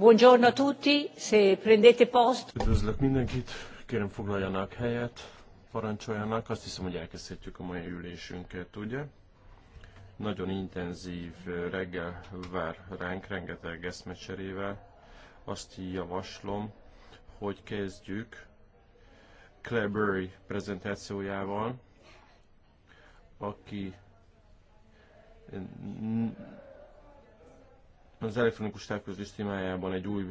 Buongiorno a tutti, se prendete post. Üdvözlök mindenkit, kérem foglaljanak helyet, parancsoljanak. Azt hiszem, hogy elkezdhetjük a mai ülésünket, ugye? Nagyon intenzív reggel vár ránk, rengeteg eszmecserével. Azt javaslom, hogy kezdjük Clareberry prezentációjával, aki az elektronikus távközlés témájában egy új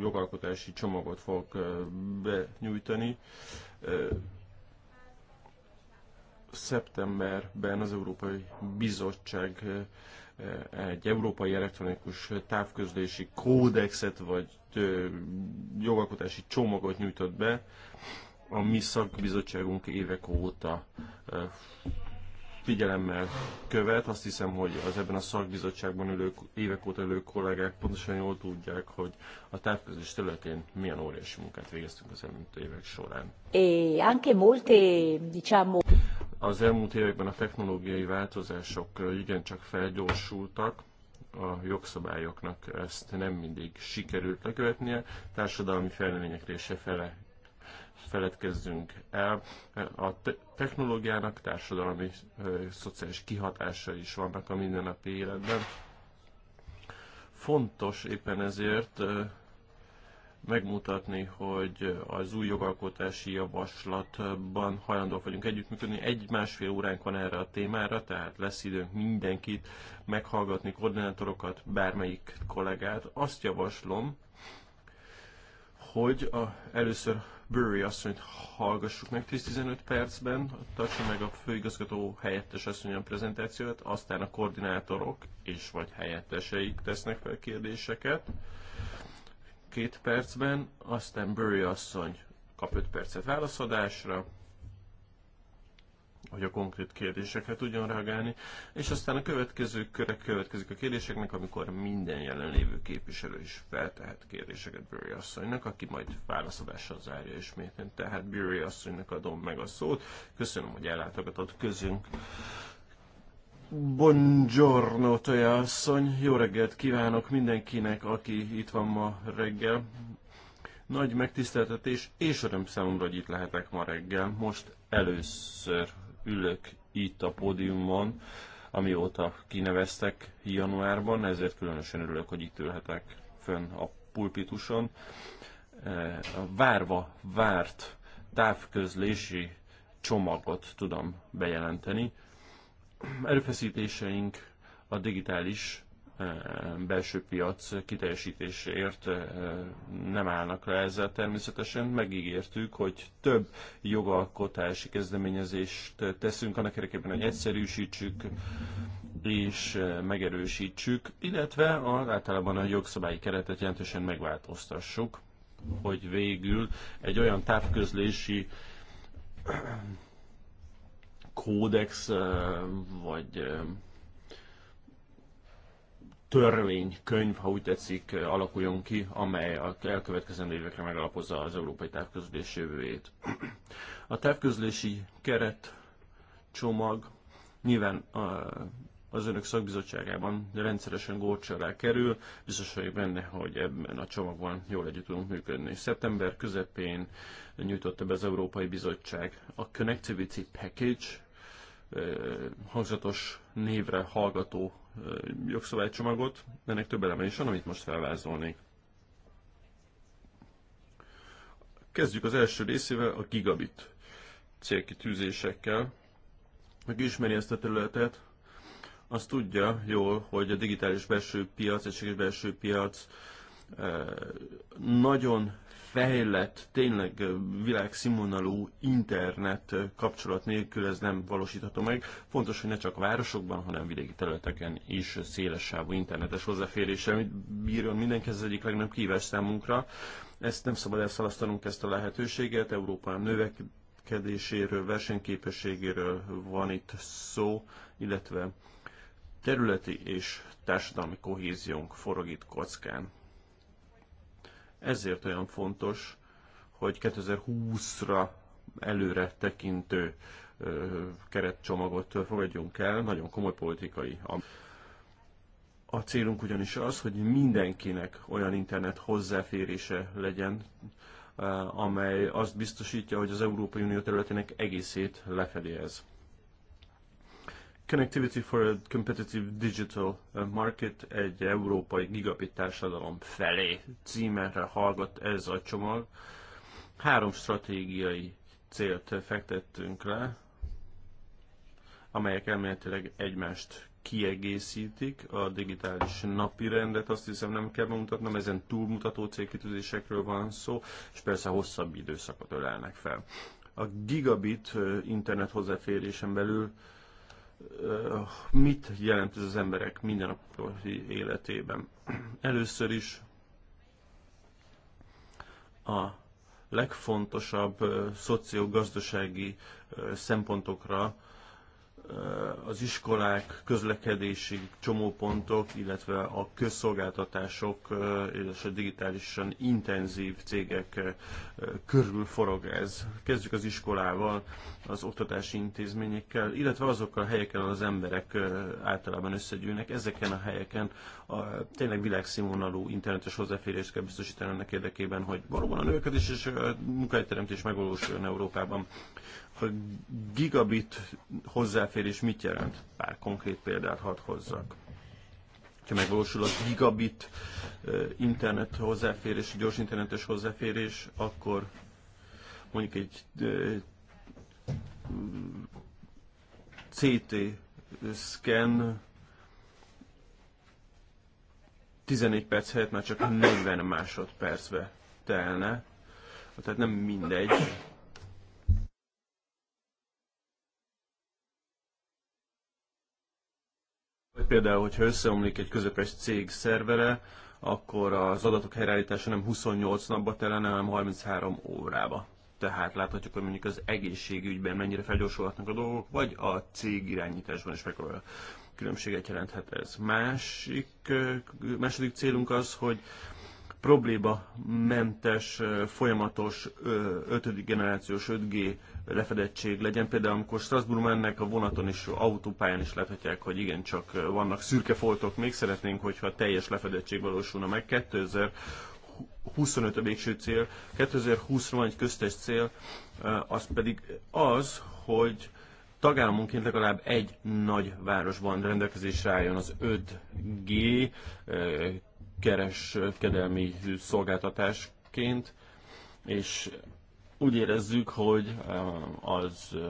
jogalkotási csomagot fogok benyújtani. Szeptemberben az Európai Bizottság egy európai elektronikus távközlési kódexet vagy jogalkotási csomagot nyújtott be. A mi szakbizottságunk évek óta figyelemmel követ. Azt hiszem, hogy az ebben a szakbizottságban ülő, évek óta ülő kollégák pontosan jól tudják, hogy a távközlés területén milyen óriási munkát végeztünk az elmúlt évek során. E anche molte, diciamo... Az elmúlt években a technológiai változások igencsak felgyorsultak, a jogszabályoknak ezt nem mindig sikerült lekövetnie, társadalmi fejleményekre se fele feledkezzünk el. A te technológiának társadalmi, szociális kihatása is vannak a mindennapi életben. Fontos éppen ezért megmutatni, hogy az új jogalkotási javaslatban hajlandó vagyunk együttműködni. Egy-másfél óránk van erre a témára, tehát lesz időnk mindenkit meghallgatni, koordinátorokat, bármelyik kollégát. Azt javaslom, hogy a, először Brewery asszonyt hallgassuk meg 10-15 percben, tartsa meg a főigazgató helyettes asszony a prezentációt, aztán a koordinátorok és vagy helyetteseik tesznek fel kérdéseket két percben, aztán Brewery asszony kap 5 percet válaszadásra, hogy a konkrét kérdésekre tudjon reagálni, és aztán a következő körek következik a kérdéseknek, amikor minden jelenlévő képviselő is feltehet kérdéseket Bőri asszonynak, aki majd válaszadással zárja ismétén. Tehát Bőri asszonynak adom meg a szót. Köszönöm, hogy ellátogatott közünk. Buongiorno, Toya asszony! Jó reggelt kívánok mindenkinek, aki itt van ma reggel. Nagy megtiszteltetés és öröm számomra, hogy itt lehetek ma reggel. Most először ülök itt a pódiumon, amióta kineveztek januárban, ezért különösen örülök, hogy itt ülhetek fönn a pulpituson. E, várva várt távközlési csomagot tudom bejelenteni. Erőfeszítéseink a digitális belső piac kiteljesítéséért nem állnak le ezzel. Természetesen megígértük, hogy több jogalkotási kezdeményezést teszünk annak érdekében, hogy egyszerűsítsük és megerősítsük, illetve az általában a jogszabályi keretet jelentősen megváltoztassuk, hogy végül egy olyan távközlési kódex vagy törvénykönyv, ha úgy tetszik, alakuljon ki, amely a elkövetkezendő évekre megalapozza az európai távközlés jövőjét. A távközlési keret csomag nyilván az önök szakbizottságában rendszeresen górcs alá kerül, biztos vagyok benne, hogy ebben a csomagban jól együtt tudunk működni. Szeptember közepén nyújtotta be az Európai Bizottság a Connectivity Package, hangzatos névre hallgató jogszabálycsomagot, ennek több eleme is van, amit most felvázolnék. Kezdjük az első részével, a gigabit célkitűzésekkel. Aki ismeri ezt a területet, azt tudja jól, hogy a digitális belső piac, egységes belső piac eh, nagyon fejlett, tényleg világszínvonalú internet kapcsolat nélkül ez nem valósítható meg. Fontos, hogy ne csak városokban, hanem vidéki területeken is sávú internetes amit bírjon mindenki, ez az egyik legnagyobb kívás számunkra. Ezt nem szabad elszalasztanunk ezt a lehetőséget, Európa növekedéséről, versenyképességéről van itt szó, illetve területi és társadalmi kohéziónk forog itt kockán. Ezért olyan fontos, hogy 2020-ra előre tekintő keretcsomagot fogadjunk el, nagyon komoly politikai. A célunk ugyanis az, hogy mindenkinek olyan internet hozzáférése legyen, amely azt biztosítja, hogy az Európai Unió területének egészét lefedi ez. Connectivity for a Competitive Digital eh, Market egy európai gigabit társadalom felé címerre hallgat ez a csomag. Három stratégiai célt fektettünk le, amelyek elméletileg egymást kiegészítik a digitális napi rendet, azt hiszem nem kell bemutatnom, ezen túlmutató célkitűzésekről van szó, és persze hosszabb időszakot ölelnek fel. A gigabit eh, internet hozzáférésen belül mit jelent ez az emberek mindennapi életében. Először is a legfontosabb szociogazdasági szempontokra az iskolák, közlekedési csomópontok, illetve a közszolgáltatások és a digitálisan intenzív cégek körül forog ez. Kezdjük az iskolával, az oktatási intézményekkel, illetve azokkal a helyeken, ahol az emberek általában összegyűlnek. Ezeken a helyeken a, tényleg világszínvonalú internetes hozzáférést kell biztosítani ennek érdekében, hogy valóban a növekedés és a munkahelyteremtés megvalósuljon Európában. A gigabit hozzáférés mit jelent? Pár konkrét példát hadd hozzak. Ha megvalósul a gigabit internet hozzáférés, gyors internetes hozzáférés, akkor mondjuk egy CT scan 14 perc helyett már csak 40 másodpercbe telne, tehát nem mindegy. Például, hogyha összeomlik egy közepes cég szervere, akkor az adatok helyreállítása nem 28 napba telene, hanem 33 órába. Tehát láthatjuk, hogy mondjuk az egészségügyben mennyire felgyorsulhatnak a dolgok, vagy a cég irányításban is megpróbál különbséget jelenthet ez. Másik, második célunk az, hogy mentes folyamatos ötödik generációs 5G lefedettség legyen. Például amikor Strasbourg mennek a vonaton is, autópályán is láthatják, hogy igen csak vannak szürke foltok. Még szeretnénk, hogyha teljes lefedettség valósulna meg. 2025 a végső cél, 2020 van egy köztes cél, az pedig az, hogy tagállamunként legalább egy nagy városban rendelkezésre álljon az 5G kereskedelmi szolgáltatásként, és úgy érezzük, hogy eh, az eh,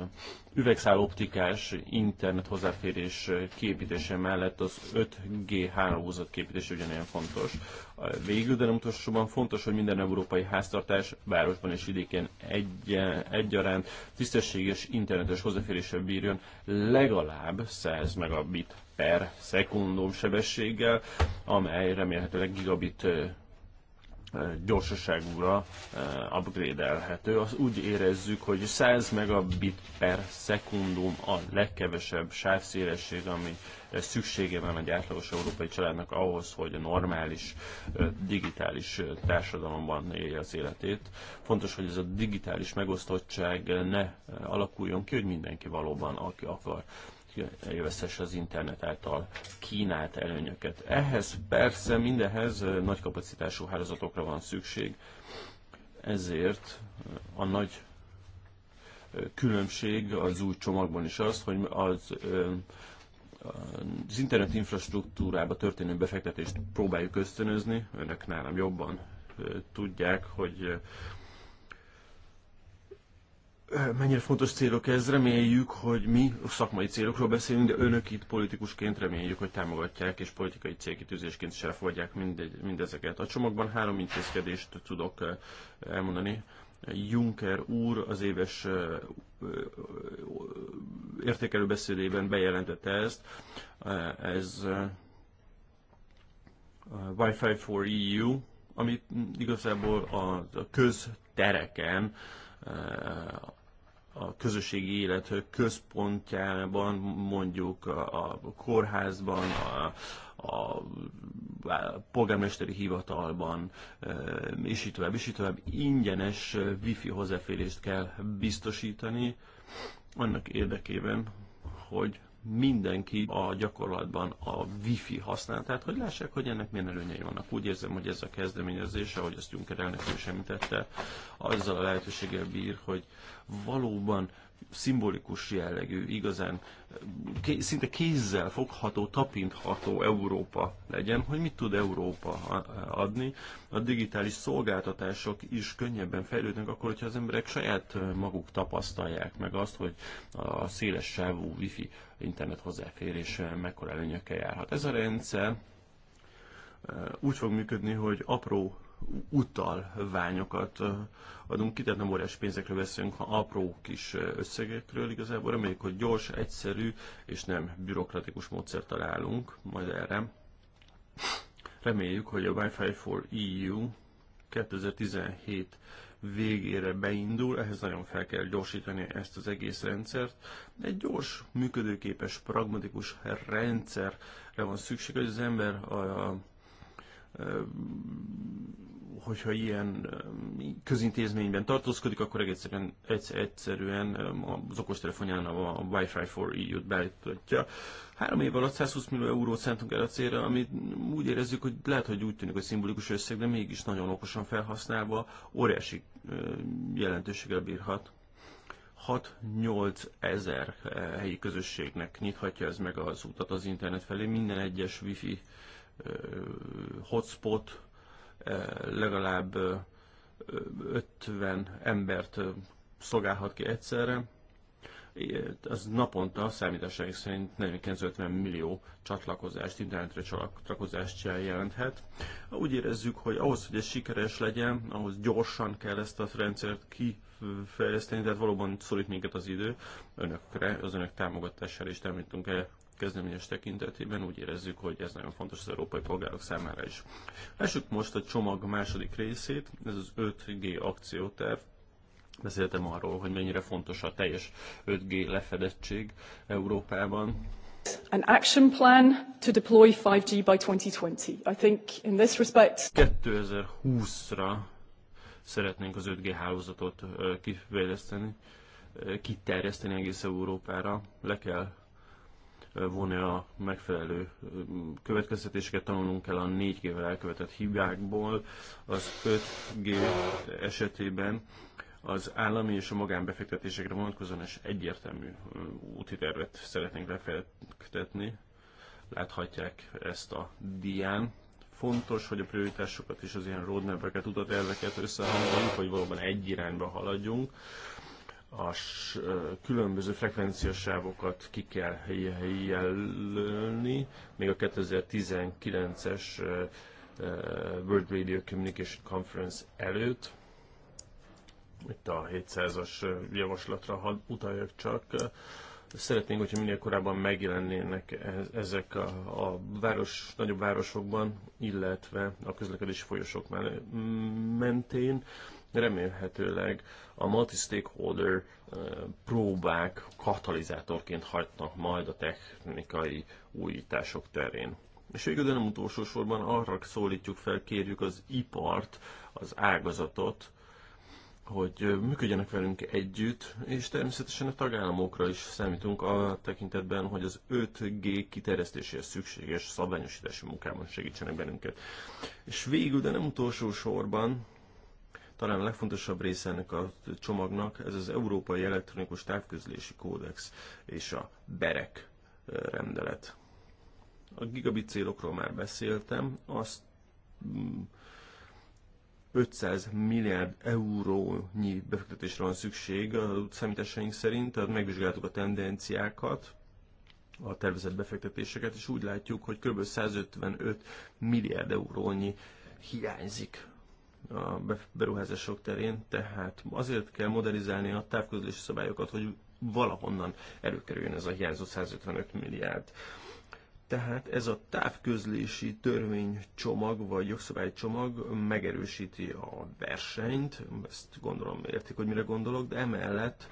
üvegszál optikás internet hozzáférés eh, képítése mellett az 5G hálózat képítése ugyanilyen fontos. Végül, de nem utolsóban fontos, hogy minden európai háztartás városban és vidéken egy, egyaránt tisztességes internetes hozzáféréssel bírjon legalább 100 megabit per szekundum sebességgel, amely remélhetőleg gigabit gyorsaságúra eh, upgrade-elhető. Az úgy érezzük, hogy 100 megabit per szekundum a legkevesebb sávszélesség, ami eh, szüksége van egy átlagos európai családnak ahhoz, hogy a normális eh, digitális társadalomban élje az életét. Fontos, hogy ez a digitális megosztottság ne alakuljon ki, hogy mindenki valóban, aki akar, élvezhesse az internet által kínált előnyöket. Ehhez persze mindenhez nagy kapacitású hálózatokra van szükség, ezért a nagy különbség az új csomagban is az, hogy az az internet infrastruktúrába történő befektetést próbáljuk ösztönözni, önök nálam jobban tudják, hogy mennyire fontos célok ez. Reméljük, hogy mi szakmai célokról beszélünk, de önök itt politikusként reméljük, hogy támogatják és politikai célkitűzésként is elfogadják mindezeket. A csomagban három intézkedést tudok eh, elmondani. Juncker úr az éves eh, eh, értékelő beszédében bejelentette ezt. Ez Wi-Fi for EU, amit igazából a köztereken a közösségi élet központjában, mondjuk a kórházban, a, a polgármesteri hivatalban, és így tovább, és így tovább ingyenes wifi hozzáférést kell biztosítani annak érdekében, hogy mindenki a gyakorlatban a wifi használatát, hogy lássák, hogy ennek milyen előnyei vannak. Úgy érzem, hogy ez a kezdeményezés, ahogy azt Juncker elnök is említette, azzal a lehetőséggel bír, hogy valóban szimbolikus jellegű, igazán szinte kézzel fogható, tapintható Európa legyen, hogy mit tud Európa adni. A digitális szolgáltatások is könnyebben fejlődnek akkor, hogyha az emberek saját maguk tapasztalják meg azt, hogy a széles sávú wifi internet hozzáférés mekkora előnyökkel járhat. Ez a rendszer úgy fog működni, hogy apró utalványokat adunk ki, tehát nem óriási pénzekről beszélünk, ha apró kis összegekről igazából. Reméljük, hogy gyors, egyszerű és nem bürokratikus módszer találunk majd erre. Reméljük, hogy a Wi-Fi for EU 2017 végére beindul, ehhez nagyon fel kell gyorsítani ezt az egész rendszert. Egy gyors, működőképes, pragmatikus rendszerre van szükség, hogy az ember a hogyha ilyen közintézményben tartózkodik, akkor egyszerűen, egyszerűen az okostelefonján a Wi-Fi for EU-t beállítatja. Három év alatt 120 millió eurót szántunk el a célra, amit úgy érezzük, hogy lehet, hogy úgy tűnik, hogy szimbolikus összeg, de mégis nagyon okosan felhasználva óriási jelentőséggel bírhat. 6-8 ezer helyi közösségnek nyithatja ez meg az utat az internet felé, minden egyes wifi hotspot, legalább 50 embert szolgálhat ki egyszerre. Az naponta számításaink szerint 49-50 millió csatlakozást, internetre csatlakozást jelenthet. Úgy érezzük, hogy ahhoz, hogy ez sikeres legyen, ahhoz gyorsan kell ezt a rendszert kifejleszteni, tehát valóban szorít minket az idő. Önökre, az önök támogatására is számítunk el kezdeményezés tekintetében úgy érezzük, hogy ez nagyon fontos az európai polgárok számára is. Lássuk most a csomag második részét, ez az 5G akcióterv. Beszéltem arról, hogy mennyire fontos a teljes 5G lefedettség Európában. An action plan to deploy 5G by 2020. I think in this respect 2020-ra szeretnénk az 5G hálózatot kifejleszteni, kiterjeszteni egész Európára. Le kell vonni a megfelelő mm, következtetéseket, tanulnunk kell a 4G-vel elkövetett hibákból, az 5G esetében az állami és a magánbefektetésekre vonatkozóan is egyértelmű mm, úti tervet szeretnénk lefektetni. Láthatják ezt a dián. Fontos, hogy a prioritásokat és az ilyen roadmap-eket, utaterveket összehangoljuk, hogy valóban egy irányba haladjunk a különböző frekvenciasávokat ki kell jelölni, még a 2019-es World Radio Communication Conference előtt. Itt a 700-as javaslatra hadd utaljak csak. Szeretnénk, hogyha minél korábban megjelennének e-, ezek a, a város, nagyobb városokban, illetve a közlekedési folyosók mentén Remélhetőleg a multi-stakeholder próbák katalizátorként hagynak majd a technikai újítások terén. És végül, de nem utolsó sorban arra szólítjuk fel, kérjük az ipart, az ágazatot, hogy működjenek velünk együtt, és természetesen a tagállamokra is számítunk a tekintetben, hogy az 5G kiterjesztéséhez szükséges szabványosítási munkában segítsenek bennünket. És végül, de nem utolsó sorban, talán a legfontosabb része ennek a csomagnak ez az Európai Elektronikus Távközlési Kódex és a BEREK rendelet. A gigabit célokról már beszéltem, azt 500 mm, milliárd eurónyi befektetésre van szükség a számításaink szerint, tehát megvizsgáltuk a tendenciákat, a tervezett befektetéseket, és úgy látjuk, hogy kb. 155 milliárd eurónyi hiányzik a beruházások terén, tehát azért kell modernizálni a távközlési szabályokat, hogy valahonnan előkerüljön ez a hiányzó 155 milliárd. Tehát ez a távközlési törvénycsomag vagy jogszabálycsomag megerősíti a versenyt, ezt gondolom értik, hogy mire gondolok, de emellett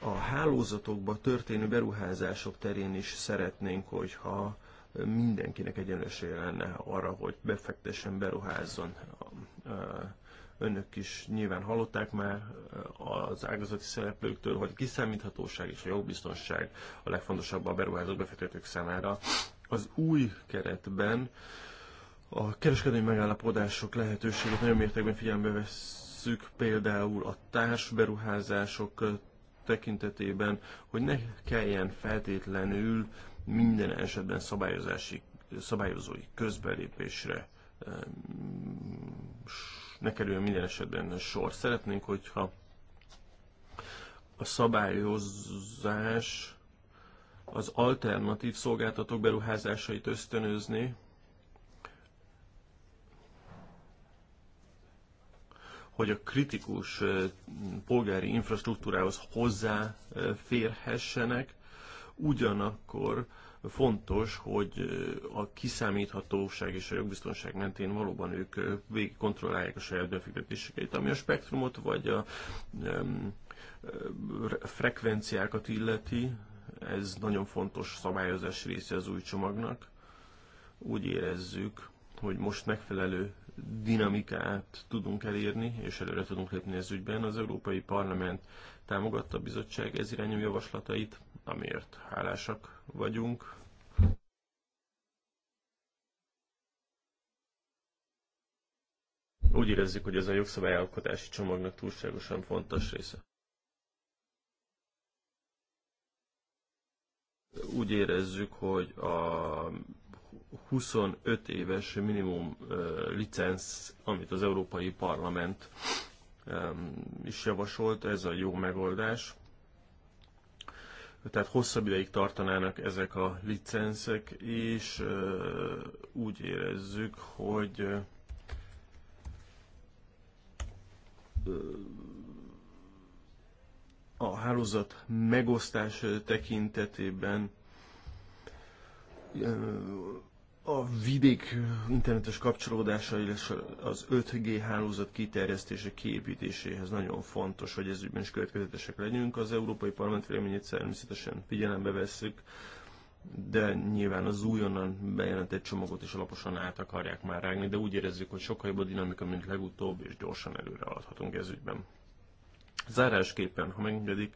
a hálózatokba történő beruházások terén is szeretnénk, hogyha mindenkinek egyenlősége lenne arra, hogy befektessen, beruházzon önök is nyilván hallották már az ágazati szereplőktől, hogy a kiszámíthatóság és a jogbiztonság a legfontosabb a beruházók befektetők számára. Az új keretben a kereskedelmi megállapodások lehetőségét nagyon mértékben figyelembe vesszük, például a társberuházások tekintetében, hogy ne kelljen feltétlenül minden esetben szabályozási, szabályozói közbelépésre ne kerüljön minden esetben sor. Szeretnénk, hogyha a szabályozás az alternatív szolgáltatók beruházásait ösztönözni, hogy a kritikus polgári infrastruktúrához hozzáférhessenek, ugyanakkor fontos, hogy a kiszámíthatóság és a jogbiztonság mentén valóban ők végig kontrollálják a saját befektetéseket, ami a spektrumot vagy a um, frekvenciákat illeti, ez nagyon fontos szabályozás része az új csomagnak. Úgy érezzük, hogy most megfelelő dinamikát tudunk elérni, és előre tudunk lépni ez ügyben. Az Európai Parlament támogatta a bizottság ez irányú javaslatait, amiért hálásak vagyunk. Úgy érezzük, hogy ez a jogszabályalkotási csomagnak túlságosan fontos része. Úgy érezzük, hogy a 25 éves minimum licensz, amit az Európai Parlament is javasolt, ez a jó megoldás. Tehát hosszabb ideig tartanának ezek a licenszek, és úgy érezzük, hogy a hálózat megosztás tekintetében a vidék internetes kapcsolódása, illetve az 5G hálózat kiterjesztése, kiépítéséhez nagyon fontos, hogy ez ügyben is következetesek legyünk. Az Európai Parlament véleményét természetesen figyelembe vesszük, de nyilván az újonnan bejelentett csomagot is alaposan át akarják már rágni, de úgy érezzük, hogy sokkal jobb a dinamika, mint legutóbb, és gyorsan előre adhatunk ez ügyben. Zárásképpen, ha megengedik,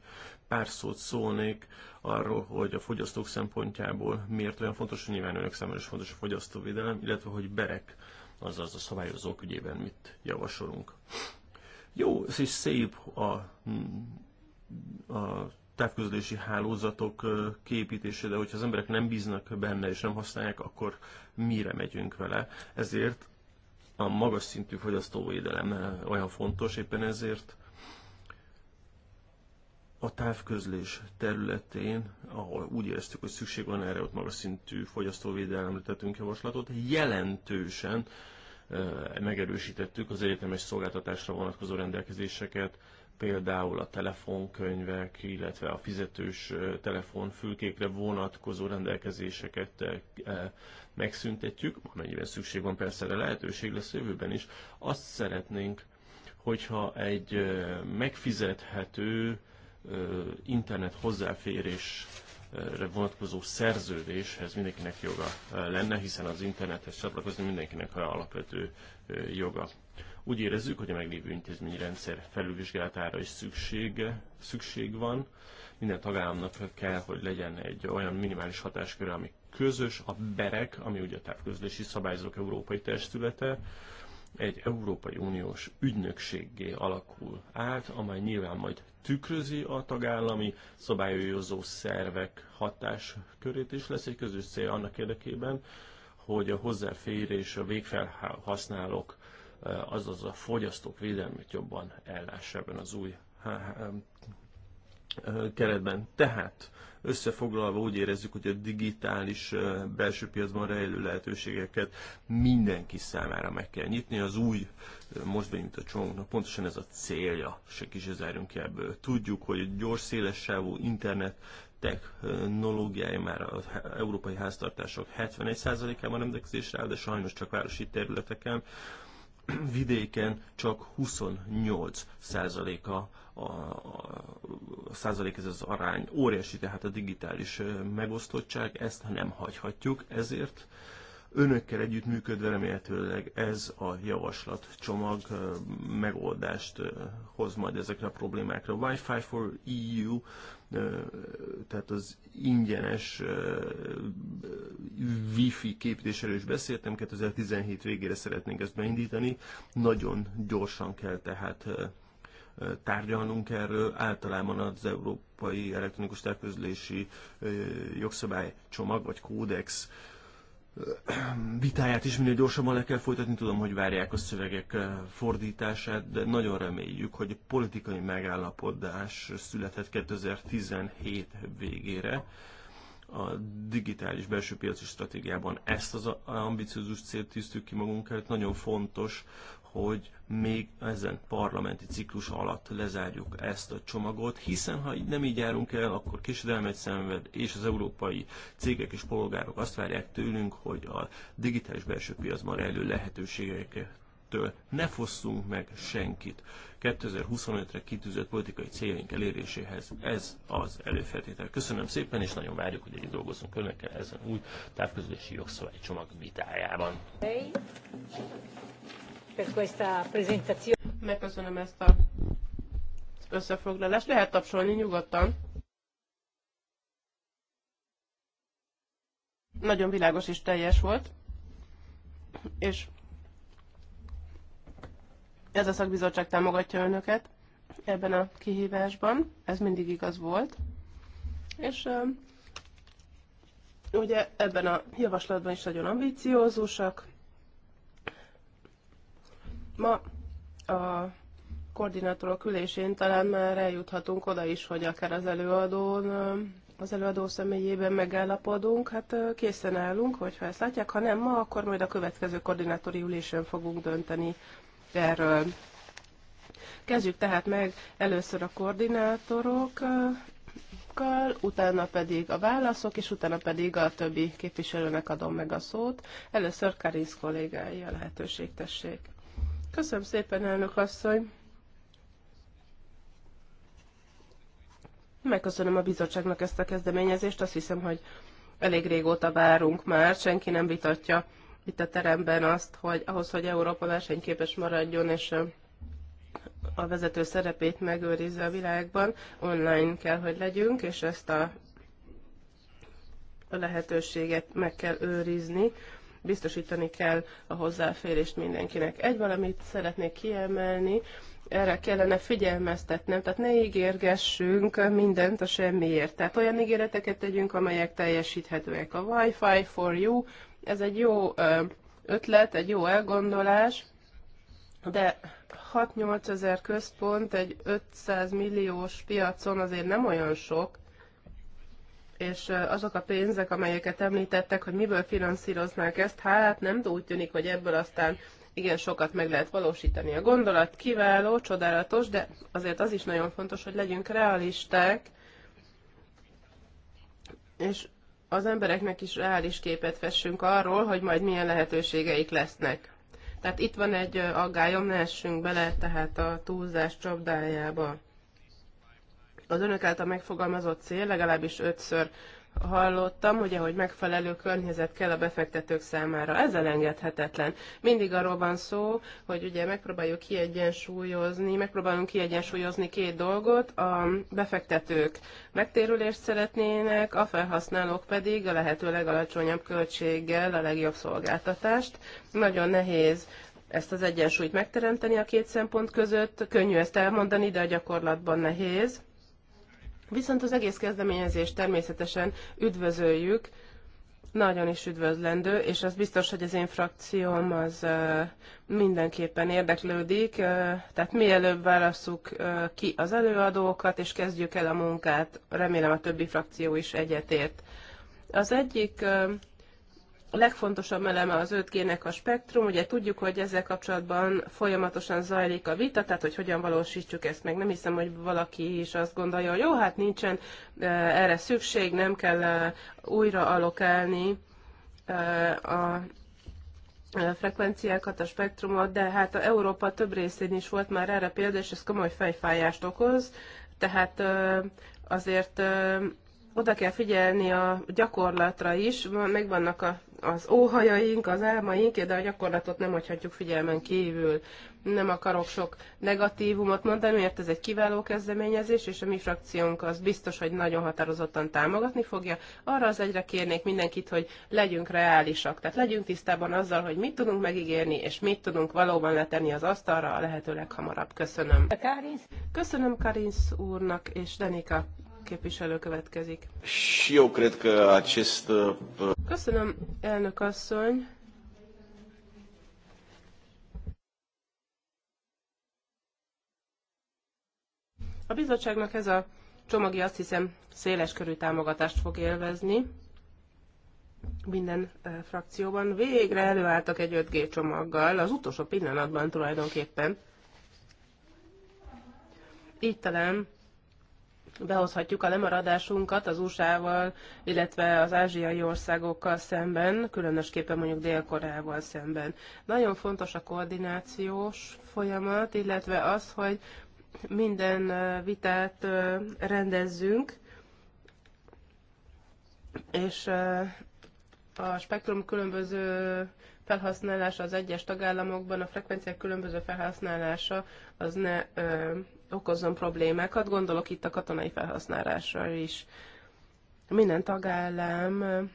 pár szót szólnék arról, hogy a fogyasztók szempontjából miért olyan fontos, hogy nyilván önök számára is fontos a fogyasztóvédelem, illetve hogy berek, azaz a szabályozók ügyében mit javasolunk. Jó, ez is szép a, a távközlési hálózatok képítése, de hogyha az emberek nem bíznak benne és nem használják, akkor mire megyünk vele? Ezért a magas szintű fogyasztóvédelem olyan fontos, éppen ezért a távközlés területén, ahol úgy éreztük, hogy szükség van erre, ott magas szintű fogyasztóvédelemre tettünk javaslatot, jelentősen megerősítettük az egyetemes szolgáltatásra vonatkozó rendelkezéseket, például a telefonkönyvek, illetve a fizetős telefonfülkékre vonatkozó rendelkezéseket megszüntetjük, amennyiben szükség van persze erre lehetőség lesz jövőben is. Azt szeretnénk, hogyha egy megfizethető internet hozzáférésre vonatkozó szerződéshez mindenkinek joga lenne, hiszen az internethez csatlakozni mindenkinek alapvető joga. Úgy érezzük, hogy a meglévő intézményrendszer felülvizsgálatára is szükség, szükség van. Minden tagállamnak kell, hogy legyen egy olyan minimális hatáskör, ami közös, a BEREK, ami ugye a távközlési szabályzók európai testülete, egy Európai Uniós ügynökséggé alakul át, amely nyilván majd tükrözi a tagállami szabályozó szervek hatáskörét is. Lesz egy közös cél annak érdekében, hogy a hozzáférés a végfelhasználók, eh, azaz a fogyasztók védelmét jobban ellássa ebben az új keretben. Tehát összefoglalva úgy érezzük, hogy a digitális belső piacban rejlő lehetőségeket mindenki számára meg kell nyitni. Az új most a csomagnak pontosan ez a célja, se kis zárjunk ki ebből. Tudjuk, hogy a gyors, sávú internet technológiája már az európai háztartások 71%-ában rendelkezésre áll, de sajnos csak városi területeken, vidéken csak 28%-a a, a százalék, ez az arány óriási, tehát a digitális megosztottság, ezt nem hagyhatjuk, ezért önökkel együttműködve remélhetőleg ez a javaslat csomag megoldást hoz majd ezekre a problémákra. Wi-Fi for EU, tehát az ingyenes Wi-Fi képítéséről is beszéltem, 2017 végére szeretnénk ezt beindítani, nagyon gyorsan kell tehát tárgyalnunk erről. Általában az Európai Elektronikus Távközlési Jogszabály csomag vagy kódex vitáját is minél gyorsabban le kell folytatni. Tudom, hogy várják a szövegek fordítását, de nagyon reméljük, hogy politikai megállapodás születhet 2017 végére a digitális belső piaci stratégiában ezt az ambiciózus célt tűztük ki magunk előtt. Nagyon fontos, hogy még ezen parlamenti ciklus alatt lezárjuk ezt a csomagot, hiszen ha így nem így járunk el, akkor késedelmet szenved, és az európai cégek és polgárok azt várják tőlünk, hogy a digitális belső piacban elő lehetőségeket Től. ne fosszunk meg senkit. 2025-re kitűzött politikai céljaink eléréséhez ez az előfeltétel. Köszönöm szépen, és nagyon várjuk, hogy együtt dolgozunk önökkel ezen új távközlési jogszabálycsomag vitájában per questa presentazione. Megköszönöm ezt a összefoglalást. Lehet tapsolni nyugodtan. Nagyon világos és teljes volt. És ez a szakbizottság támogatja önöket ebben a kihívásban. Ez mindig igaz volt. És ugye ebben a javaslatban is nagyon ambiciózusak, Ma a koordinátorok ülésén talán már eljuthatunk oda is, hogy akár az előadón, az előadó személyében megállapodunk. Hát készen állunk, hogyha ezt látják. Ha nem ma, akkor majd a következő koordinátori ülésen fogunk dönteni erről. Kezdjük tehát meg először a koordinátorokkal, utána pedig a válaszok, és utána pedig a többi képviselőnek adom meg a szót. Először Karinsz a lehetőség tessék. Köszönöm szépen, elnök asszony. Megköszönöm a bizottságnak ezt a kezdeményezést. Azt hiszem, hogy elég régóta várunk már. Senki nem vitatja itt a teremben azt, hogy ahhoz, hogy Európa versenyképes maradjon, és a vezető szerepét megőrizze a világban, online kell, hogy legyünk, és ezt a lehetőséget meg kell őrizni biztosítani kell a hozzáférést mindenkinek. Egy valamit szeretnék kiemelni, erre kellene figyelmeztetnem, tehát ne ígérgessünk mindent a semmiért. Tehát olyan ígéreteket tegyünk, amelyek teljesíthetőek. A Wi-Fi for you, ez egy jó ötlet, egy jó elgondolás, de 6-8 ezer központ egy 500 milliós piacon azért nem olyan sok, és azok a pénzek, amelyeket említettek, hogy miből finanszíroznák ezt, hát nem úgy tűnik, hogy ebből aztán igen sokat meg lehet valósítani. A gondolat kiváló, csodálatos, de azért az is nagyon fontos, hogy legyünk realisták, és az embereknek is reális képet fessünk arról, hogy majd milyen lehetőségeik lesznek. Tehát itt van egy aggályom, ne essünk bele tehát a túlzás csapdájába az önök által megfogalmazott cél, legalábbis ötször hallottam, ugye, hogy megfelelő környezet kell a befektetők számára. Ez elengedhetetlen. Mindig arról van szó, hogy ugye megpróbáljuk kiegyensúlyozni, megpróbálunk kiegyensúlyozni két dolgot. A befektetők megtérülést szeretnének, a felhasználók pedig a lehető legalacsonyabb költséggel a legjobb szolgáltatást. Nagyon nehéz ezt az egyensúlyt megteremteni a két szempont között. Könnyű ezt elmondani, de a gyakorlatban nehéz Viszont az egész kezdeményezést természetesen üdvözöljük, nagyon is üdvözlendő, és az biztos, hogy az én frakcióm az mindenképpen érdeklődik, tehát mielőbb válasszuk ki az előadókat, és kezdjük el a munkát, remélem a többi frakció is egyetért. Az egyik legfontosabb eleme az 5G-nek a spektrum. Ugye tudjuk, hogy ezzel kapcsolatban folyamatosan zajlik a vita, tehát hogy hogyan valósítjuk ezt meg. Nem hiszem, hogy valaki is azt gondolja, hogy jó, hát nincsen erre szükség, nem kell újra alokálni a frekvenciákat, a spektrumot, de hát a Európa több részén is volt már erre példa, és ez komoly fejfájást okoz, tehát azért oda kell figyelni a gyakorlatra is, megvannak a, az óhajaink, az álmaink, de a gyakorlatot nem hagyhatjuk figyelmen kívül. Nem akarok sok negatívumot mondani, mert ez egy kiváló kezdeményezés, és a mi frakciónk az biztos, hogy nagyon határozottan támogatni fogja. Arra az egyre kérnék mindenkit, hogy legyünk reálisak, tehát legyünk tisztában azzal, hogy mit tudunk megígérni, és mit tudunk valóban letenni az asztalra a lehető leghamarabb. Köszönöm. Köszönöm Karinsz úrnak és Denika képviselő következik. Și cred că acest... Uh, Köszönöm, elnök asszony. A bizottságnak ez a csomagja azt hiszem széleskörű támogatást fog élvezni minden frakcióban. Végre előálltak egy 5G csomaggal, az utolsó pillanatban tulajdonképpen. Így talán behozhatjuk a lemaradásunkat az USA-val, illetve az ázsiai országokkal szemben, különösképpen mondjuk Dél-Koreával szemben. Nagyon fontos a koordinációs folyamat, illetve az, hogy minden vitát rendezzünk, és a spektrum különböző felhasználása az egyes tagállamokban, a frekvenciák különböző felhasználása az ne okozzon problémákat, gondolok itt a katonai felhasználásra is. Minden tagállam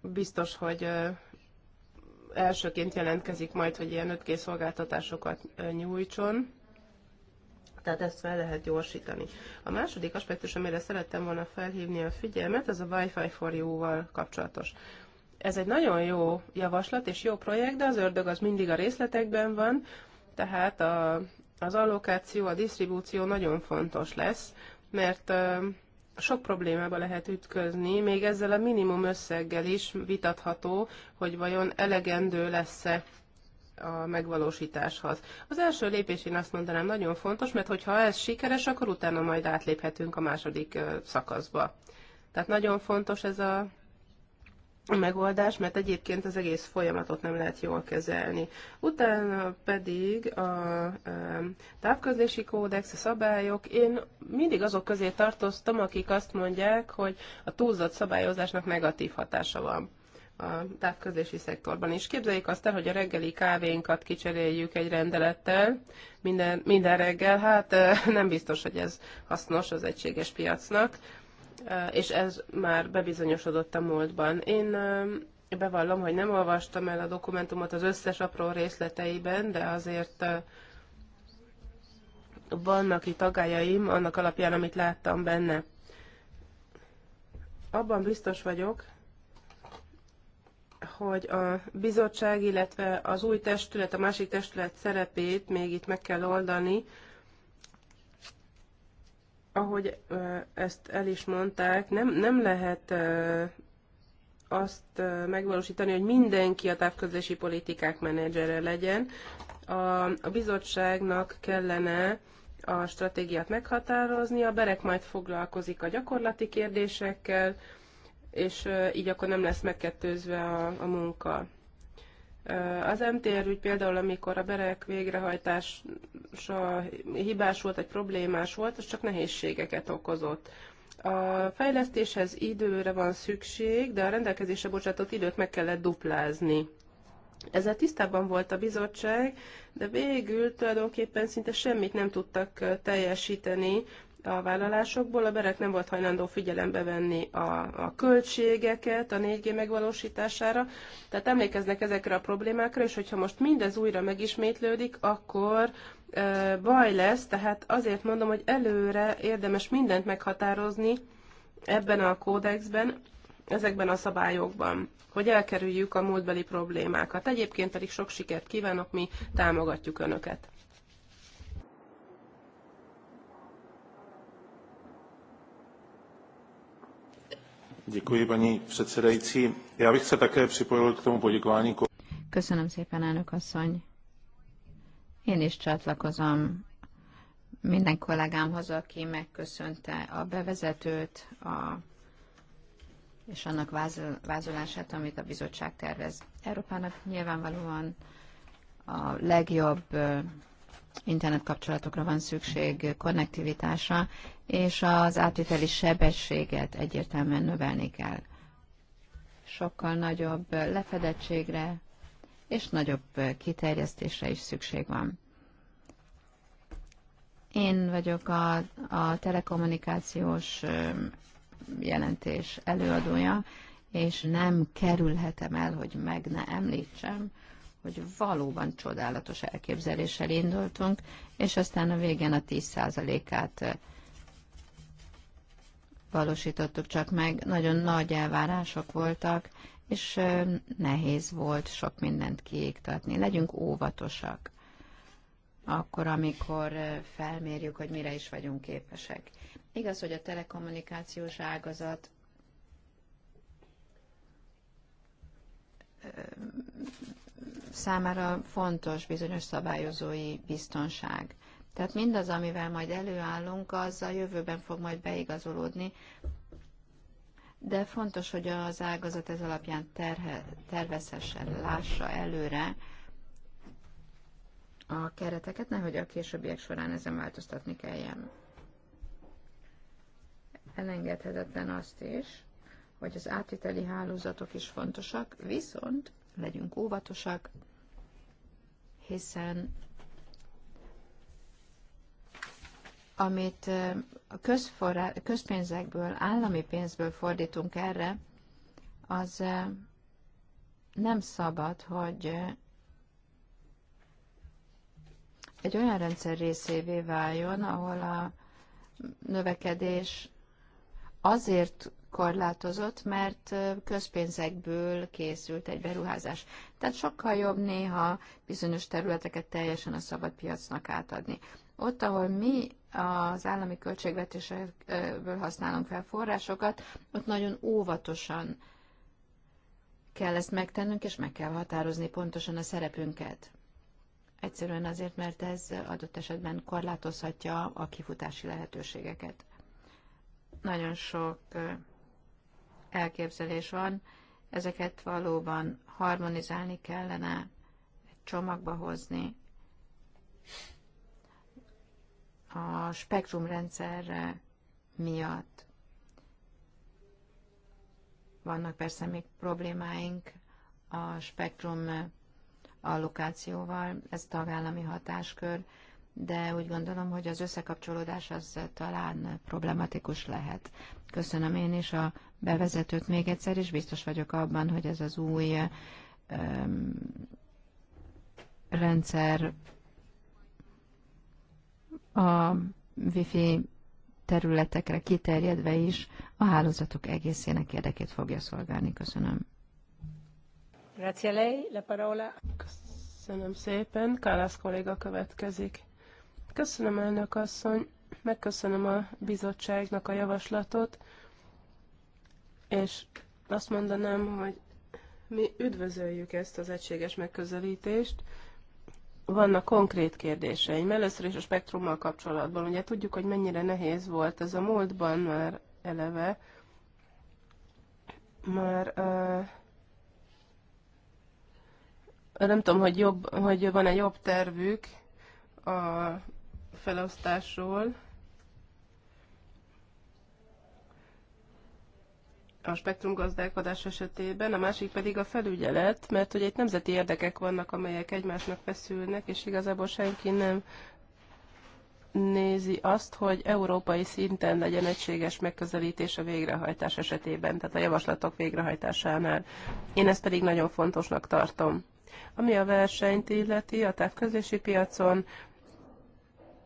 biztos, hogy elsőként jelentkezik majd, hogy ilyen 5G szolgáltatásokat nyújtson, tehát ezt fel lehet gyorsítani. A második aspektus, amire szerettem volna felhívni a figyelmet, az a Wi-Fi for You-val kapcsolatos. Ez egy nagyon jó javaslat és jó projekt, de az ördög az mindig a részletekben van, tehát a az allokáció, a disztribúció nagyon fontos lesz, mert sok problémába lehet ütközni, még ezzel a minimum összeggel is vitatható, hogy vajon elegendő lesz-e a megvalósításhoz. Az első lépés én azt mondanám nagyon fontos, mert hogyha ez sikeres, akkor utána majd átléphetünk a második szakaszba. Tehát nagyon fontos ez a a megoldás, mert egyébként az egész folyamatot nem lehet jól kezelni. Utána pedig a távközlési kódex, a szabályok, én mindig azok közé tartoztam, akik azt mondják, hogy a túlzott szabályozásnak negatív hatása van a távközlési szektorban is. Képzeljék azt el, hogy a reggeli kávénkat kicseréljük egy rendelettel minden, minden reggel. Hát eh, nem biztos, hogy ez hasznos az egységes piacnak és ez már bebizonyosodott a múltban. Én bevallom, hogy nem olvastam el a dokumentumot az összes apró részleteiben, de azért vannak itt tagájaim annak alapján, amit láttam benne. Abban biztos vagyok, hogy a bizottság, illetve az új testület, a másik testület szerepét még itt meg kell oldani, ahogy ezt el is mondták, nem, nem lehet azt megvalósítani, hogy mindenki a távközlési politikák menedzsere legyen. A, a bizottságnak kellene a stratégiát meghatározni, a berek majd foglalkozik a gyakorlati kérdésekkel, és így akkor nem lesz megkettőzve a, a munka. Az MTR ügy például, amikor a berek végrehajtása hibás volt, egy problémás volt, az csak nehézségeket okozott. A fejlesztéshez időre van szükség, de a rendelkezésre bocsátott időt meg kellett duplázni. Ezzel tisztában volt a bizottság, de végül tulajdonképpen szinte semmit nem tudtak teljesíteni a vállalásokból. A Berek nem volt hajlandó figyelembe venni a, a költségeket a 4G megvalósítására. Tehát emlékeznek ezekre a problémákra, és hogyha most mindez újra megismétlődik, akkor e, baj lesz. Tehát azért mondom, hogy előre érdemes mindent meghatározni ebben a kódexben, ezekben a szabályokban, hogy elkerüljük a múltbeli problémákat. Egyébként pedig sok sikert kívánok, mi támogatjuk Önöket. Děkuji, paní předsedající. Já bych se také připojil k tomu poděkování. Köszönöm szépen, elnök asszony. Én is csatlakozom minden kollégámhoz, aki megköszönte a bevezetőt a, és annak vázol, vázolását, amit a bizottság tervez. Európának nyilvánvalóan a legjobb internet kapcsolatokra van szükség, konnektivitásra, és az átviteli sebességet egyértelműen növelni kell. Sokkal nagyobb lefedettségre és nagyobb kiterjesztésre is szükség van. Én vagyok a, a telekommunikációs jelentés előadója, és nem kerülhetem el, hogy meg ne említsem, hogy valóban csodálatos elképzeléssel indultunk, és aztán a végén a 10%-át valósítottuk csak meg. Nagyon nagy elvárások voltak, és nehéz volt sok mindent kiiktatni. Legyünk óvatosak akkor, amikor felmérjük, hogy mire is vagyunk képesek. Igaz, hogy a telekommunikációs ágazat számára fontos bizonyos szabályozói biztonság. Tehát mindaz, amivel majd előállunk, az a jövőben fog majd beigazolódni, de fontos, hogy az ágazat ez alapján terhe, tervezhessen, lássa előre a kereteket, nehogy a későbbiek során ezen változtatni kelljen. Elengedhetetlen azt is, hogy az átviteli hálózatok is fontosak, viszont legyünk óvatosak, hiszen amit a közpénzekből, állami pénzből fordítunk erre, az nem szabad, hogy egy olyan rendszer részévé váljon, ahol a növekedés azért korlátozott, mert közpénzekből készült egy beruházás. Tehát sokkal jobb néha bizonyos területeket teljesen a szabad piacnak átadni. Ott, ahol mi az állami költségvetésekből használunk fel forrásokat, ott nagyon óvatosan kell ezt megtennünk, és meg kell határozni pontosan a szerepünket. Egyszerűen azért, mert ez adott esetben korlátozhatja a kifutási lehetőségeket. Nagyon sok elképzelés van, ezeket valóban harmonizálni kellene, egy csomagba hozni. A spektrumrendszer miatt vannak persze még problémáink a spektrum allokációval, ez tagállami hatáskör, de úgy gondolom, hogy az összekapcsolódás az talán problematikus lehet. Köszönöm én is a bevezetőt még egyszer, és biztos vagyok abban, hogy ez az új öm, rendszer a wifi területekre kiterjedve is a hálózatok egészének érdekét fogja szolgálni. Köszönöm. Grazie lei, la parola. Köszönöm szépen. Kálász kolléga következik. Köszönöm, elnök asszony, megköszönöm a bizottságnak a javaslatot, és azt mondanám, hogy mi üdvözöljük ezt az egységes megközelítést. Vannak konkrét kérdéseim. Először is a spektrummal kapcsolatban. Ugye tudjuk, hogy mennyire nehéz volt ez a múltban már eleve. Már uh, nem tudom, hogy, jobb, hogy van-e jobb tervük a felosztásról, a spektrum gazdálkodás esetében, a másik pedig a felügyelet, mert ugye itt nemzeti érdekek vannak, amelyek egymásnak feszülnek, és igazából senki nem nézi azt, hogy európai szinten legyen egységes megközelítés a végrehajtás esetében, tehát a javaslatok végrehajtásánál. Én ezt pedig nagyon fontosnak tartom. Ami a versenyt illeti a távközlési piacon,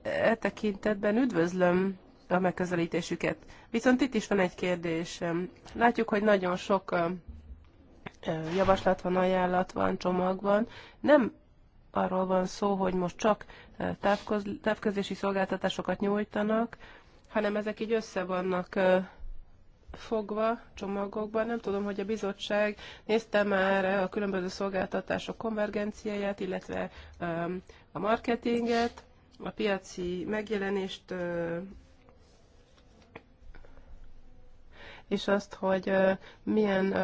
e tekintetben üdvözlöm a megközelítésüket. Viszont itt is van egy kérdés. Látjuk, hogy nagyon sok javaslat van, ajánlat van, csomag van. Nem arról van szó, hogy most csak távköz, távközlési szolgáltatásokat nyújtanak, hanem ezek így össze vannak fogva csomagokban. Nem tudom, hogy a bizottság nézte már a különböző szolgáltatások konvergenciáját, illetve a marketinget, a piaci megjelenést és azt, hogy milyen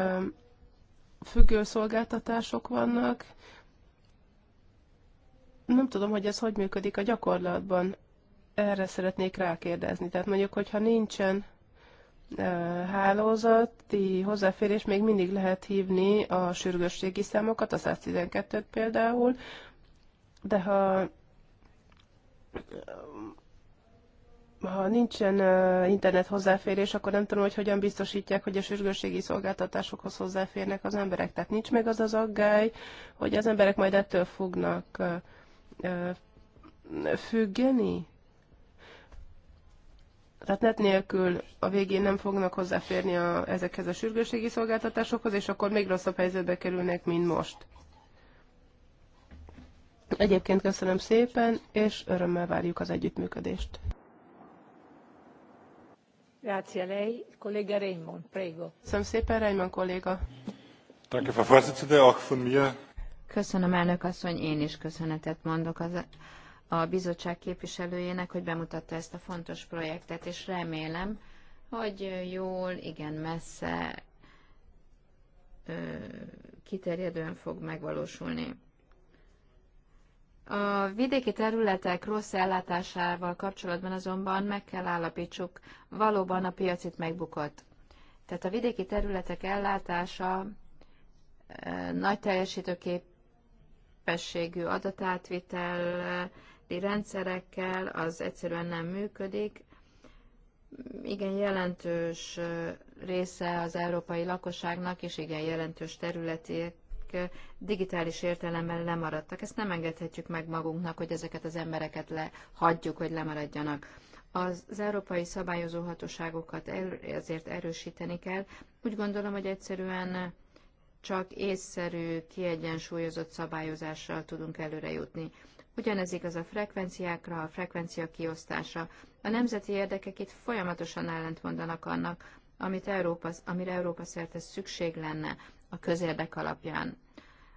függő szolgáltatások vannak. Nem tudom, hogy ez hogy működik a gyakorlatban. Erre szeretnék rákérdezni. Tehát mondjuk, hogyha nincsen hálózati hozzáférés, még mindig lehet hívni a sürgősségi számokat, a 112-t például, de ha ha nincsen internet hozzáférés, akkor nem tudom, hogy hogyan biztosítják, hogy a sürgősségi szolgáltatásokhoz hozzáférnek az emberek. Tehát nincs meg az az aggály, hogy az emberek majd ettől fognak függeni? Tehát net nélkül a végén nem fognak hozzáférni a, ezekhez a sürgősségi szolgáltatásokhoz, és akkor még rosszabb helyzetbe kerülnek, mint most. Egyébként köszönöm szépen, és örömmel várjuk az együttműködést. Grazie lei, kollega Raymond, prego. Köszönöm szépen, Raymond kolléga. Danke, Frau Vorsitzende, auch von mir. Köszönöm, elnök asszony, én is köszönetet mondok az a bizottság képviselőjének, hogy bemutatta ezt a fontos projektet, és remélem, hogy jól, igen messze ö, kiterjedően fog megvalósulni. A vidéki területek rossz ellátásával kapcsolatban azonban meg kell állapítsuk, valóban a piac itt megbukott. Tehát a vidéki területek ellátása e, nagy teljesítőképességű adatátvitel, rendszerekkel az egyszerűen nem működik. Igen jelentős e, része az európai lakosságnak, és igen jelentős területek akik digitális értelemben lemaradtak. Ezt nem engedhetjük meg magunknak, hogy ezeket az embereket lehagyjuk, hogy lemaradjanak. Az, európai szabályozó hatóságokat ezért erősíteni kell. Úgy gondolom, hogy egyszerűen csak észszerű, kiegyensúlyozott szabályozással tudunk előre jutni. Ugyanez igaz a frekvenciákra, a frekvencia kiosztása. A nemzeti érdekek itt folyamatosan ellentmondanak annak, amit Európa, amire Európa szerte szükség lenne a közérdek alapján.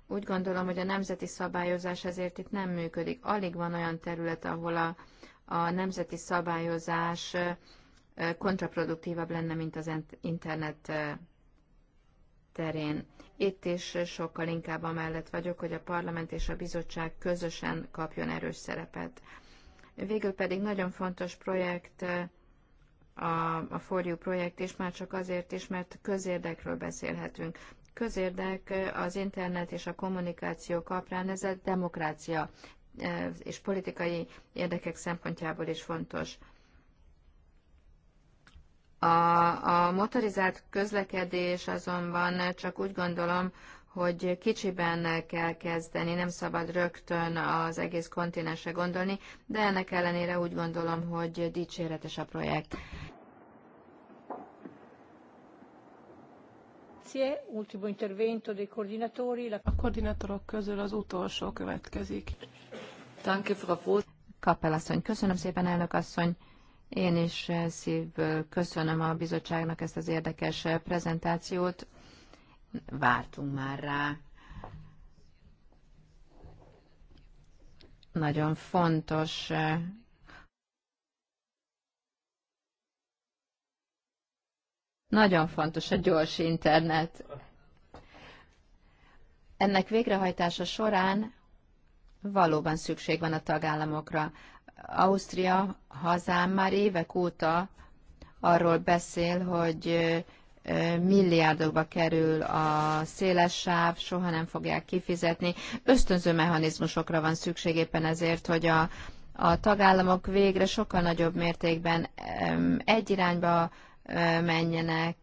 Úgy gondolom, hogy a nemzeti szabályozás ezért itt nem működik. Alig van olyan terület, ahol a, a nemzeti szabályozás kontraproduktívabb lenne, mint az internet terén. Itt is sokkal inkább amellett vagyok, hogy a parlament és a bizottság közösen kapjon erős szerepet. Végül pedig nagyon fontos projekt a, a For You projekt is, már csak azért is, mert közérdekről beszélhetünk közérdek az internet és a kommunikáció kaprán, ez a demokrácia e, és politikai érdekek szempontjából is fontos. A, a motorizált közlekedés azonban csak úgy gondolom, hogy kicsiben kell kezdeni, nem szabad rögtön az egész kontinensre gondolni, de ennek ellenére úgy gondolom, hogy dicséretes a projekt. Grazie. Ultimo intervento dei coordinatori. A koordinátorok közül az utolsó következik. Danke, Frau Voss. Kappelasszony, köszönöm szépen, elnök asszony. Én is eh, szívből köszönöm a bizottságnak ezt az érdekes eh, prezentációt. Vártunk már rá. Nagyon fontos eh, Nagyon fontos a gyors internet. Ennek végrehajtása során valóban szükség van a tagállamokra. Ausztria hazám már évek óta arról beszél, hogy milliárdokba kerül a széles sáv, soha nem fogják kifizetni. Ösztönző mechanizmusokra van szükség éppen ezért, hogy a, a tagállamok végre sokkal nagyobb mértékben egy irányba menjenek.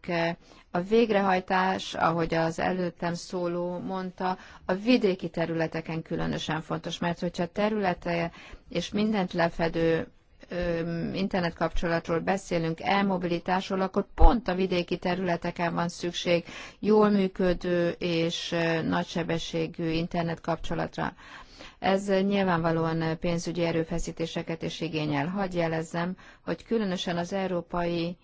A végrehajtás, ahogy az előttem szóló mondta, a vidéki területeken különösen fontos, mert hogyha területe és mindent lefedő internetkapcsolatról beszélünk, elmobilitásról, akkor pont a vidéki területeken van szükség jól működő és nagysebességű internetkapcsolatra. Ez nyilvánvalóan pénzügyi erőfeszítéseket is igényel. Hadd jelezzem, hogy különösen az európai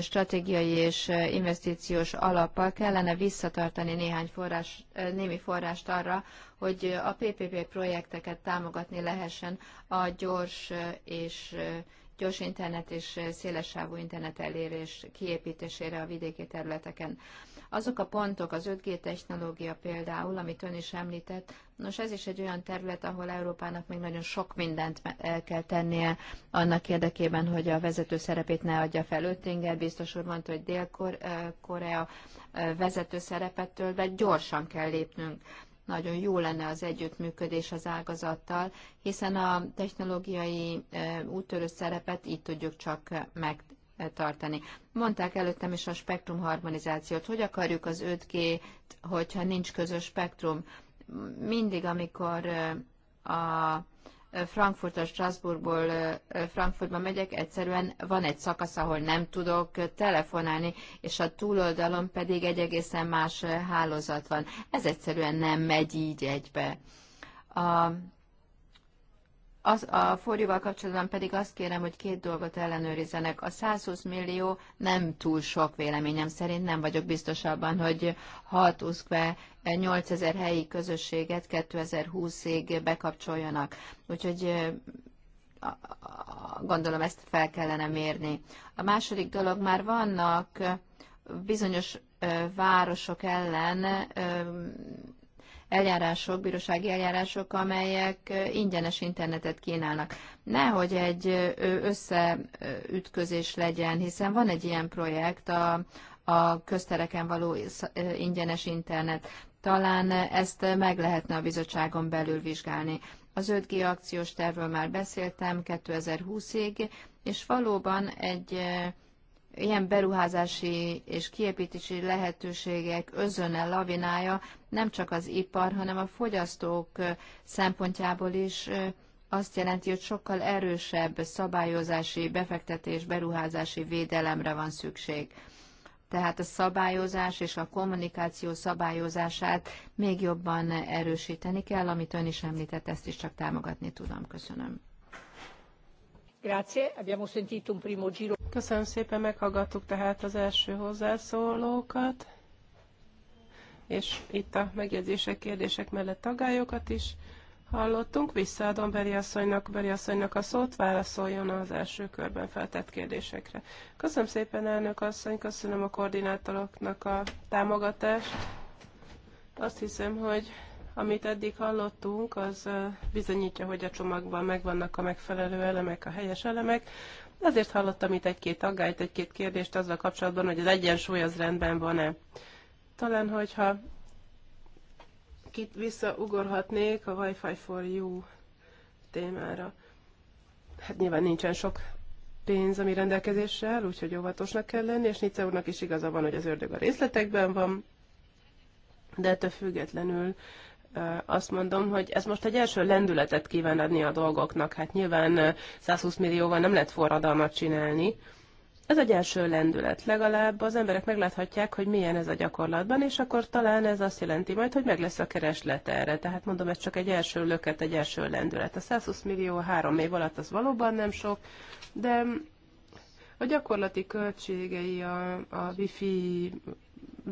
stratégiai és investíciós alappal kellene visszatartani néhány forrás, némi forrást arra, hogy a PPP projekteket támogatni lehessen a gyors és gyors internet és szélessávú internet elérés kiépítésére a vidéki területeken. Azok a pontok, az 5G technológia például, amit ön is említett, nos ez is egy olyan terület, ahol Európának még nagyon sok mindent el kell tennie annak érdekében, hogy a vezető szerepét ne adja fel. Öttinger biztos úr mondta, hogy Dél-Korea eh, eh, vezető szerepet tölt be, gyorsan kell lépnünk nagyon jó lenne az együttműködés az ágazattal, hiszen a technológiai eh, úttörő szerepet így tudjuk csak meg, tartani. Mondták előttem is a spektrum harmonizációt. Hogy akarjuk az 5G-t, hogyha nincs közös spektrum? Mindig, amikor a Frankfurt a Strasbourgból Frankfurtba megyek, egyszerűen van egy szakasz, ahol nem tudok telefonálni, és a túloldalon pedig egy egészen más hálózat van. Ez egyszerűen nem megy így egybe. A az a forjóval kapcsolatban pedig azt kérem, hogy két dolgot ellenőrizzenek. A 120 millió nem túl sok véleményem szerint, nem vagyok biztos abban, hogy 6 uszkve 8000 helyi közösséget 2020-ig bekapcsoljanak. Úgyhogy gondolom ezt fel kellene mérni. A második dolog már vannak bizonyos városok ellen eljárások, bírósági eljárások, amelyek ingyenes internetet kínálnak. Nehogy egy összeütközés legyen, hiszen van egy ilyen projekt, a, a köztereken való ingyenes internet. Talán ezt meg lehetne a bizottságon belül vizsgálni. Az 5G akciós tervről már beszéltem 2020-ig, és valóban egy ilyen beruházási és kiépítési lehetőségek özöne, lavinája nem csak az ipar, hanem a fogyasztók szempontjából is azt jelenti, hogy sokkal erősebb szabályozási, befektetés, beruházási védelemre van szükség. Tehát a szabályozás és a kommunikáció szabályozását még jobban erősíteni kell, amit ön is említett, ezt is csak támogatni tudom. Köszönöm. Köszönöm szépen, meghallgattuk tehát az első hozzászólókat, és itt a megjegyzések, kérdések mellett tagályokat is hallottunk. Visszaadom Beri asszonynak, Beri asszonynak a szót, válaszoljon az első körben feltett kérdésekre. Köszönöm szépen, elnök asszony, köszönöm a koordinátoroknak a támogatást. Azt hiszem, hogy amit eddig hallottunk, az bizonyítja, hogy a csomagban megvannak a megfelelő elemek, a helyes elemek. Ezért hallottam itt egy-két aggályt, egy-két kérdést azzal kapcsolatban, hogy az egyensúly az rendben van-e. Talán, hogyha kit visszaugorhatnék a Wi-Fi for You témára. Hát nyilván nincsen sok pénz, ami rendelkezésre úgyhogy óvatosnak kell lenni, és Nice úrnak is igaza van, hogy az ördög a részletekben van, de ettől függetlenül azt mondom, hogy ez most egy első lendületet kíván adni a dolgoknak. Hát nyilván 120 millióval nem lehet forradalmat csinálni. Ez egy első lendület. Legalább az emberek megláthatják, hogy milyen ez a gyakorlatban, és akkor talán ez azt jelenti majd, hogy meg lesz a kereslet erre. Tehát mondom, ez csak egy első löket, egy első lendület. A 120 millió három év alatt az valóban nem sok, de a gyakorlati költségei a, a wifi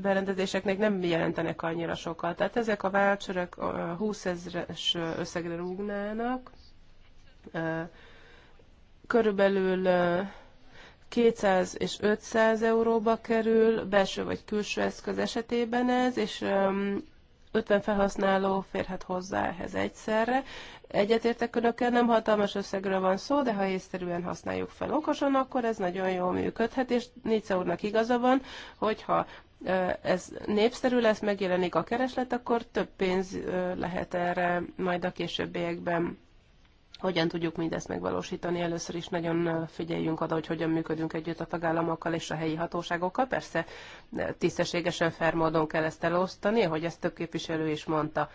berendezéseknek nem jelentenek annyira sokat. Tehát ezek a voucherek 20 ezres összegre rúgnának, körülbelül 200 és 500 euróba kerül, belső vagy külső eszköz esetében ez, és 50 felhasználó férhet hozzá ehhez egyszerre. Egyetértek önökkel, nem hatalmas összegről van szó, de ha észszerűen használjuk fel okosan, akkor ez nagyon jól működhet, és Nice úrnak igaza van, hogyha ez népszerű lesz, megjelenik a kereslet, akkor több pénz lehet erre majd a későbbiekben. Hogyan tudjuk mindezt megvalósítani? Először is nagyon figyeljünk oda, hogy hogyan működünk együtt a tagállamokkal és a helyi hatóságokkal. Persze tisztességesen, fermódon kell ezt elosztani, ahogy ezt több képviselő is mondta.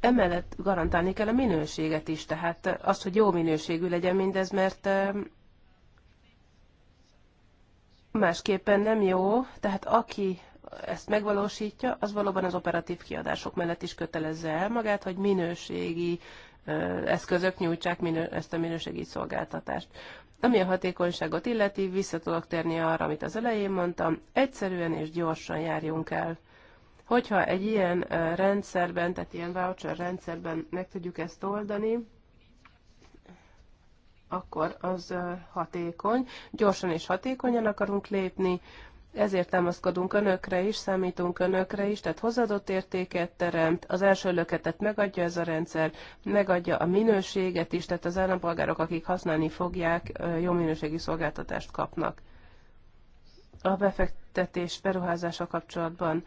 Emellett garantálni kell a minőséget is, tehát az, hogy jó minőségű legyen mindez, mert másképpen nem jó, tehát aki ezt megvalósítja, az valóban az operatív kiadások mellett is kötelezze el magát, hogy minőségi eszközök nyújtsák minő, ezt a minőségi szolgáltatást. Ami a hatékonyságot illeti, vissza tudok térni arra, amit az elején mondtam, egyszerűen és gyorsan járjunk el. Hogyha egy ilyen rendszerben, tehát ilyen voucher rendszerben meg tudjuk ezt oldani, akkor az hatékony. Gyorsan és hatékonyan akarunk lépni, ezért támaszkodunk önökre is, számítunk önökre is, tehát hozadott értéket teremt, az első löketet megadja ez a rendszer, megadja a minőséget is, tehát az állampolgárok, akik használni fogják, jó minőségi szolgáltatást kapnak. A befektetés beruházása kapcsolatban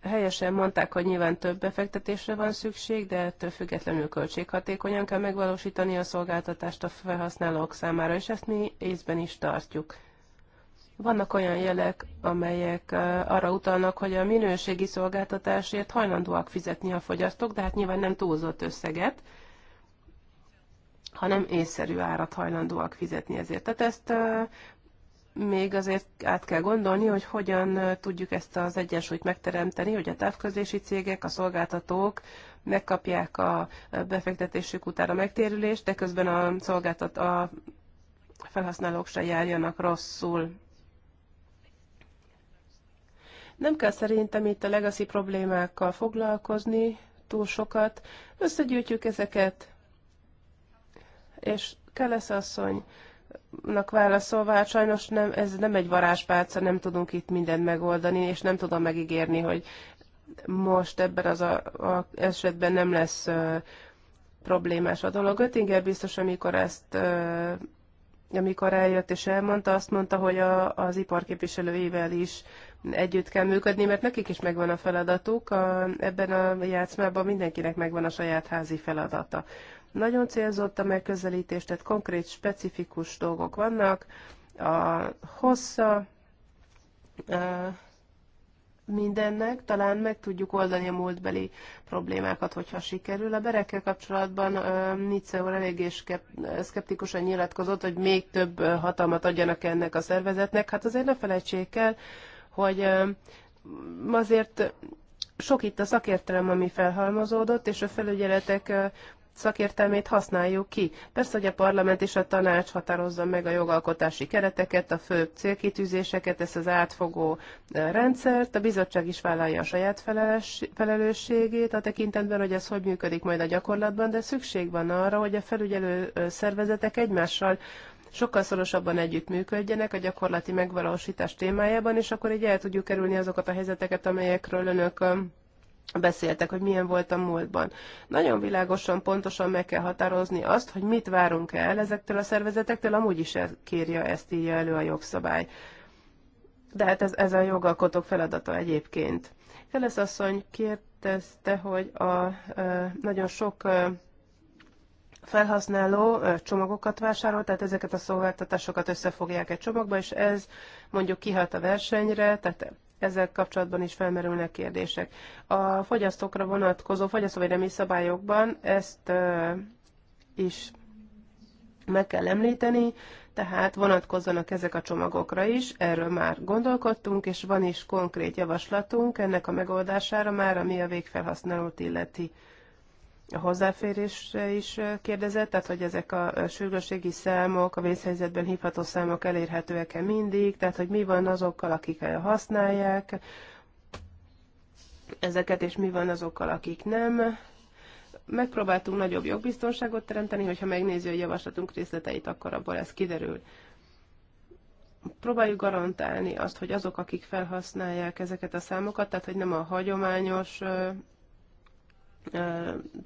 helyesen mondták, hogy nyilván több befektetésre van szükség, de ettől függetlenül költséghatékonyan kell megvalósítani a szolgáltatást a felhasználók számára, és ezt mi észben is tartjuk. Vannak olyan jelek, amelyek arra utalnak, hogy a minőségi szolgáltatásért hajlandóak fizetni a fogyasztók, de hát nyilván nem túlzott összeget, hanem észszerű árat hajlandóak fizetni ezért. Tehát ezt még azért át kell gondolni, hogy hogyan tudjuk ezt az egyensúlyt megteremteni, hogy a távközlési cégek, a szolgáltatók megkapják a befektetésük után a megtérülést, de közben a szolgáltat a felhasználók se járjanak rosszul. Nem kell szerintem itt a legacy problémákkal foglalkozni túl sokat. Összegyűjtjük ezeket, és Kelesz asszonynak válaszolva, hát sajnos nem, ez nem egy varázspálca, nem tudunk itt mindent megoldani, és nem tudom megígérni, hogy most ebben az a, a esetben nem lesz ö, problémás a dolog. Öttinger biztos, amikor ezt ö, amikor eljött és elmondta, azt mondta, hogy a, az iparképviselőivel is együtt kell működni, mert nekik is megvan a feladatuk, a, ebben a játszmában mindenkinek megvan a saját házi feladata. Nagyon célzott a megközelítés, tehát konkrét, specifikus dolgok vannak, a hossza, a, mindennek, talán meg tudjuk oldani a múltbeli problémákat, hogyha sikerül. A berekkel kapcsolatban Nice úr eléggé szkeptikusan nyilatkozott, hogy még több hatalmat adjanak ennek a szervezetnek. Hát azért ne felejtsék el, hogy azért sok itt a szakértelem, ami felhalmozódott, és a felügyeletek szakértelmét használjuk ki. Persze, hogy a parlament és a tanács határozza meg a jogalkotási kereteket, a fő célkitűzéseket, ezt az átfogó e, rendszert, a bizottság is vállalja a saját felelősségét a tekintetben, hogy ez hogy működik majd a gyakorlatban, de szükség van arra, hogy a felügyelő e, szervezetek egymással sokkal szorosabban együttműködjenek a gyakorlati megvalósítás témájában, és akkor így el tudjuk kerülni azokat a helyzeteket, amelyekről önök e, beszéltek, hogy milyen volt a múltban. Nagyon világosan, pontosan meg kell határozni azt, hogy mit várunk el ezektől a szervezetektől, amúgy is kérje ezt írja elő a jogszabály. De hát ez, ez a jogalkotók feladata egyébként. Kelesz asszony kérdezte, hogy a, a nagyon sok felhasználó csomagokat vásárol, tehát ezeket a szolgáltatásokat összefogják egy csomagba, és ez mondjuk kihat a versenyre, tehát ezzel kapcsolatban is felmerülnek kérdések. A fogyasztókra vonatkozó fogyasztóvédelmi szabályokban ezt is meg kell említeni, tehát vonatkozzanak ezek a csomagokra is, erről már gondolkodtunk, és van is konkrét javaslatunk ennek a megoldására már, ami a végfelhasználót illeti a hozzáférésre is kérdezett, tehát hogy ezek a sürgősségi számok, a vészhelyzetben hívható számok elérhetőek-e mindig, tehát hogy mi van azokkal, akik használják ezeket, és mi van azokkal, akik nem. Megpróbáltunk nagyobb jogbiztonságot teremteni, hogyha megnézi a javaslatunk részleteit, akkor abból ez kiderül. Próbáljuk garantálni azt, hogy azok, akik felhasználják ezeket a számokat, tehát hogy nem a hagyományos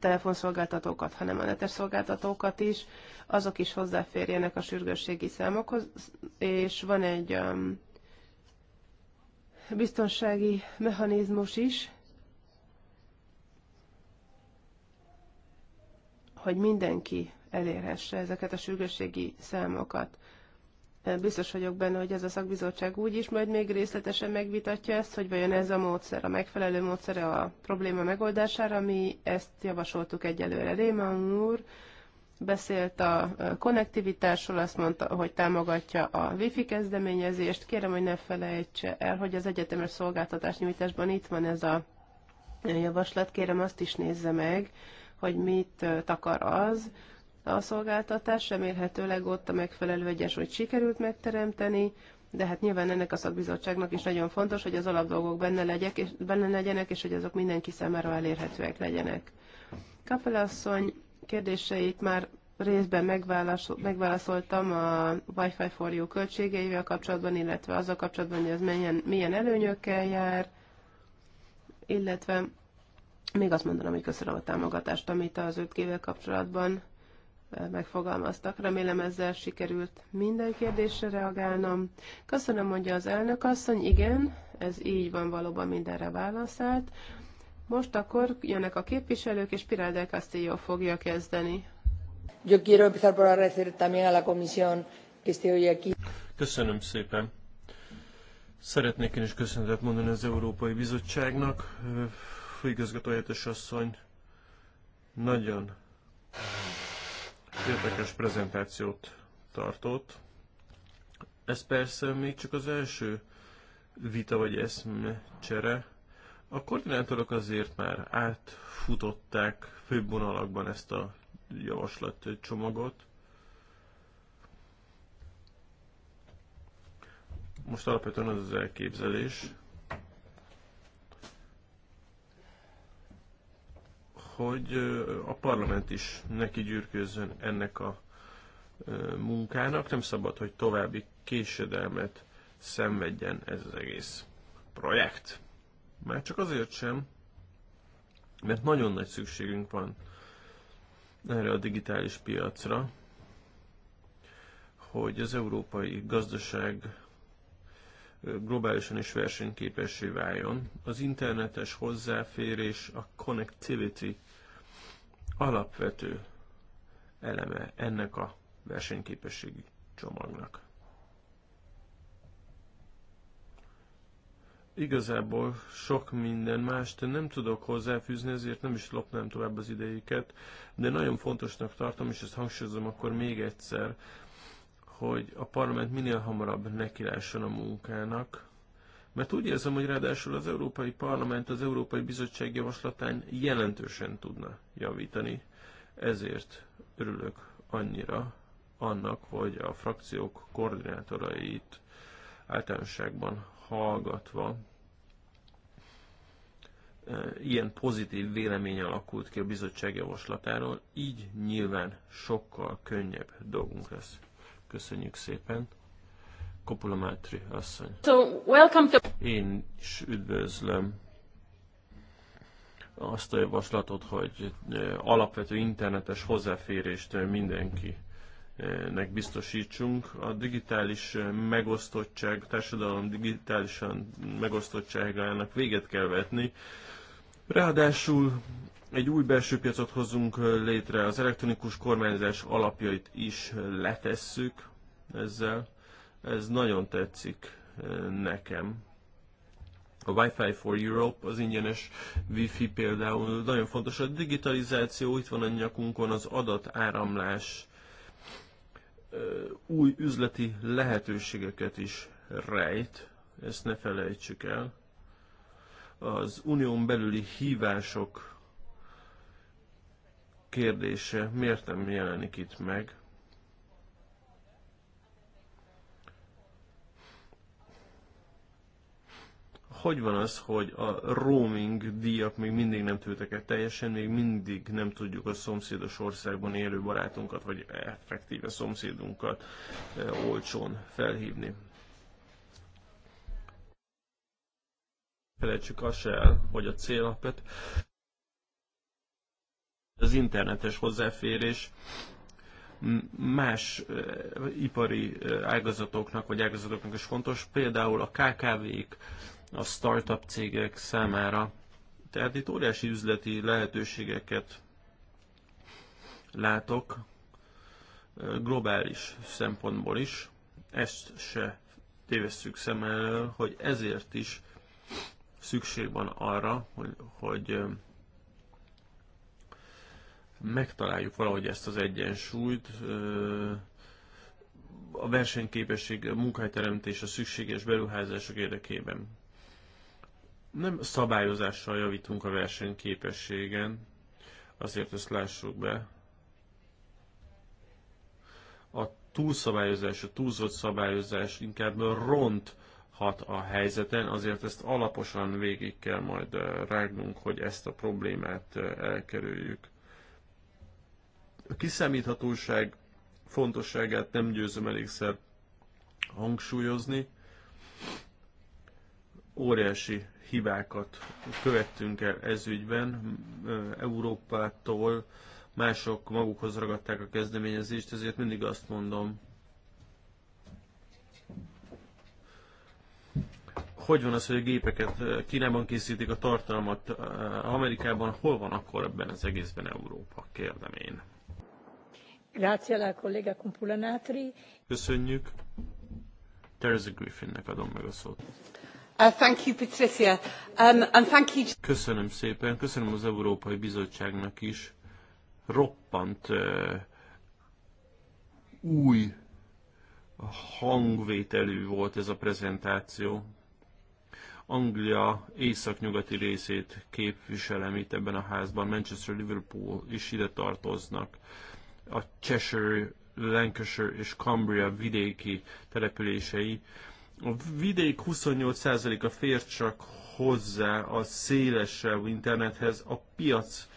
telefonszolgáltatókat, hanem a netes szolgáltatókat is, azok is hozzáférjenek a sürgősségi számokhoz, és van egy um, biztonsági mechanizmus is, hogy mindenki elérhesse ezeket a sürgősségi számokat. Biztos vagyok benne, hogy ez a szakbizottság úgy is majd még részletesen megvitatja ezt, hogy vajon ez a módszer, a megfelelő módszer, a probléma megoldására. Mi ezt javasoltuk egyelőre. Réman úr beszélt a konnektivitásról, azt mondta, hogy támogatja a wifi kezdeményezést. Kérem, hogy ne felejtse el, hogy az egyetemes szolgáltatás nyújtásban itt van ez a javaslat. Kérem, azt is nézze meg, hogy mit takar az, a szolgáltatás, remélhetőleg ott a megfelelő egyensúlyt sikerült megteremteni, de hát nyilván ennek a szakbizottságnak is nagyon fontos, hogy az alapdolgok benne, legyek, és benne legyenek, és hogy azok mindenki számára elérhetőek legyenek. Kapelasszony kérdéseit már részben megválaszoltam a Wi-Fi for You költségeivel kapcsolatban, illetve azzal kapcsolatban, hogy ez milyen, milyen előnyökkel jár, illetve még azt mondanám, hogy köszönöm a támogatást, amit az 5 g kapcsolatban megfogalmaztak. Remélem ezzel sikerült minden kérdésre reagálnom. Köszönöm, mondja az elnök asszony. Igen, ez így van, valóban mindenre válaszolt. Most akkor jönnek a képviselők, és Piral del Castillo fogja kezdeni. Yo quiero empezar por agradecer también a la comisión que esté hoy aquí. Köszönöm szépen. Szeretnék én is köszönetet mondani az Európai Bizottságnak. Főigazgató asszony nagyon érdekes prezentációt tartott. Ez persze még csak az első vita vagy eszme csere. A koordinátorok azért már átfutották főbb vonalakban ezt a csomagot. Most alapvetően az az elképzelés, hogy a parlament is neki gyűrkőzzön ennek a munkának. Nem szabad, hogy további késedelmet szenvedjen ez az egész projekt. Már csak azért sem, mert nagyon nagy szükségünk van erre a digitális piacra, hogy az európai gazdaság globálisan is versenyképessé váljon. Az internetes hozzáférés, a connectivity alapvető eleme ennek a versenyképességi csomagnak. Igazából sok minden mást nem tudok hozzáfűzni, ezért nem is lopnám tovább az idejéket, de nagyon fontosnak tartom, és ezt hangsúlyozom akkor még egyszer, hogy a parlament minél hamarabb nekilásson a munkának, mert úgy érzem, hogy ráadásul az Európai Parlament az Európai Bizottság javaslatán jelentősen tudna javítani. Ezért örülök annyira annak, hogy a frakciók koordinátorait általánosságban hallgatva e, ilyen pozitív vélemény alakult ki a bizottság javaslatáról, így nyilván sokkal könnyebb dolgunk lesz. Köszönjük szépen! Kopula Mátri asszony. So, welcome to... Én is üdvözlöm azt a javaslatot, hogy eh, alapvető internetes hozzáférést eh, mindenki biztosítsunk. A digitális eh, megosztottság, a társadalom digitálisan megosztottságának véget kell vetni. Ráadásul egy új belső piacot hozunk létre, az elektronikus kormányzás alapjait is letesszük ezzel. Ez nagyon tetszik eh, nekem. A Wi-Fi for Europe, az ingyenes Wi-Fi például nagyon fontos. A digitalizáció itt van a nyakunkon, az adatáramlás eh, új üzleti lehetőségeket is rejt, ezt ne felejtsük el. Az unión belüli hívások kérdése miért nem jelenik itt meg? hogy van az, hogy a roaming díjak még mindig nem tűntek el teljesen, még mindig nem tudjuk a szomszédos országban élő barátunkat, vagy effektíve szomszédunkat olcsón felhívni. Felejtsük azt el, hogy a célapet az internetes hozzáférés más ipari ágazatoknak vagy ágazatoknak is fontos, például a KKV-k a startup cégek számára. Tehát itt óriási üzleti lehetőségeket látok, globális szempontból is. Ezt se tévesszük szem elől, hogy ezért is szükség van arra, hogy, hogy megtaláljuk valahogy ezt az egyensúlyt, a versenyképesség, a munkahelyteremtés, a szükséges beruházások érdekében. Nem szabályozással javítunk a versenyképességen, azért ezt lássuk be. A túlszabályozás, a túlzott szabályozás inkább ront hat a helyzeten, azért ezt alaposan végig kell majd eh, rágnunk, hogy ezt a problémát eh, elkerüljük. A kiszámíthatóság fontosságát nem győzöm elégszer hangsúlyozni. Óriási hibákat követtünk el ez ügyben. Európától mások magukhoz ragadták a kezdeményezést, ezért mindig azt mondom, hogy van az, hogy a gépeket Kínában készítik, a tartalmat Amerikában, hol van akkor ebben az egészben Európa, kérdem én. Grazie alla collega Compulanatri. Köszönjük. Teresa Griffinnek adom meg a szót. Uh, um, köszönöm szépen, köszönöm az Európai Bizottságnak is. Roppant uh, új hangvételű volt ez a prezentáció. Anglia északnyugati részét képviselem itt ebben a házban, Manchester, Liverpool is ide tartoznak. A Cheshire, Lancashire és Cumbria vidéki települései a vidék 28%-a fér csak hozzá a szélesebb internethez, a piac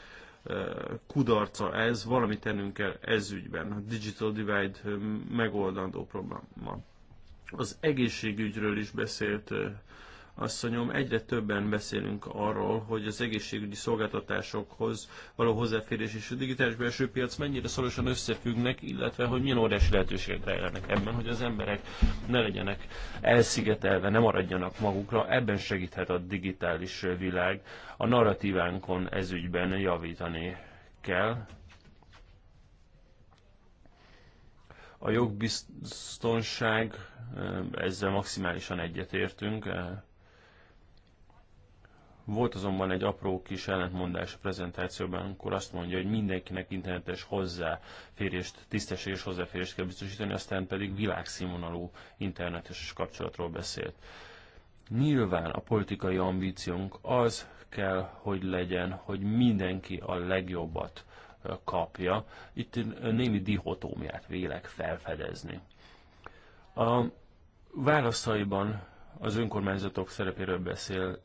eh, kudarca ez, valamit tennünk kell ez ügyben. A Digital Divide eh, megoldandó probléma. Az egészségügyről is beszélt eh, asszonyom, egyre többen beszélünk arról, hogy az egészségügyi szolgáltatásokhoz való hozzáférés és a digitális belső piac mennyire szorosan összefüggnek, illetve hogy milyen óriási lehetőségek rejlenek ebben, hogy az emberek ne legyenek elszigetelve, ne maradjanak magukra. Ebben segíthet a digitális világ. A narratívánkon ezügyben javítani kell. A jogbiztonság, eh, ezzel maximálisan egyetértünk, eh, volt azonban egy apró kis ellentmondás a prezentációban, amikor azt mondja, hogy mindenkinek internetes hozzáférést, tisztességes hozzáférést kell biztosítani, aztán pedig világszínvonalú internetes kapcsolatról beszélt. Nyilván a politikai ambíciónk az kell, hogy legyen, hogy mindenki a legjobbat kapja. Itt némi dihotómiát vélek felfedezni. A válaszaiban az önkormányzatok szerepéről beszélt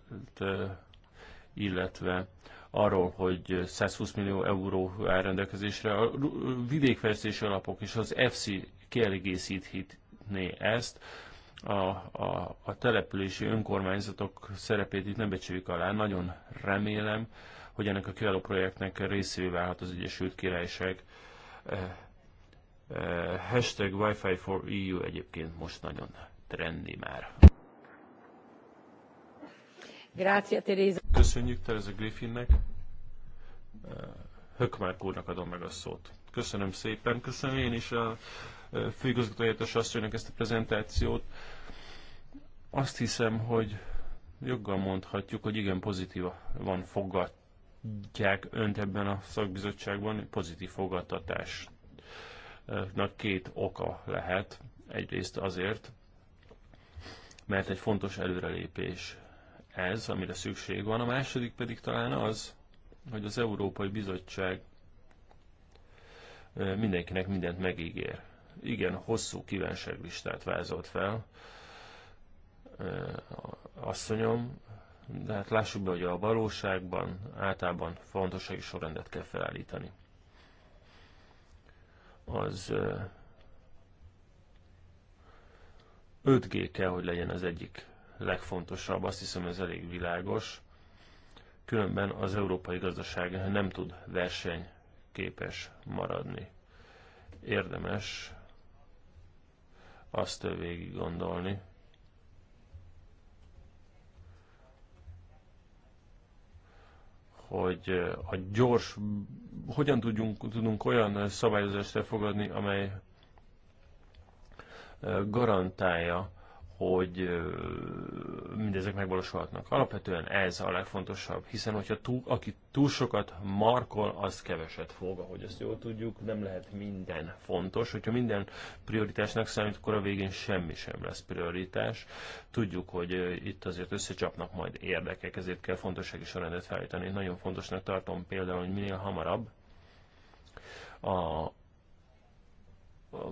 illetve arról, hogy 120 millió euró áll rendelkezésre. A vidékfejlesztési alapok és az FC kielégészíthetné ezt. A, a, a települési önkormányzatok szerepét itt nem becsüljük alá. Nagyon remélem, hogy ennek a kiváló projektnek részévé válhat az Egyesült Királyság. Eh, eh, hashtag Wi-Fi for EU egyébként most nagyon trendy már. Grazie, Köszönjük Tereza Griffinnek. Hökmárk úrnak adom meg a szót. Köszönöm szépen, köszönöm én is a főigazgató helyettes asszonynak ezt a prezentációt. Azt hiszem, hogy joggal mondhatjuk, hogy igen pozitív van fogadják önt ebben a szakbizottságban, pozitív fogadtatásnak két oka lehet. Egyrészt azért, mert egy fontos előrelépés ez, amire szükség van. A második pedig talán az, hogy az Európai Bizottság mindenkinek mindent megígér. Igen, hosszú kívánságlistát vázolt fel. Asszonyom, de hát lássuk be, hogy a valóságban általában fontossági sorrendet kell felállítani. Az 5G kell, hogy legyen az egyik legfontosabb, azt hiszem ez elég világos. Különben az európai gazdaság nem tud versenyképes maradni. Érdemes azt végig gondolni, hogy a gyors, hogyan tudjunk, tudunk olyan szabályozást elfogadni, amely garantálja hogy mindezek megvalósulhatnak. Alapvetően ez a legfontosabb, hiszen hogyha túl, aki túl sokat markol, az keveset fog, ahogy azt jól tudjuk, nem lehet minden fontos. Hogyha minden prioritásnak számít, akkor a végén semmi sem lesz prioritás. Tudjuk, hogy itt azért összecsapnak majd érdekek, ezért kell fontossági sorrendet felállítani. nagyon fontosnak tartom például, hogy minél hamarabb a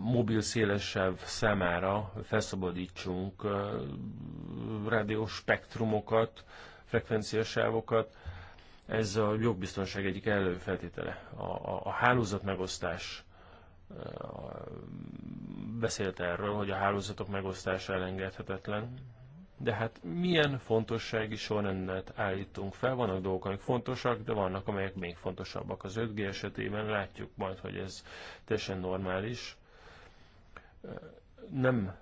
mobil szélesebb számára felszabadítsunk rádióspektrumokat, frekvenciasávokat. Ez a jogbiztonság egyik előfeltétele. A, a, a hálózat megosztás beszélt erről, hogy a hálózatok megosztása elengedhetetlen. De hát milyen fontossági sorrendet állítunk fel? Vannak dolgok, amik fontosak, de vannak, amelyek még fontosabbak. Az 5G esetében látjuk majd, hogy ez teljesen normális nem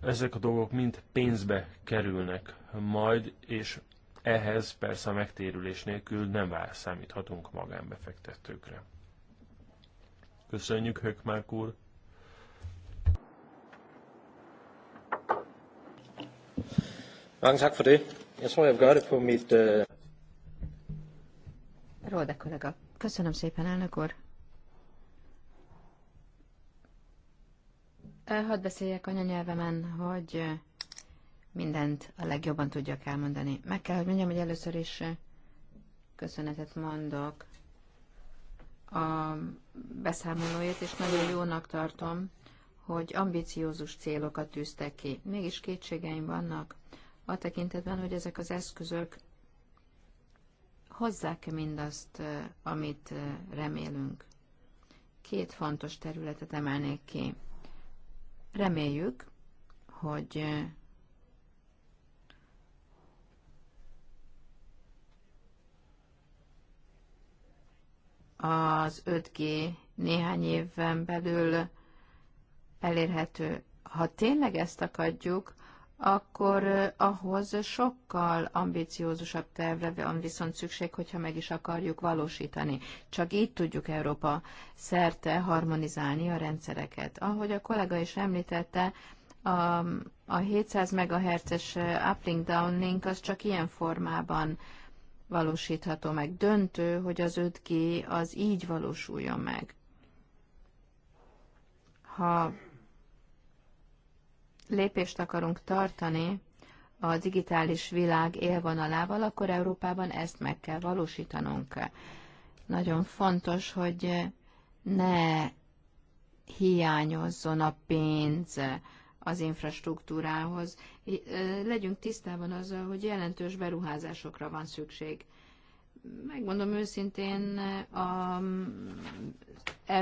ezek a dolgok mind pénzbe kerülnek majd, és ehhez persze a megtérülés nélkül nem vár, számíthatunk magánbefektetőkre. Köszönjük, Hökmárk úr! Mange tak for det. Jeg tror, jeg vil gøre det på mit... Uh... Øh, Råda kollega. Köszönöm szépen, elnök úr. Hadd beszéljek anyanyelvemen, hogy mindent a legjobban tudjak elmondani. Meg kell, hogy mondjam, hogy először is köszönetet mondok a beszámolóért, és nagyon jónak tartom, hogy ambiciózus célokat tűztek ki. Mégis kétségeim vannak a tekintetben, hogy ezek az eszközök hozzák-e mindazt, amit remélünk. Két fontos területet emelnék ki. Reméljük, hogy eh, az 5G néhány évben belül elérhető. Ha tényleg ezt akadjuk, akkor ahhoz sokkal ambiciózusabb tervre van viszont szükség, hogyha meg is akarjuk valósítani. Csak így tudjuk Európa szerte harmonizálni a rendszereket. Ahogy a kollega is említette, a, a 700 MHz-es uplink downlink az csak ilyen formában valósítható meg. Döntő, hogy az 5G az így valósuljon meg. Ha lépést akarunk tartani a digitális világ élvonalával, akkor Európában ezt meg kell valósítanunk. Nagyon fontos, hogy ne hiányozzon a pénz az infrastruktúrához. Legyünk tisztában azzal, hogy jelentős beruházásokra van szükség. Megmondom őszintén, a,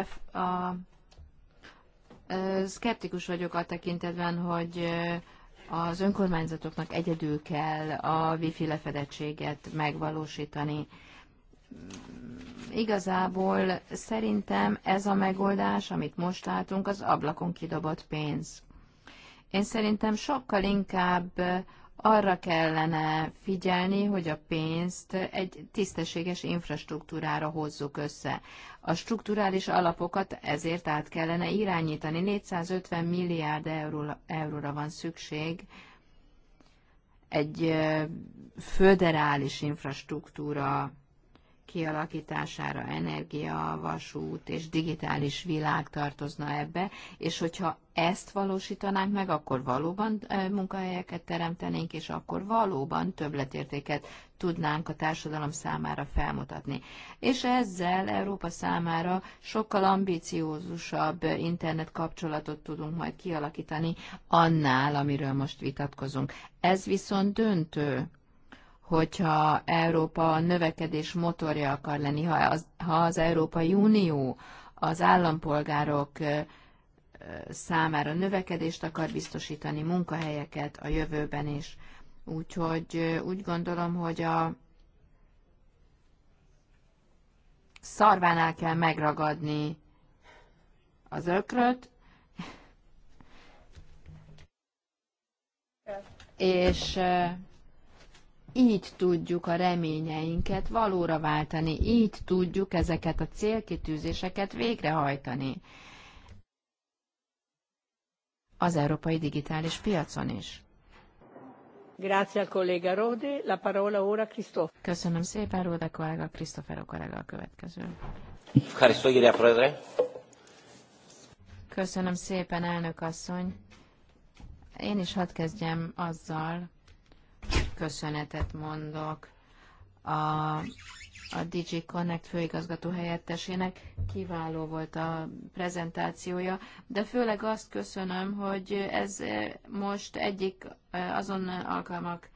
F, a Szkeptikus vagyok a tekintetben, hogy az önkormányzatoknak egyedül kell a wifi lefedettséget megvalósítani. Igazából szerintem ez a megoldás, amit most látunk, az ablakon kidobott pénz. Én szerintem sokkal inkább arra kellene figyelni, hogy a pénzt egy tisztességes infrastruktúrára hozzuk össze. A strukturális alapokat ezért át kellene irányítani. 450 milliárd euróra, van szükség egy föderális infrastruktúra kialakítására energia, vasút és digitális világ tartozna ebbe, és hogyha ezt valósítanánk meg, akkor valóban munkahelyeket teremtenénk, és akkor valóban többletértéket tudnánk a társadalom számára felmutatni. És ezzel Európa számára sokkal ambiciózusabb internet kapcsolatot tudunk majd kialakítani annál, amiről most vitatkozunk. Ez viszont döntő hogyha Európa a növekedés motorja akar lenni, ha az, ha az Európai Unió az állampolgárok számára növekedést akar biztosítani, munkahelyeket a jövőben is. Úgyhogy úgy gondolom, hogy a szarvánál kell megragadni az ökröt, és így tudjuk a reményeinket valóra váltani, így tudjuk ezeket a célkitűzéseket végrehajtani. Az európai digitális piacon is. Grazie collega Rode, la parola ora Christophe. Köszönöm szépen, Rode kollega, Christopher kollega a következő. Köszönöm szépen, elnök asszony. Én is hadd kezdjem azzal, köszönetet mondok a, a DG Connect főigazgató helyettesének. Kiváló volt a prezentációja, de főleg azt köszönöm, hogy ez most egyik azon alkalmak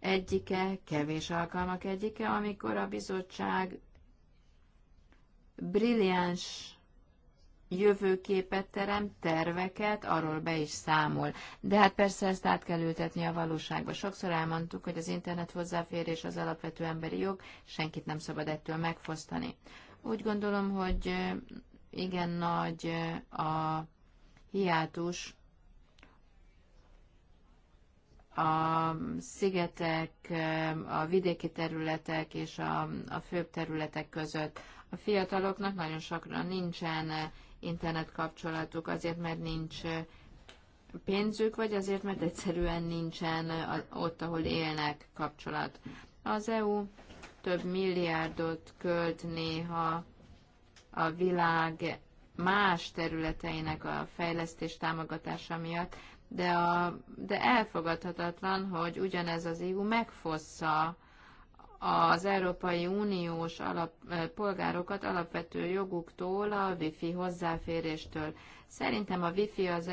egyike, kevés alkalmak egyike, amikor a bizottság brilliáns jövőképet terem, terveket, arról be is számol. De hát persze ezt át kell ültetni a valóságba. Sokszor elmondtuk, hogy az internet hozzáférés az alapvető emberi jog, senkit nem szabad ettől megfosztani. Úgy gondolom, hogy igen nagy a hiátus a szigetek, a vidéki területek és a, a főbb területek között. A fiataloknak nagyon sokra nincsen internet kapcsolatuk, azért, mert nincs pénzük, vagy azért, mert egyszerűen nincsen ott, ahol élnek kapcsolat. Az EU több milliárdot költ néha a világ más területeinek a fejlesztés támogatása miatt, de, a, de elfogadhatatlan, hogy ugyanez az EU megfossza az Európai Uniós alap, polgárokat alapvető joguktól, a wifi hozzáféréstől. Szerintem a wifi az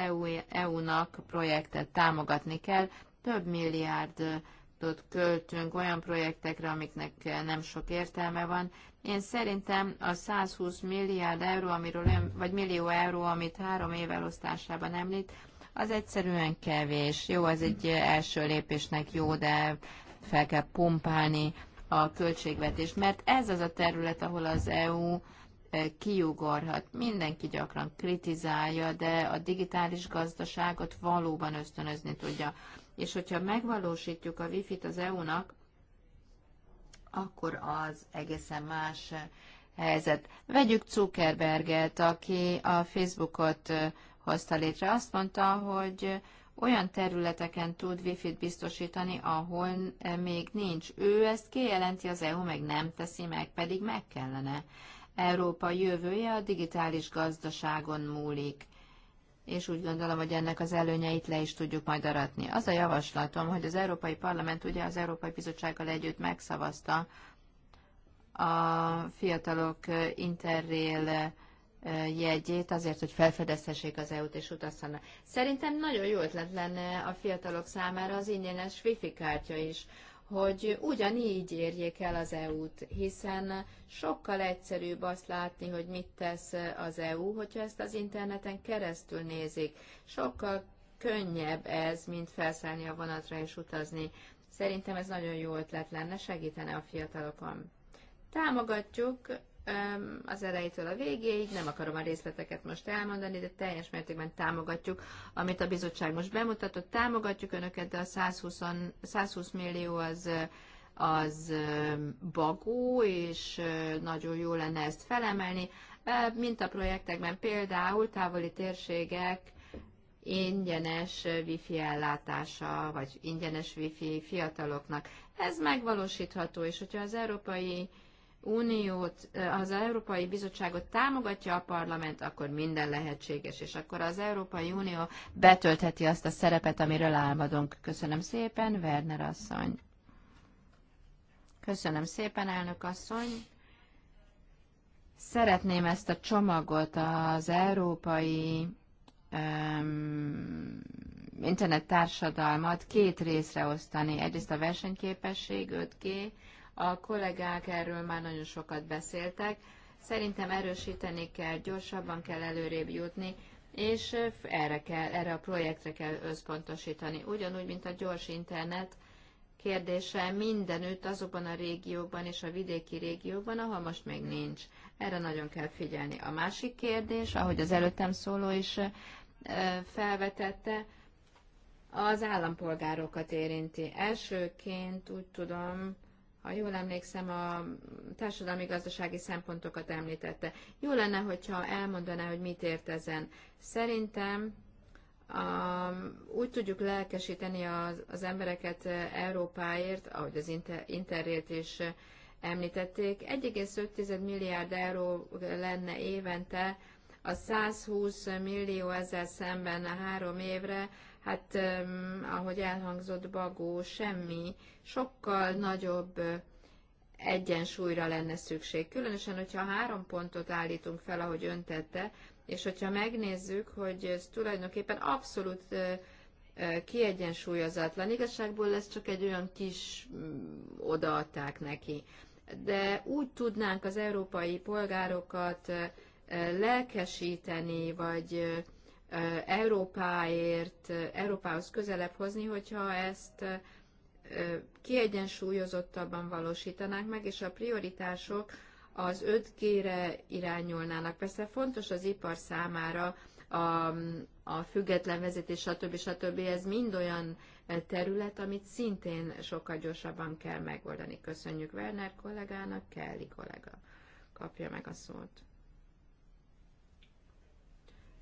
EU-nak e EU projektet támogatni kell. Több milliárdot költünk olyan projektekre, amiknek nem sok értelme van. Én szerintem a 120 milliárd euró, amiről, vagy millió euró, amit három év elosztásában említ, az egyszerűen kevés. Jó, az egy első lépésnek jó, de fel kell pumpálni a költségvetés, mert ez az a terület, ahol az EU e, kiugorhat. Mindenki gyakran kritizálja, de a digitális gazdaságot valóban ösztönözni tudja. És hogyha megvalósítjuk a wifi-t az EU-nak, akkor az egészen más e, helyzet. Vegyük Zuckerberget, aki a Facebookot e, hozta létre. Azt mondta, hogy olyan területeken tud wifi-t biztosítani, ahol eh, még nincs. Ő ezt kijelenti, az EU meg nem teszi meg, pedig meg kellene. Európa jövője a digitális gazdaságon múlik és úgy gondolom, hogy ennek az előnyeit le is tudjuk majd aratni. Az a javaslatom, hogy az Európai Parlament ugye az Európai Bizottsággal együtt megszavazta a fiatalok eh, interrail eh, jegyét azért, hogy felfedezhessék az EU-t és utazhassanak. Szerintem nagyon jó ötlet lenne a fiatalok számára az ingyenes wifi kártya is, hogy ugyanígy érjék el az EU-t, hiszen sokkal egyszerűbb azt látni, hogy mit tesz az EU, hogyha ezt az interneten keresztül nézik. Sokkal könnyebb ez, mint felszállni a vonatra és utazni. Szerintem ez nagyon jó ötlet lenne, segítene a fiatalokon. Támogatjuk az elejétől a végéig, nem akarom a részleteket most elmondani, de teljes mértékben támogatjuk, amit a bizottság most bemutatott, támogatjuk önöket, de a 120, 120 millió az az bagó, és nagyon jó lenne ezt felemelni. Mint a projektekben például távoli térségek ingyenes wifi ellátása, vagy ingyenes wifi fiataloknak. Ez megvalósítható, és hogyha az európai Uniót, az Európai Bizottságot támogatja a parlament, akkor minden lehetséges, és akkor az Európai Unió betöltheti azt a szerepet, amiről álmodunk. Köszönöm szépen, Werner asszony. Köszönöm szépen, elnök asszony. Szeretném ezt a csomagot az európai um, internet társadalmat két részre osztani. Egyrészt a versenyképesség 5G, a kollégák erről már nagyon sokat beszéltek. Szerintem erősíteni kell, gyorsabban kell előrébb jutni, és erre, kell, erre a projektre kell összpontosítani. Ugyanúgy, mint a gyors internet kérdése mindenütt, azokban a régiókban és a vidéki régiókban, ahol most még nincs. Erre nagyon kell figyelni. A másik kérdés, ahogy az előttem szóló is felvetette, az állampolgárokat érinti. Elsőként úgy tudom, ha jól emlékszem, a társadalmi-gazdasági szempontokat említette. Jó lenne, hogyha elmondaná, hogy mit ért ezen. Szerintem a, um, úgy tudjuk lelkesíteni az, az embereket eh, Európáért, ahogy az inter, Interrét is eh, említették. 1,5 milliárd euró lenne évente, a 120 millió ezzel szemben a három évre, hát ahogy elhangzott Bagó, semmi, sokkal nagyobb egyensúlyra lenne szükség. Különösen, hogyha három pontot állítunk fel, ahogy ön tette, és hogyha megnézzük, hogy ez tulajdonképpen abszolút kiegyensúlyozatlan. Igazságból ez csak egy olyan kis mm, odaadták neki. De úgy tudnánk az európai polgárokat lelkesíteni, vagy Európáért, Európához közelebb hozni, hogyha ezt kiegyensúlyozottabban valósítanánk meg, és a prioritások az 5G-re irányulnának. Persze fontos az ipar számára a, a független vezetés, stb. stb. Ez mind olyan terület, amit szintén sokkal gyorsabban kell megoldani. Köszönjük Werner kollégának, Kelly kollega kapja meg a szót.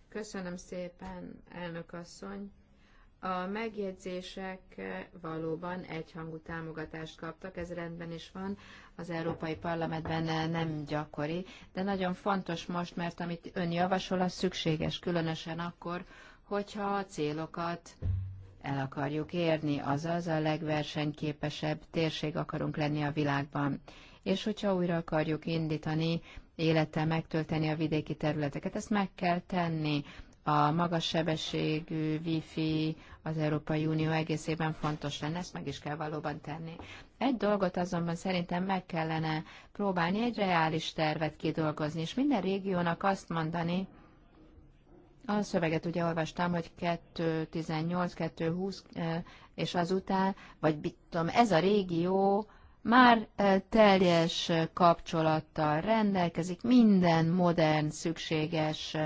Köszönöm szépen, elnök asszony. A megjegyzések eh, valóban egyhangú támogatást kaptak, ez rendben is van, az Európai Parlamentben nem gyakori, de nagyon fontos most, mert amit ön javasol, az szükséges, különösen akkor, hogyha a célokat el akarjuk érni, azaz a legversenyképesebb térség akarunk lenni a világban. És hogyha újra akarjuk indítani élettel megtölteni a vidéki területeket. Ezt meg kell tenni. A magas sebességű wifi az Európai Unió egészében fontos lenne, ezt meg is kell valóban tenni. Egy dolgot azonban szerintem meg kellene próbálni egy reális tervet kidolgozni, és minden régiónak azt mondani, a szöveget ugye olvastam, hogy 2018-2020 eh, és azután, vagy tudom, ez a régió már teljes kapcsolattal rendelkezik minden modern, szükséges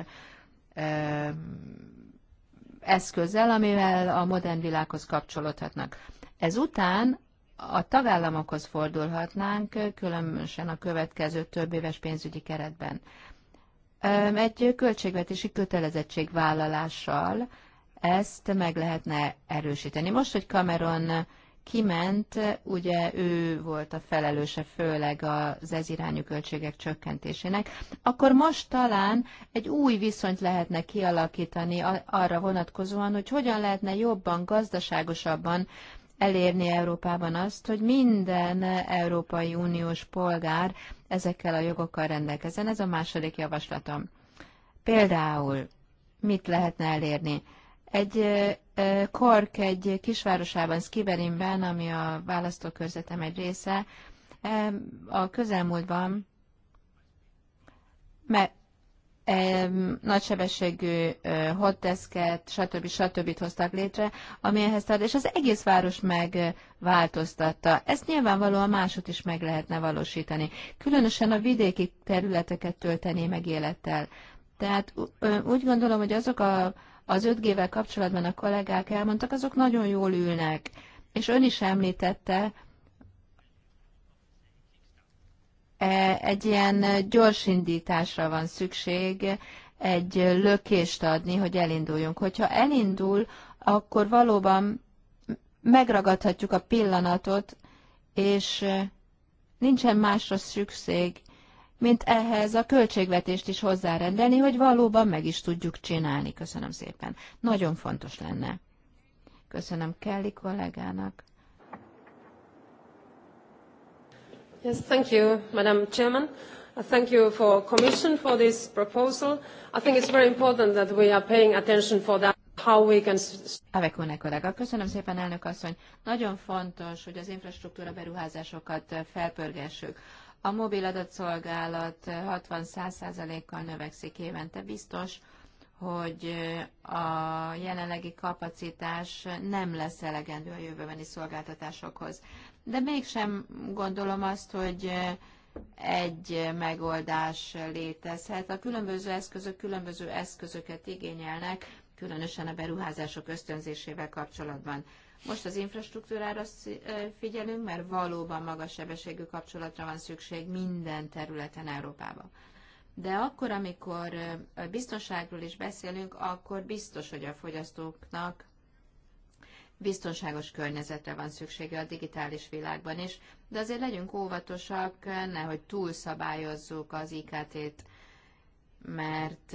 eszközzel, amivel a modern világhoz kapcsolódhatnak. Ezután a tagállamokhoz fordulhatnánk, különösen a következő több éves pénzügyi keretben. Egy költségvetési kötelezettségvállalással ezt meg lehetne erősíteni. Most, hogy Cameron kiment, ugye ő volt a felelőse főleg az ez irányú költségek csökkentésének, akkor most talán egy új viszonyt lehetne kialakítani arra vonatkozóan, hogy hogyan lehetne jobban, gazdaságosabban elérni Európában azt, hogy minden Európai Uniós polgár ezekkel a jogokkal rendelkezzen. Ez a második javaslatom. Például mit lehetne elérni? Egy Kork egy kisvárosában, Skiberinben, ami a választókörzetem egy része, a közelmúltban mert nagysebességű hotdesket, stb. stb. hoztak létre, ami ehhez tart, és az egész város megváltoztatta. Ezt nyilvánvalóan másot is meg lehetne valósítani. Különösen a vidéki területeket töltené meg élettel. Tehát úgy gondolom, hogy azok a az 5G-vel kapcsolatban a kollégák elmondtak, azok nagyon jól ülnek. És ön is említette e, egy ilyen gyorsindításra van szükség, egy lökést adni, hogy elinduljunk. Hogyha elindul, akkor valóban megragadhatjuk a pillanatot, és nincsen másra szükség, mint ehhez a költségvetést is hozzárendelni, hogy valóban meg is tudjuk csinálni. Köszönöm szépen. Nagyon fontos lenne. Köszönöm Kelly kollégának. Yes, thank you, Madam Chairman. Uh, thank you for Commission for this proposal. I think it's very important that we are paying attention for that. How we can... Avekone kollega, köszönöm szépen elnök asszony. Nagyon fontos, hogy az infrastruktúra beruházásokat uh, felpörgessük a mobil adatszolgálat 60-100%-kal eh, növekszik évente. Biztos, hogy eh, a jelenlegi kapacitás nem lesz elegendő a jövőbeni szolgáltatásokhoz. De mégsem gondolom azt, hogy eh, egy megoldás létezhet. A különböző eszközök különböző eszközöket igényelnek, különösen a beruházások ösztönzésével kapcsolatban. Most az infrastruktúrára figyelünk, mert valóban magas sebességű kapcsolatra van szükség minden területen Európában. De akkor, amikor biztonságról is beszélünk, akkor biztos, hogy a fogyasztóknak biztonságos környezetre van szüksége a digitális világban is, de azért legyünk óvatosak, nehogy túlszabályozzuk az IKT-t mert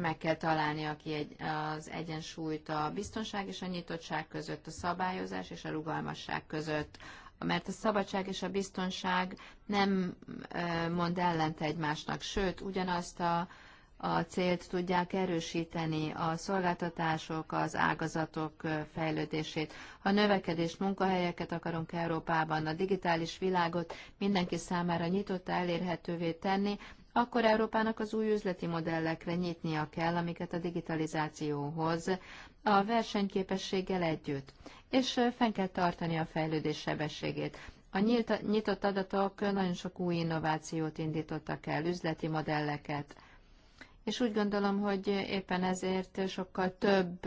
meg kell találni aki egy, az egyensúlyt a biztonság és a nyitottság között, a szabályozás és a rugalmasság között. Mert a szabadság és a biztonság nem mond ellent egymásnak, sőt, ugyanazt a, a célt tudják erősíteni, a szolgáltatások, az ágazatok fejlődését. Ha növekedést, munkahelyeket akarunk Európában, a digitális világot mindenki számára nyitottá elérhetővé tenni, akkor Európának az új üzleti modellekre nyitnia kell, amiket a digitalizációhoz, a versenyképességgel együtt, és fenn kell tartani a fejlődés sebességét. A nyílt, nyitott adatok nagyon sok új innovációt indítottak el, üzleti modelleket, és úgy gondolom, hogy éppen ezért sokkal több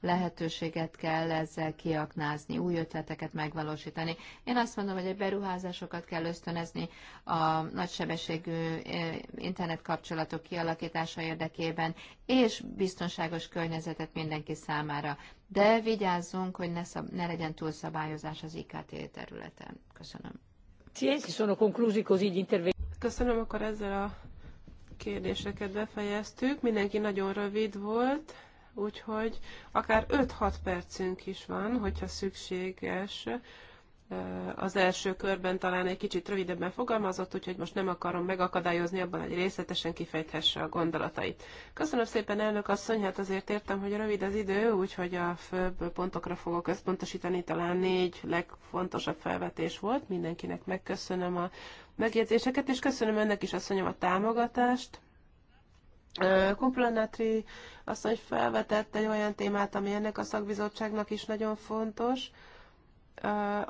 lehetőséget kell ezzel kiaknázni, új ötleteket megvalósítani. Én azt mondom, hogy a beruházásokat kell ösztönözni a nagysebességű eh, internetkapcsolatok kialakítása érdekében, és biztonságos környezetet mindenki számára. De vigyázzunk, hogy ne, szab- ne legyen túlszabályozás az IKT területen. Köszönöm. Köszönöm, akkor ezzel a kérdéseket befejeztük. Mindenki nagyon rövid volt úgyhogy akár 5-6 percünk is van, hogyha szükséges. Az első körben talán egy kicsit rövidebben fogalmazott, úgyhogy most nem akarom megakadályozni abban, hogy részletesen kifejthesse a gondolatait. Köszönöm szépen, elnök asszony, hát azért értem, hogy rövid az idő, úgyhogy a főbb pontokra fogok összpontosítani, talán négy legfontosabb felvetés volt. Mindenkinek megköszönöm a megjegyzéseket, és köszönöm önnek is, asszonyom, a támogatást mondja, hogy felvetett egy olyan témát, ami ennek a szakbizottságnak is nagyon fontos,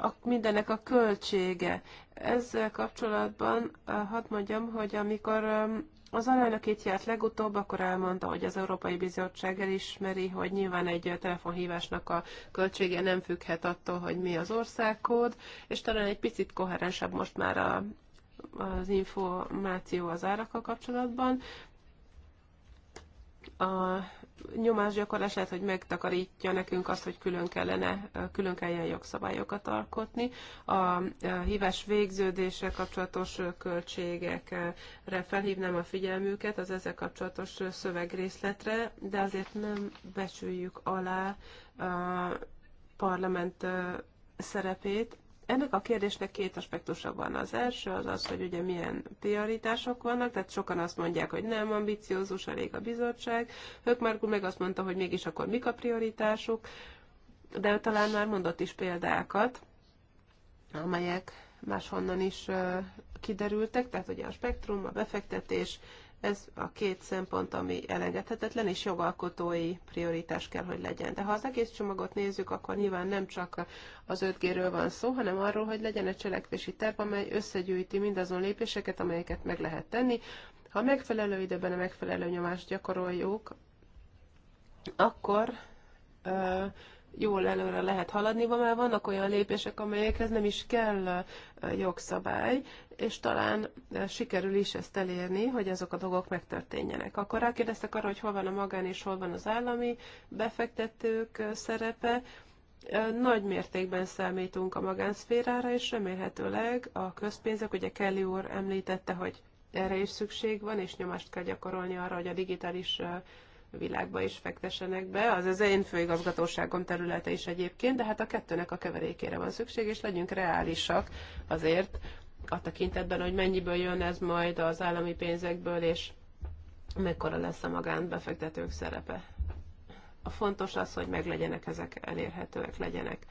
a, mindennek a költsége. Ezzel kapcsolatban hadd mondjam, hogy amikor az alelnök itt járt legutóbb, akkor elmondta, hogy az Európai Bizottság elismeri, hogy nyilván egy telefonhívásnak a költsége nem függhet attól, hogy mi az országkód, és talán egy picit koherensebb most már a, az információ az árakkal kapcsolatban a nyomásgyakorlás lehet, hogy megtakarítja nekünk azt, hogy külön kellene, külön kelljen jogszabályokat alkotni. A hívás végződése, kapcsolatos költségekre felhívnám a figyelmüket az ezzel kapcsolatos szövegrészletre, de azért nem becsüljük alá a parlament szerepét, ennek a kérdésnek két aspektusa van. Az első az az, hogy ugye milyen prioritások vannak, tehát sokan azt mondják, hogy nem ambiciózus, elég a bizottság. már meg azt mondta, hogy mégis akkor mik a prioritások, de ő talán már mondott is példákat, amelyek máshonnan is kiderültek, tehát ugye a spektrum, a befektetés, ez a két szempont, ami elengedhetetlen, és jogalkotói prioritás kell, hogy legyen. De ha az egész csomagot nézzük, akkor nyilván nem csak az 5 ről van szó, hanem arról, hogy legyen egy cselekvési terv, amely összegyűjti mindazon lépéseket, amelyeket meg lehet tenni. Ha megfelelő időben a megfelelő nyomást gyakoroljuk, akkor uh, jól előre lehet haladni, van vannak olyan lépések, amelyekhez nem is kell jogszabály, és talán sikerül is ezt elérni, hogy azok a dolgok megtörténjenek. Akkor rákérdeztek arra, hogy hol van a magán és hol van az állami befektetők szerepe. Nagy mértékben számítunk a magánszférára, és remélhetőleg a közpénzek, ugye Kelly úr említette, hogy erre is szükség van, és nyomást kell gyakorolni arra, hogy a digitális világba is fektessenek be. Az az én főigazgatóságom területe is egyébként, de hát a kettőnek a keverékére van szükség, és legyünk reálisak azért a tekintetben, hogy mennyiből jön ez majd az állami pénzekből, és mekkora lesz a magánbefektetők szerepe. A fontos az, hogy meglegyenek ezek, elérhetőek legyenek.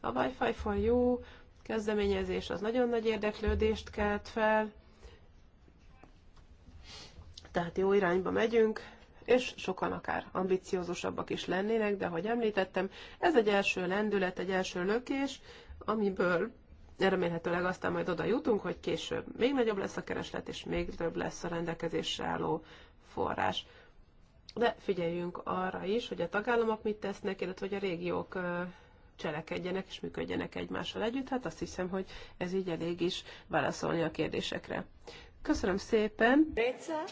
A Wi-Fi for You kezdeményezés az nagyon nagy érdeklődést kelt fel, tehát jó irányba megyünk, és sokan akár ambiciózusabbak is lennének, de ahogy említettem, ez egy első lendület, egy első lökés, amiből remélhetőleg aztán majd oda jutunk, hogy később még nagyobb lesz a kereslet, és még több lesz a rendelkezésre álló forrás. De figyeljünk arra is, hogy a tagállamok mit tesznek, illetve hogy a régiók cselekedjenek és működjenek egymással együtt. Hát azt hiszem, hogy ez így elég is válaszolni a kérdésekre. Köszönöm szépen! Réca.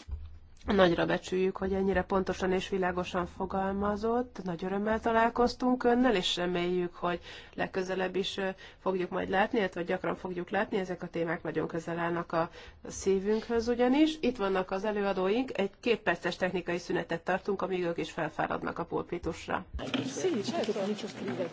Nagyra becsüljük, hogy ennyire pontosan és világosan fogalmazott. Nagy örömmel találkoztunk önnel, és reméljük, hogy legközelebb is fogjuk majd látni, illetve gyakran fogjuk látni. Ezek a témák nagyon közel állnak a szívünkhöz ugyanis. Itt vannak az előadóink, egy két perces technikai szünetet tartunk, amíg ők is felfáradnak a pulpitusra. Szépen. Szépen.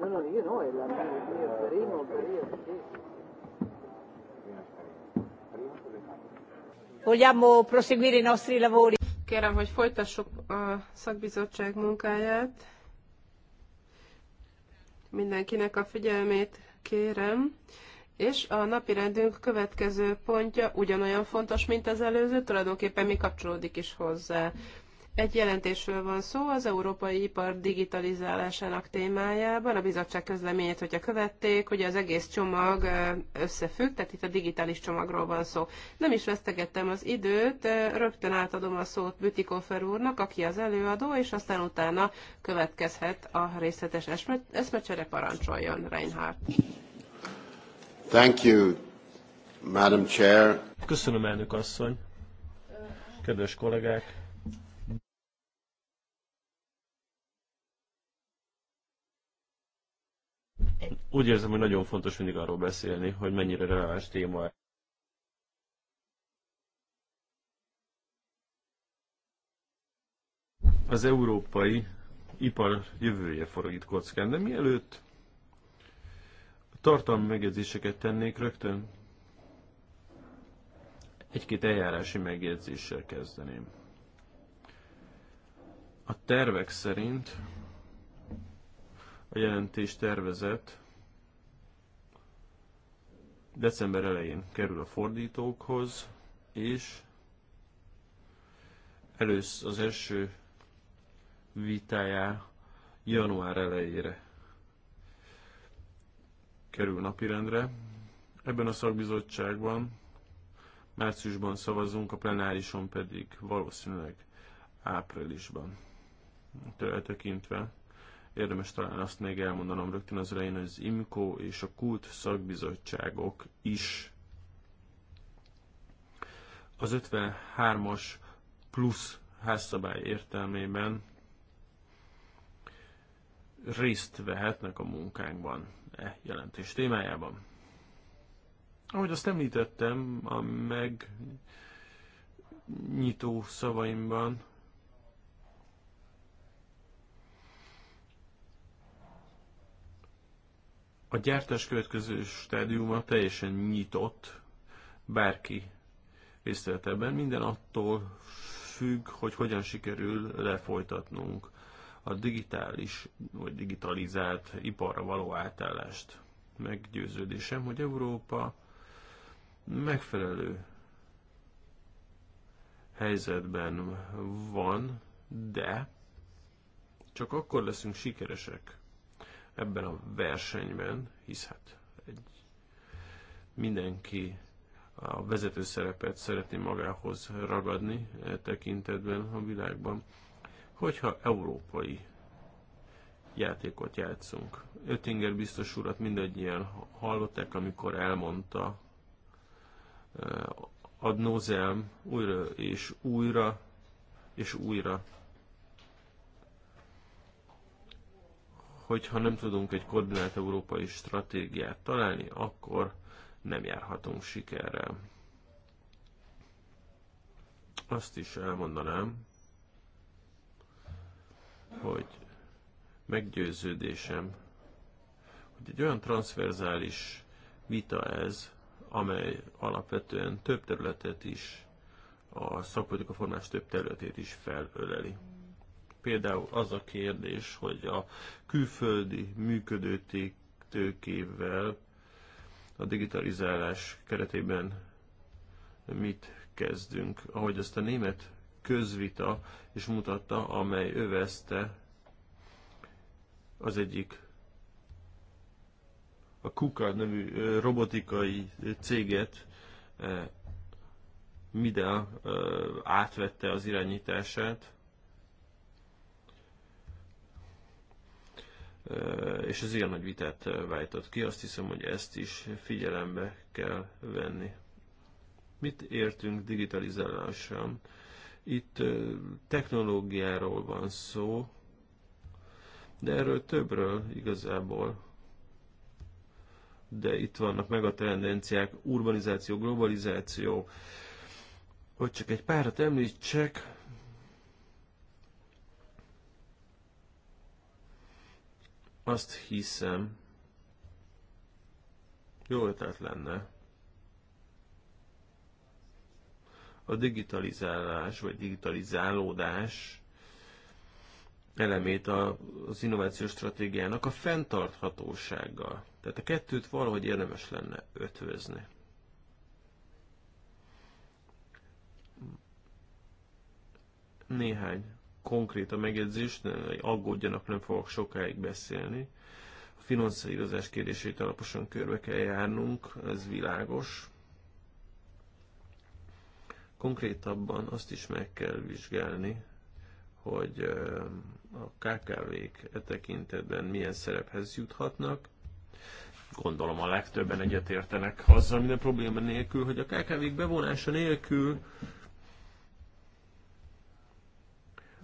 No, no, io no, è la mia, il mio primo periodo, Vogliamo proseguire i nostri lavori. Kérem, hogy folytassuk a szakbizottság munkáját. Mindenkinek a figyelmét kérem. És a napi rendünk következő pontja ugyanolyan fontos, mint az előző, tulajdonképpen mi kapcsolódik is hozzá. Egy jelentésről van szó az európai ipar digitalizálásának témájában. A bizottság közleményét, hogyha követték, hogy az egész csomag összefügg, tehát itt a digitális csomagról van szó. Nem is vesztegettem az időt, rögtön átadom a szót Bütikofer úrnak, aki az előadó, és aztán utána következhet a részletes eszme- eszmecsere parancsoljon Reinhardt. Thank you, Madam Chair. Köszönöm, elnök asszony. Kedves kollégák! Úgy érzem, hogy nagyon fontos mindig arról beszélni, hogy mennyire releváns téma az európai ipar jövője forog itt kockán, de mielőtt tartalmi megjegyzéseket tennék rögtön, egy-két eljárási megjegyzéssel kezdeném. A tervek szerint a jelentés tervezet december elején kerül a fordítókhoz, és elősz az első vitájá január elejére kerül napirendre. Ebben a szakbizottságban márciusban szavazunk, a plenárison pedig valószínűleg áprilisban. Tőle tekintve Érdemes talán azt még elmondanom rögtön az elején, hogy az IMCO és a KULT szakbizottságok is az 53-as plusz házszabály értelmében részt vehetnek a munkánkban e jelentés témájában. Ahogy azt említettem a megnyitó szavaimban, A gyártás következő stádiuma teljesen nyitott, bárki részt ebben, minden attól függ, hogy hogyan sikerül lefolytatnunk a digitális vagy digitalizált iparra való átállást. Meggyőződésem, hogy Európa megfelelő helyzetben van, de csak akkor leszünk sikeresek, ebben a versenyben, hisz hát egy mindenki a vezető szerepet szeretné magához ragadni e tekintetben a világban, hogyha európai játékot játszunk. Öttinger biztos urat mindannyian hallották, amikor elmondta e, ad újra és újra és újra hogyha nem tudunk egy koordinált európai stratégiát találni, akkor nem járhatunk sikerrel. Azt is elmondanám, hogy meggyőződésem, hogy egy olyan transzverzális vita ez, amely alapvetően több területet is, a szakpolitika formás több területét is felöleli. Például az a kérdés, hogy a külföldi működő tőkével a digitalizálás keretében mit kezdünk. Ahogy ezt a német közvita is mutatta, amely övezte az egyik a Kuka nevű robotikai céget Mida átvette az irányítását. és az ilyen nagy vitát váltott ki. Azt hiszem, hogy ezt is figyelembe kell venni. Mit értünk digitalizálással? Itt technológiáról van szó, de erről többről igazából. De itt vannak meg a tendenciák, urbanizáció, globalizáció, hogy csak egy párat említsek, Azt hiszem, jó ötlet lenne a digitalizálás vagy digitalizálódás elemét az innovációs stratégiának a fenntarthatósággal. Tehát a kettőt valahogy érdemes lenne ötvözni. Néhány konkrét a megjegyzés, ne aggódjanak, nem fogok sokáig beszélni. A finanszírozás kérdését alaposan körbe kell járnunk, ez világos. Konkrétabban azt is meg kell vizsgálni, hogy a KKV-k e tekintetben milyen szerephez juthatnak. Gondolom a legtöbben egyetértenek azzal minden probléma nélkül, hogy a KKV-k bevonása nélkül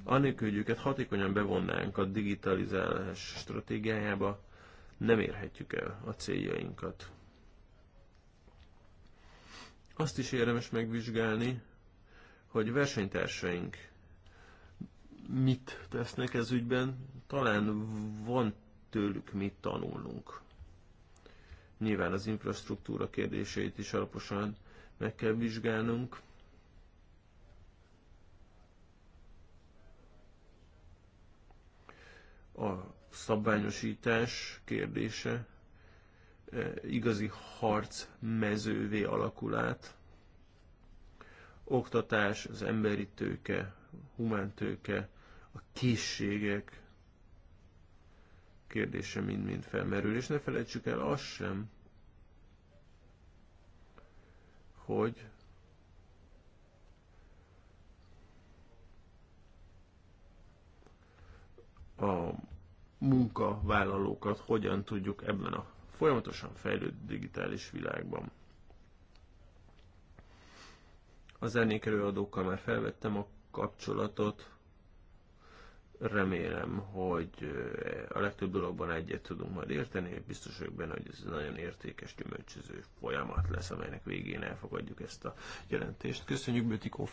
Anélkül, hogy őket hatékonyan bevonnánk a digitalizálás stratégiájába, nem érhetjük el a céljainkat. Azt is érdemes megvizsgálni, hogy versenytársaink mit tesznek ez ügyben, talán van tőlük mit tanulnunk. Nyilván az infrastruktúra kérdéseit is alaposan meg kell vizsgálnunk, a szabványosítás kérdése e, igazi harc mezővé alakul át. Oktatás, az emberi tőke, humántőke, a készségek kérdése mind-mind felmerül. És ne felejtsük el azt sem, hogy a munkavállalókat hogyan tudjuk ebben a folyamatosan fejlődő digitális világban. Az előadókkal már felvettem a kapcsolatot, remélem, hogy eh, a legtöbb dologban egyet tudunk majd érteni, biztos vagyok benne, hogy ez egy nagyon értékes, gyümölcsöző folyamat lesz, amelynek végén elfogadjuk ezt a jelentést. Köszönjük Bötikó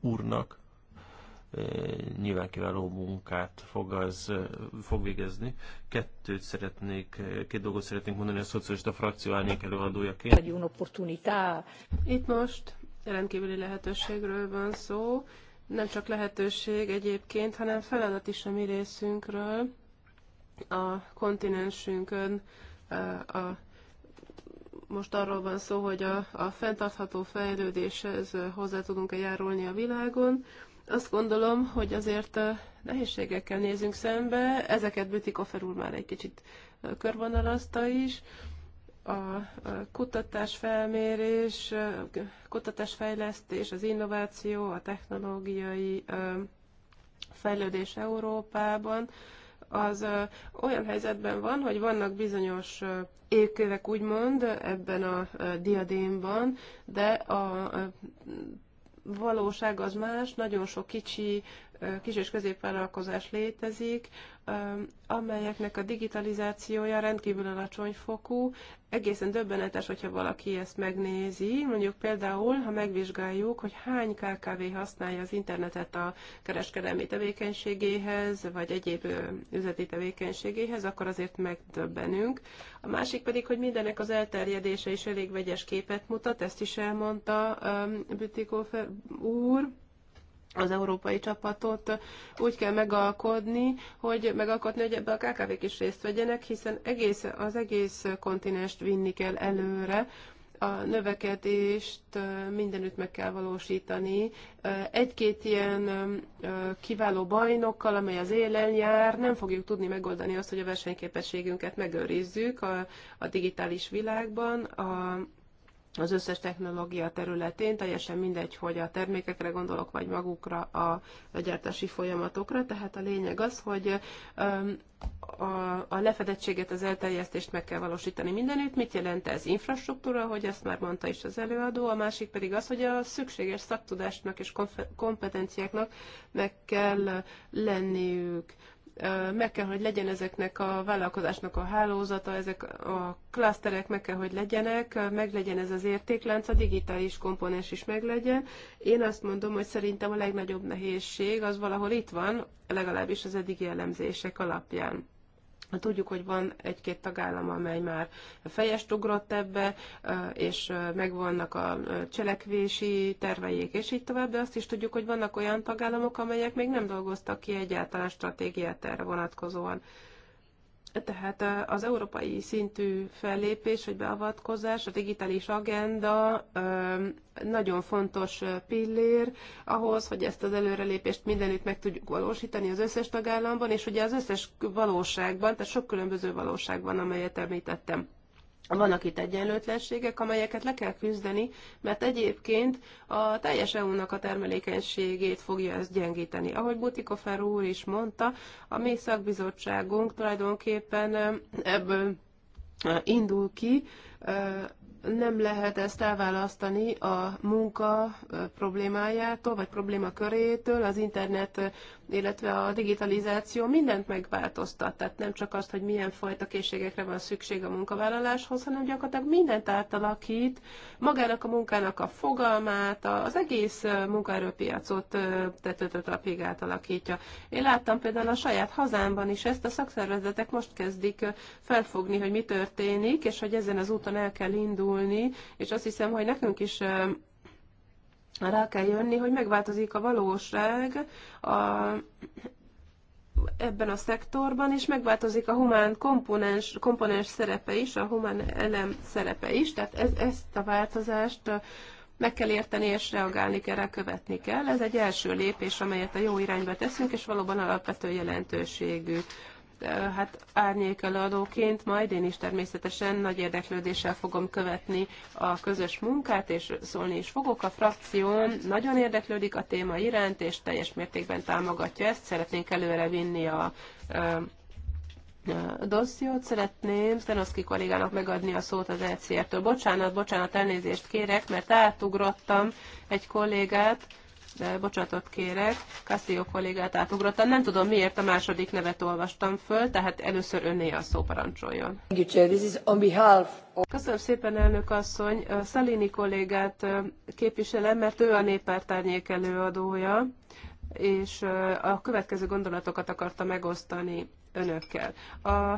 úrnak nyilván kiváló munkát fog, az, fog végezni. Kettőt szeretnék, két dolgot szeretnék mondani a szocialista frakció árnyék előadójaként. Itt most rendkívüli lehetőségről van szó, nem csak lehetőség egyébként, hanem feladat is a mi részünkről, a kontinensünkön, a, a most arról van szó, hogy a, a fenntartható fejlődéshez hozzá tudunk-e járulni a világon, azt gondolom, hogy azért nehézségekkel nézünk szembe, ezeket Bütikofer úr már egy kicsit körvonalazta is, a kutatás felmérés, kutatásfejlesztés, az innováció, a technológiai fejlődés Európában, az olyan helyzetben van, hogy vannak bizonyos évkövek úgymond ebben a diadémban, de a valóság az más, nagyon sok kicsi kis- és középvállalkozás létezik, amelyeknek a digitalizációja rendkívül alacsony fokú. Egészen döbbenetes, hogyha valaki ezt megnézi. Mondjuk például, ha megvizsgáljuk, hogy hány KKV használja az internetet a kereskedelmi tevékenységéhez, vagy egyéb üzleti tevékenységéhez, akkor azért megdöbbenünk. A másik pedig, hogy mindenek az elterjedése is elég vegyes képet mutat, ezt is elmondta um, Bütikófer úr az európai csapatot úgy kell megalkodni, hogy megalkotni, hogy ebbe a KKV-k is részt vegyenek, hiszen egész, az egész kontinest vinni kell előre, a növekedést mindenütt meg kell valósítani. Egy-két ilyen kiváló bajnokkal, amely az élen jár, nem fogjuk tudni megoldani azt, hogy a versenyképességünket megőrizzük a, a digitális világban, a az összes technológia területén, teljesen mindegy, hogy a termékekre gondolok, vagy magukra a gyártási folyamatokra. Tehát a lényeg az, hogy a lefedettséget, az elterjesztést meg kell valósítani mindenütt. Mit jelent ez? Infrastruktúra, hogy ezt már mondta is az előadó, a másik pedig az, hogy a szükséges szaktudásnak és kompetenciáknak meg kell lenniük meg kell, hogy legyen ezeknek a vállalkozásnak a hálózata, ezek a klaszterek meg kell, hogy legyenek, meg legyen ez az értéklánc, a digitális komponens is meg legyen. Én azt mondom, hogy szerintem a legnagyobb nehézség az valahol itt van, legalábbis az eddigi elemzések alapján. Tudjuk, hogy van egy-két tagállam, amely már fejest ugrott ebbe, és megvannak a cselekvési terveik, és így tovább, de azt is tudjuk, hogy vannak olyan tagállamok, amelyek még nem dolgoztak ki egyáltalán stratégiát erre vonatkozóan. Tehát eh, az európai szintű fellépés vagy beavatkozás, a digitális agenda eh, nagyon fontos eh, pillér ahhoz, hogy ezt az előrelépést mindenütt meg tudjuk valósítani az összes tagállamban, és ugye az összes valóságban, tehát sok különböző valóság van, amelyet említettem. Vannak itt egyenlőtlenségek, amelyeket le kell küzdeni, mert egyébként a teljes EU-nak a termelékenységét fogja ezt gyengíteni. Ahogy Butikofer úr is mondta, a mi szakbizottságunk tulajdonképpen ebből indul ki, nem lehet ezt elválasztani a munka problémájától, vagy problémakörétől, az internet, illetve a digitalizáció mindent megváltoztat, tehát nem csak azt, hogy milyen fajta készségekre van szükség a munkavállaláshoz, hanem gyakorlatilag mindent átalakít, magának a munkának a fogalmát, az egész munkaerőpiacot tetőtől talpig átalakítja. Én láttam például a saját hazámban is ezt, a szakszervezetek most kezdik felfogni, hogy mi történik, és hogy ezen az úton el kell indulni, tanulni, és azt hiszem, hogy nekünk is rá kell jönni, hogy megváltozik a valóság a, ebben a szektorban, és megváltozik a humán komponens, komponens szerepe is, a humán elem szerepe is, tehát ez, ezt a változást meg kell érteni és reagálni kell, követni kell. Ez egy első lépés, amelyet a jó irányba teszünk, és valóban alapvető jelentőségű hát árnyék előadóként majd én is természetesen nagy érdeklődéssel fogom követni a közös munkát, és szólni is fogok. A frakción nagyon érdeklődik a téma iránt, és teljes mértékben támogatja ezt. Szeretnénk előre vinni a dossziót szeretném Szenoszki kollégának megadni a szót az ECR-től. Bocsánat, bocsánat, elnézést kérek, mert átugrottam egy kollégát, de bocsánatot kérek, Castillo kollégát átugrottam. Nem tudom, miért a második nevet olvastam föl, tehát először önné a szó parancsoljon. Köszönöm szépen, elnök asszony. Szalini kollégát képviselem, mert ő a néppárt előadója, és a következő gondolatokat akarta megosztani önökkel. A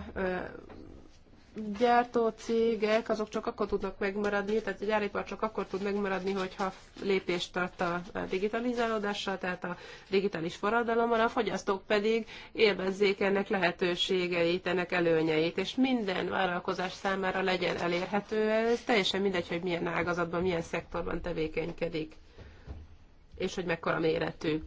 gyártócégek azok csak akkor tudnak megmaradni, tehát a gyáripar csak akkor tud megmaradni, hogyha lépést tart a digitalizálódással, tehát a digitális forradalommal, a fogyasztók pedig élvezzék ennek lehetőségeit, ennek előnyeit, és minden vállalkozás számára legyen elérhető ez, teljesen mindegy, hogy milyen ágazatban, milyen szektorban tevékenykedik, és hogy mekkora méretű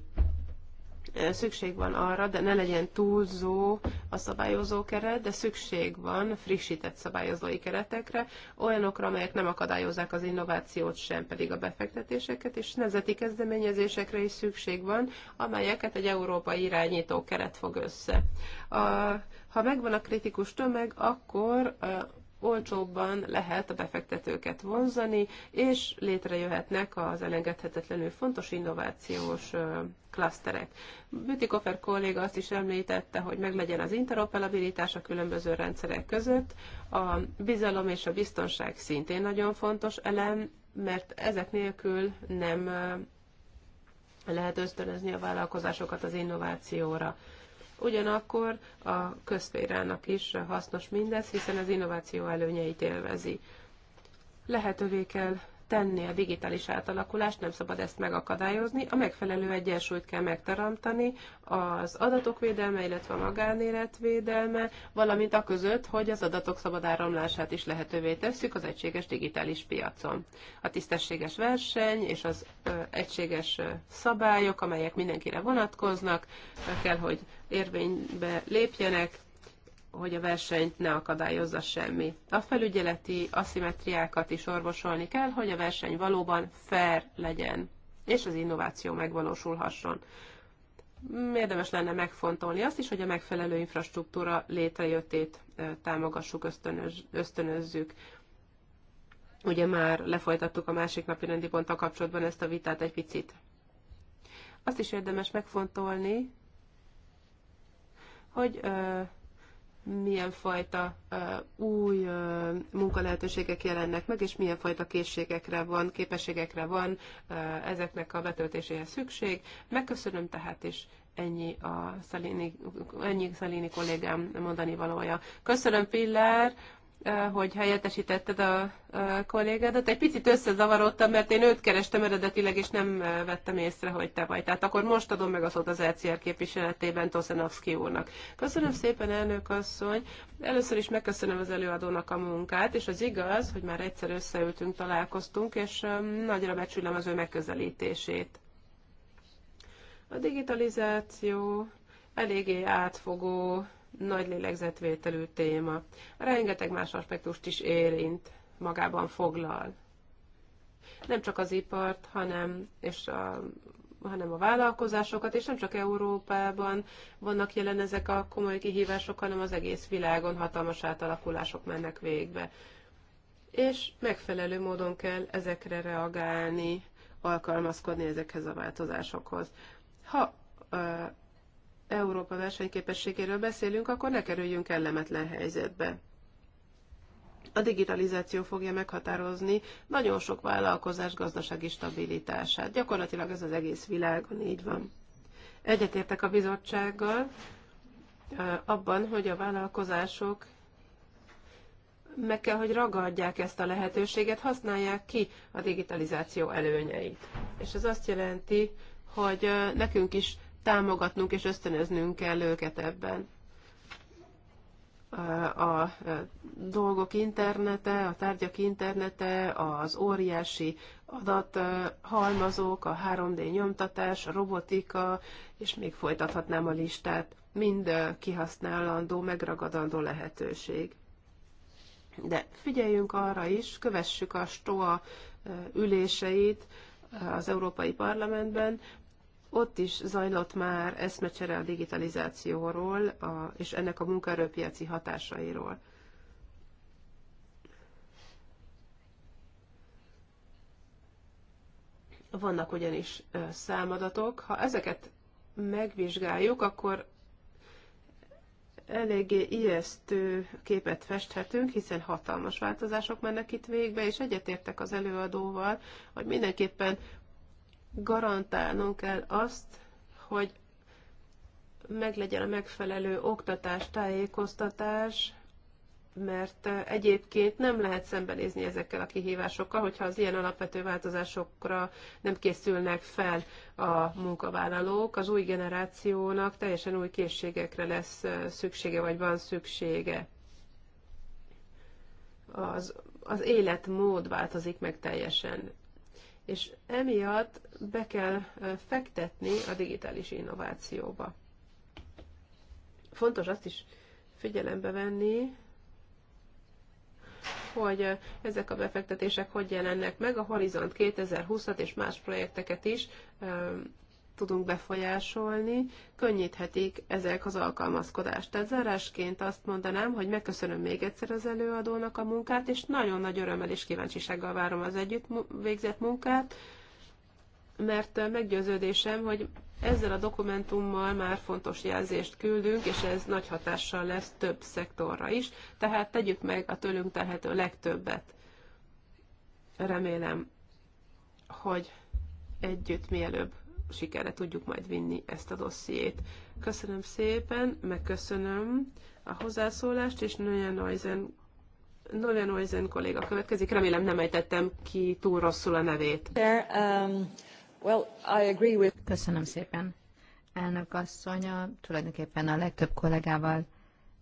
szükség van arra, de ne legyen túlzó a szabályozó keret, de szükség van frissített szabályozói keretekre, olyanokra, amelyek nem akadályozzák az innovációt sem, pedig a befektetéseket, és nemzeti kezdeményezésekre is szükség van, amelyeket egy európai irányító keret fog össze. A, ha megvan a kritikus tömeg, akkor olcsóbban lehet a befektetőket vonzani, és létrejöhetnek az elengedhetetlenül fontos innovációs klaszterek. Koffer kolléga azt is említette, hogy meglegyen az interoperabilitás a különböző rendszerek között. A bizalom és a biztonság szintén nagyon fontos elem, mert ezek nélkül nem lehet ösztönözni a vállalkozásokat az innovációra. Ugyanakkor a közférának is hasznos mindez, hiszen az innováció előnyeit élvezi. Lehetővé kell tenni a digitális átalakulást, nem szabad ezt megakadályozni. A megfelelő egyensúlyt kell megteremteni az adatok védelme, illetve a magánélet védelme, valamint a között, hogy az adatok szabad áramlását is lehetővé tesszük az egységes digitális piacon. A tisztességes verseny és az egységes szabályok, amelyek mindenkire vonatkoznak, kell, hogy érvénybe lépjenek, hogy a versenyt ne akadályozza semmi. A felügyeleti aszimetriákat is orvosolni kell, hogy a verseny valóban fair legyen, és az innováció megvalósulhasson. Érdemes lenne megfontolni azt is, hogy a megfelelő infrastruktúra létrejöttét támogassuk, ösztönöz, ösztönözzük. Ugye már lefolytattuk a másik napi rendi ponttal kapcsolatban ezt a vitát egy picit. Azt is érdemes megfontolni, hogy milyen fajta új munkalehetőségek jelennek meg, és milyen fajta készségekre van, képességekre van ezeknek a betöltéséhez szükség. Megköszönöm tehát, is ennyi a Szalini, ennyi Szalini kollégám mondani valója. Köszönöm, Pillár! hogy helyettesítetted a kollégádat. Egy picit összezavarodtam, mert én őt kerestem eredetileg, és nem vettem észre, hogy te vagy. Tehát akkor most adom meg a szót az ECR képviseletében Toszenovszki úrnak. Köszönöm szépen, elnök asszony. Először is megköszönöm az előadónak a munkát, és az igaz, hogy már egyszer összeültünk, találkoztunk, és nagyra becsülöm az ő megközelítését. A digitalizáció eléggé átfogó nagy lélegzetvételű téma. Rengeteg más aspektust is érint, magában foglal. Nem csak az ipart, hanem, és a, hanem a vállalkozásokat, és nem csak Európában vannak jelen ezek a komoly kihívások, hanem az egész világon hatalmas átalakulások mennek végbe. És megfelelő módon kell ezekre reagálni, alkalmazkodni ezekhez a változásokhoz. Ha Európa versenyképességéről beszélünk, akkor ne kerüljünk kellemetlen helyzetbe. A digitalizáció fogja meghatározni nagyon sok vállalkozás gazdasági stabilitását. Gyakorlatilag ez az egész világon így van. Egyetértek a bizottsággal abban, hogy a vállalkozások meg kell, hogy ragadják ezt a lehetőséget, használják ki a digitalizáció előnyeit. És ez azt jelenti, hogy nekünk is támogatnunk és ösztönöznünk kell őket ebben. A dolgok internete, a tárgyak internete, az óriási adathalmazók, a 3D nyomtatás, a robotika, és még folytathatnám a listát, mind kihasználandó, megragadandó lehetőség. De figyeljünk arra is, kövessük a STOA üléseit az Európai Parlamentben, ott is zajlott már eszmecsere a digitalizációról a, és ennek a munkaerőpiaci hatásairól. Vannak ugyanis számadatok. Ha ezeket megvizsgáljuk, akkor eléggé ijesztő képet festhetünk, hiszen hatalmas változások mennek itt végbe, és egyetértek az előadóval, hogy mindenképpen garantálnunk kell azt, hogy meglegyen a megfelelő oktatás, tájékoztatás, mert egyébként nem lehet szembenézni ezekkel a kihívásokkal, hogyha az ilyen alapvető változásokra nem készülnek fel a munkavállalók. Az új generációnak teljesen új készségekre lesz szüksége, vagy van szüksége. Az, az életmód változik meg teljesen és emiatt be kell fektetni a digitális innovációba. Fontos azt is figyelembe venni, hogy ezek a befektetések hogy jelennek meg, a Horizont 2020-at és más projekteket is tudunk befolyásolni, könnyíthetik ezek az alkalmazkodást. Tehát zárásként azt mondanám, hogy megköszönöm még egyszer az előadónak a munkát, és nagyon nagy örömmel és kíváncsisággal várom az együtt végzett munkát, mert meggyőződésem, hogy ezzel a dokumentummal már fontos jelzést küldünk, és ez nagy hatással lesz több szektorra is, tehát tegyük meg a tőlünk telhető legtöbbet. Remélem, hogy együtt mielőbb sikerre tudjuk majd vinni ezt a dossziét. Köszönöm szépen, megköszönöm a hozzászólást, és Nője Noizen Nolan Oizen kolléga következik. Remélem nem ejtettem ki túl rosszul a nevét. Um, Köszönöm szépen. Elnök asszonya tulajdonképpen a legtöbb kollégával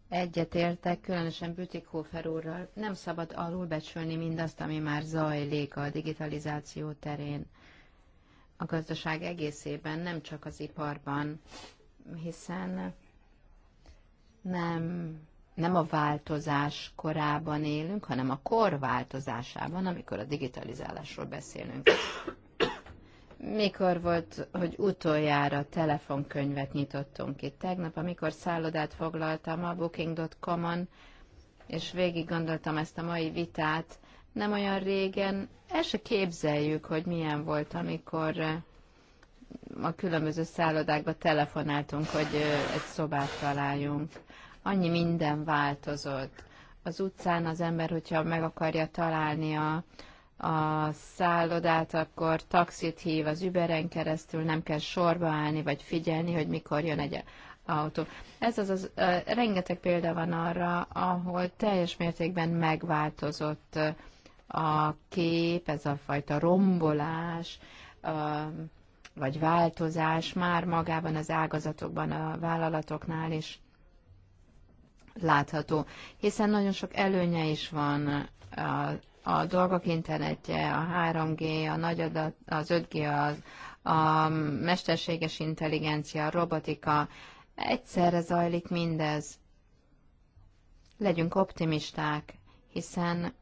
egyetértek, különösen Bütikhofer úrral. Nem szabad alulbecsülni mindazt, ami már zajlik a digitalizáció terén a gazdaság egészében, nem csak az iparban, hiszen nem, nem a változás korában élünk, hanem a kor változásában, amikor a digitalizálásról beszélünk. Mikor volt, hogy utoljára telefonkönyvet nyitottunk itt? Tegnap, amikor szállodát foglaltam a booking.com-on, és végig gondoltam ezt a mai vitát, nem olyan régen el se képzeljük, hogy milyen volt, amikor eh, a különböző szállodákba telefonáltunk, hogy eh, egy szobát találjunk. Annyi minden változott. Az utcán az ember, hogyha meg akarja találni a, a szállodát, akkor taxit hív az Uberen keresztül, nem kell sorba állni, vagy figyelni, hogy mikor jön egy autó. Ez az, az eh, rengeteg példa van arra, ahol teljes mértékben megváltozott a kép, ez a fajta rombolás, vagy változás már magában az ágazatokban, a vállalatoknál is látható, hiszen nagyon sok előnye is van a, a dolgok internetje, a 3G, a nagy adat, az 5G, a, a mesterséges intelligencia, a robotika, egyszerre zajlik mindez. Legyünk optimisták, hiszen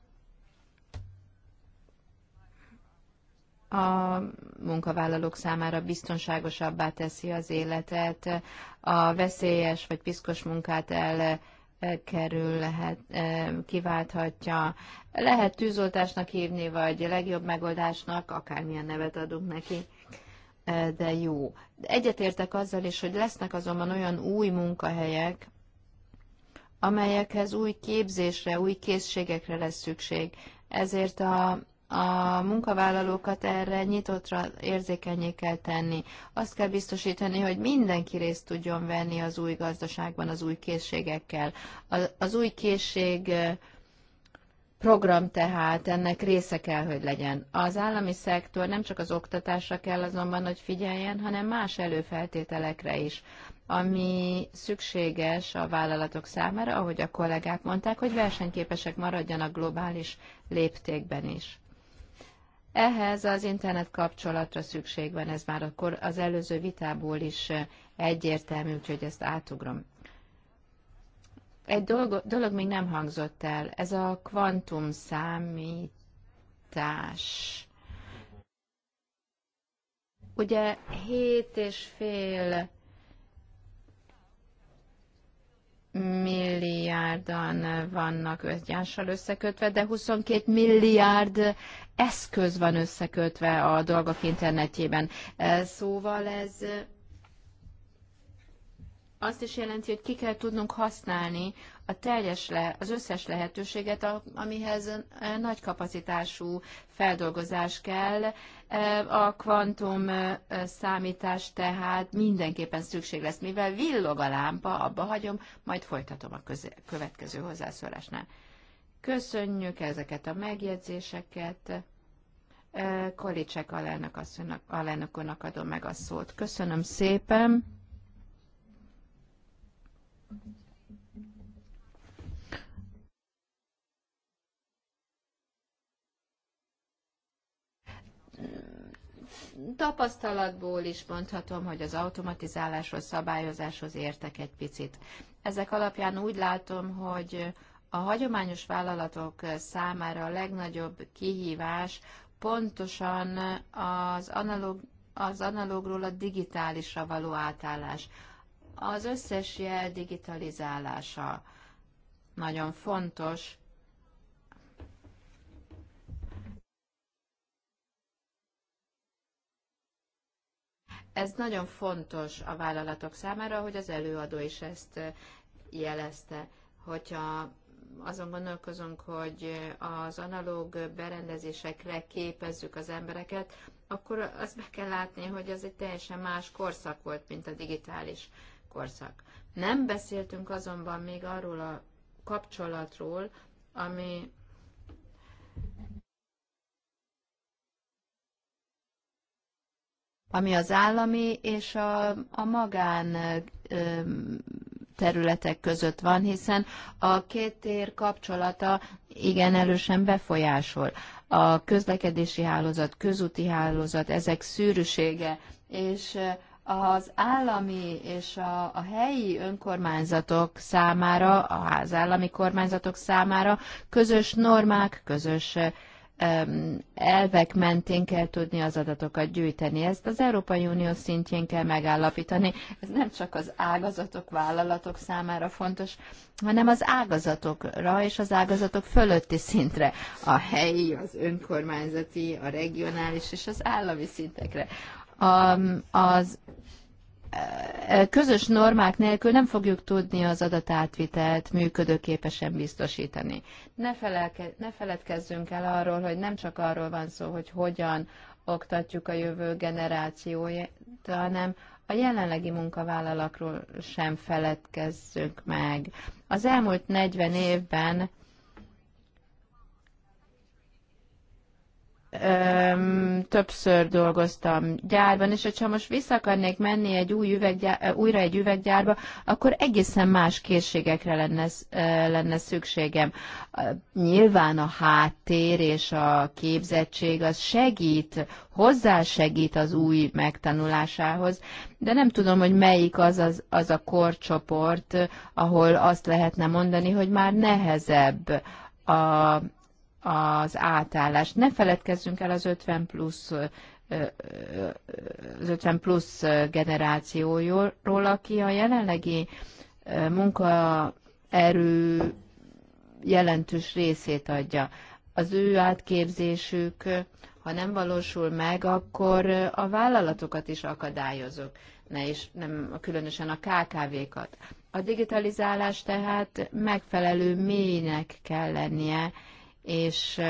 a munkavállalók számára biztonságosabbá teszi az életet, a veszélyes vagy piszkos munkát el kerül, lehet, eh, kiválthatja. Lehet tűzoltásnak hívni, vagy legjobb megoldásnak, akármilyen nevet adunk neki, eh, de jó. Egyetértek azzal is, hogy lesznek azonban olyan új munkahelyek, amelyekhez új képzésre, új készségekre lesz szükség. Ezért a a munkavállalókat erre nyitottra érzékenyé kell tenni. Azt kell biztosítani, hogy mindenki részt tudjon venni az új gazdaságban, az új készségekkel. Az új készség program tehát ennek része kell, hogy legyen. Az állami szektor nem csak az oktatásra kell azonban, hogy figyeljen, hanem más előfeltételekre is, ami szükséges a vállalatok számára, ahogy a kollégák mondták, hogy versenyképesek maradjanak globális léptékben is. Ehhez az internet kapcsolatra szükség van, ez már akkor az előző vitából is eh, egyértelmű, úgyhogy ezt átugrom. Egy dolog, dolog még nem hangzott el, ez a kvantum számítás. Ugye hét és fél milliárdan vannak egyással összekötve, de 22 milliárd eszköz van összekötve a dolgok internetjében. E, szóval ez e, azt is jelenti, hogy ki kell tudnunk használni a teljes le, az összes lehetőséget, amihez e, nagy kapacitású feldolgozás kell. A kvantum számítás tehát mindenképpen szükség lesz, mivel villog a lámpa, abba hagyom, majd folytatom a köze, következő hozzászólásnál. Köszönjük ezeket a megjegyzéseket. Kolicsek alelnök asszonynak, alelnök adom meg a szót. Köszönöm szépen. Tapasztalatból is mondhatom, hogy az automatizáláshoz, szabályozáshoz értek egy picit. Ezek alapján úgy látom, hogy a hagyományos vállalatok számára a legnagyobb kihívás pontosan az, analóg, az analógról a digitálisra való átállás. Az összes jel digitalizálása nagyon fontos, ez nagyon fontos a vállalatok számára, hogy az előadó is ezt jelezte, hogyha azon gondolkozunk, hogy az analóg berendezésekre képezzük az embereket, akkor azt be kell látni, hogy az egy teljesen más korszak volt, mint a digitális korszak. Nem beszéltünk azonban még arról a kapcsolatról, ami ami az állami és a, a magán ö, területek között van, hiszen a két tér kapcsolata igen elősen befolyásol. A közlekedési hálózat, közúti hálózat, ezek szűrűsége, és az állami és a, a helyi önkormányzatok számára, az állami kormányzatok számára közös normák, közös elvek mentén kell tudni az adatokat gyűjteni. Ezt az Európai Unió szintjén kell megállapítani. Ez nem csak az ágazatok, vállalatok számára fontos, hanem az ágazatokra és az ágazatok fölötti szintre, a helyi, az önkormányzati, a regionális és az állami szintekre. A, az közös normák nélkül nem fogjuk tudni az adatátvitelt működőképesen biztosítani. Ne, felelke, ne feledkezzünk el arról, hogy nem csak arról van szó, hogy hogyan oktatjuk a jövő generációját, hanem a jelenlegi munkavállalakról sem feledkezzünk meg. Az elmúlt 40 évben öm, többször dolgoztam gyárban, és ha most vissza akarnék menni egy új üveggyár, újra egy üveggyárba, akkor egészen más készségekre lenne, lenne szükségem. Nyilván a háttér és a képzettség az segít, hozzásegít az új megtanulásához, de nem tudom, hogy melyik az, az, az a korcsoport, ahol azt lehetne mondani, hogy már nehezebb a, az átállást. Ne feledkezzünk el az 50 plusz az 50 plusz generációról, aki a jelenlegi munkaerő jelentős részét adja. Az ő átképzésük, ha nem valósul meg, akkor a vállalatokat is akadályozok, ne is, nem, különösen a KKV-kat. A digitalizálás tehát megfelelő mélynek kell lennie, és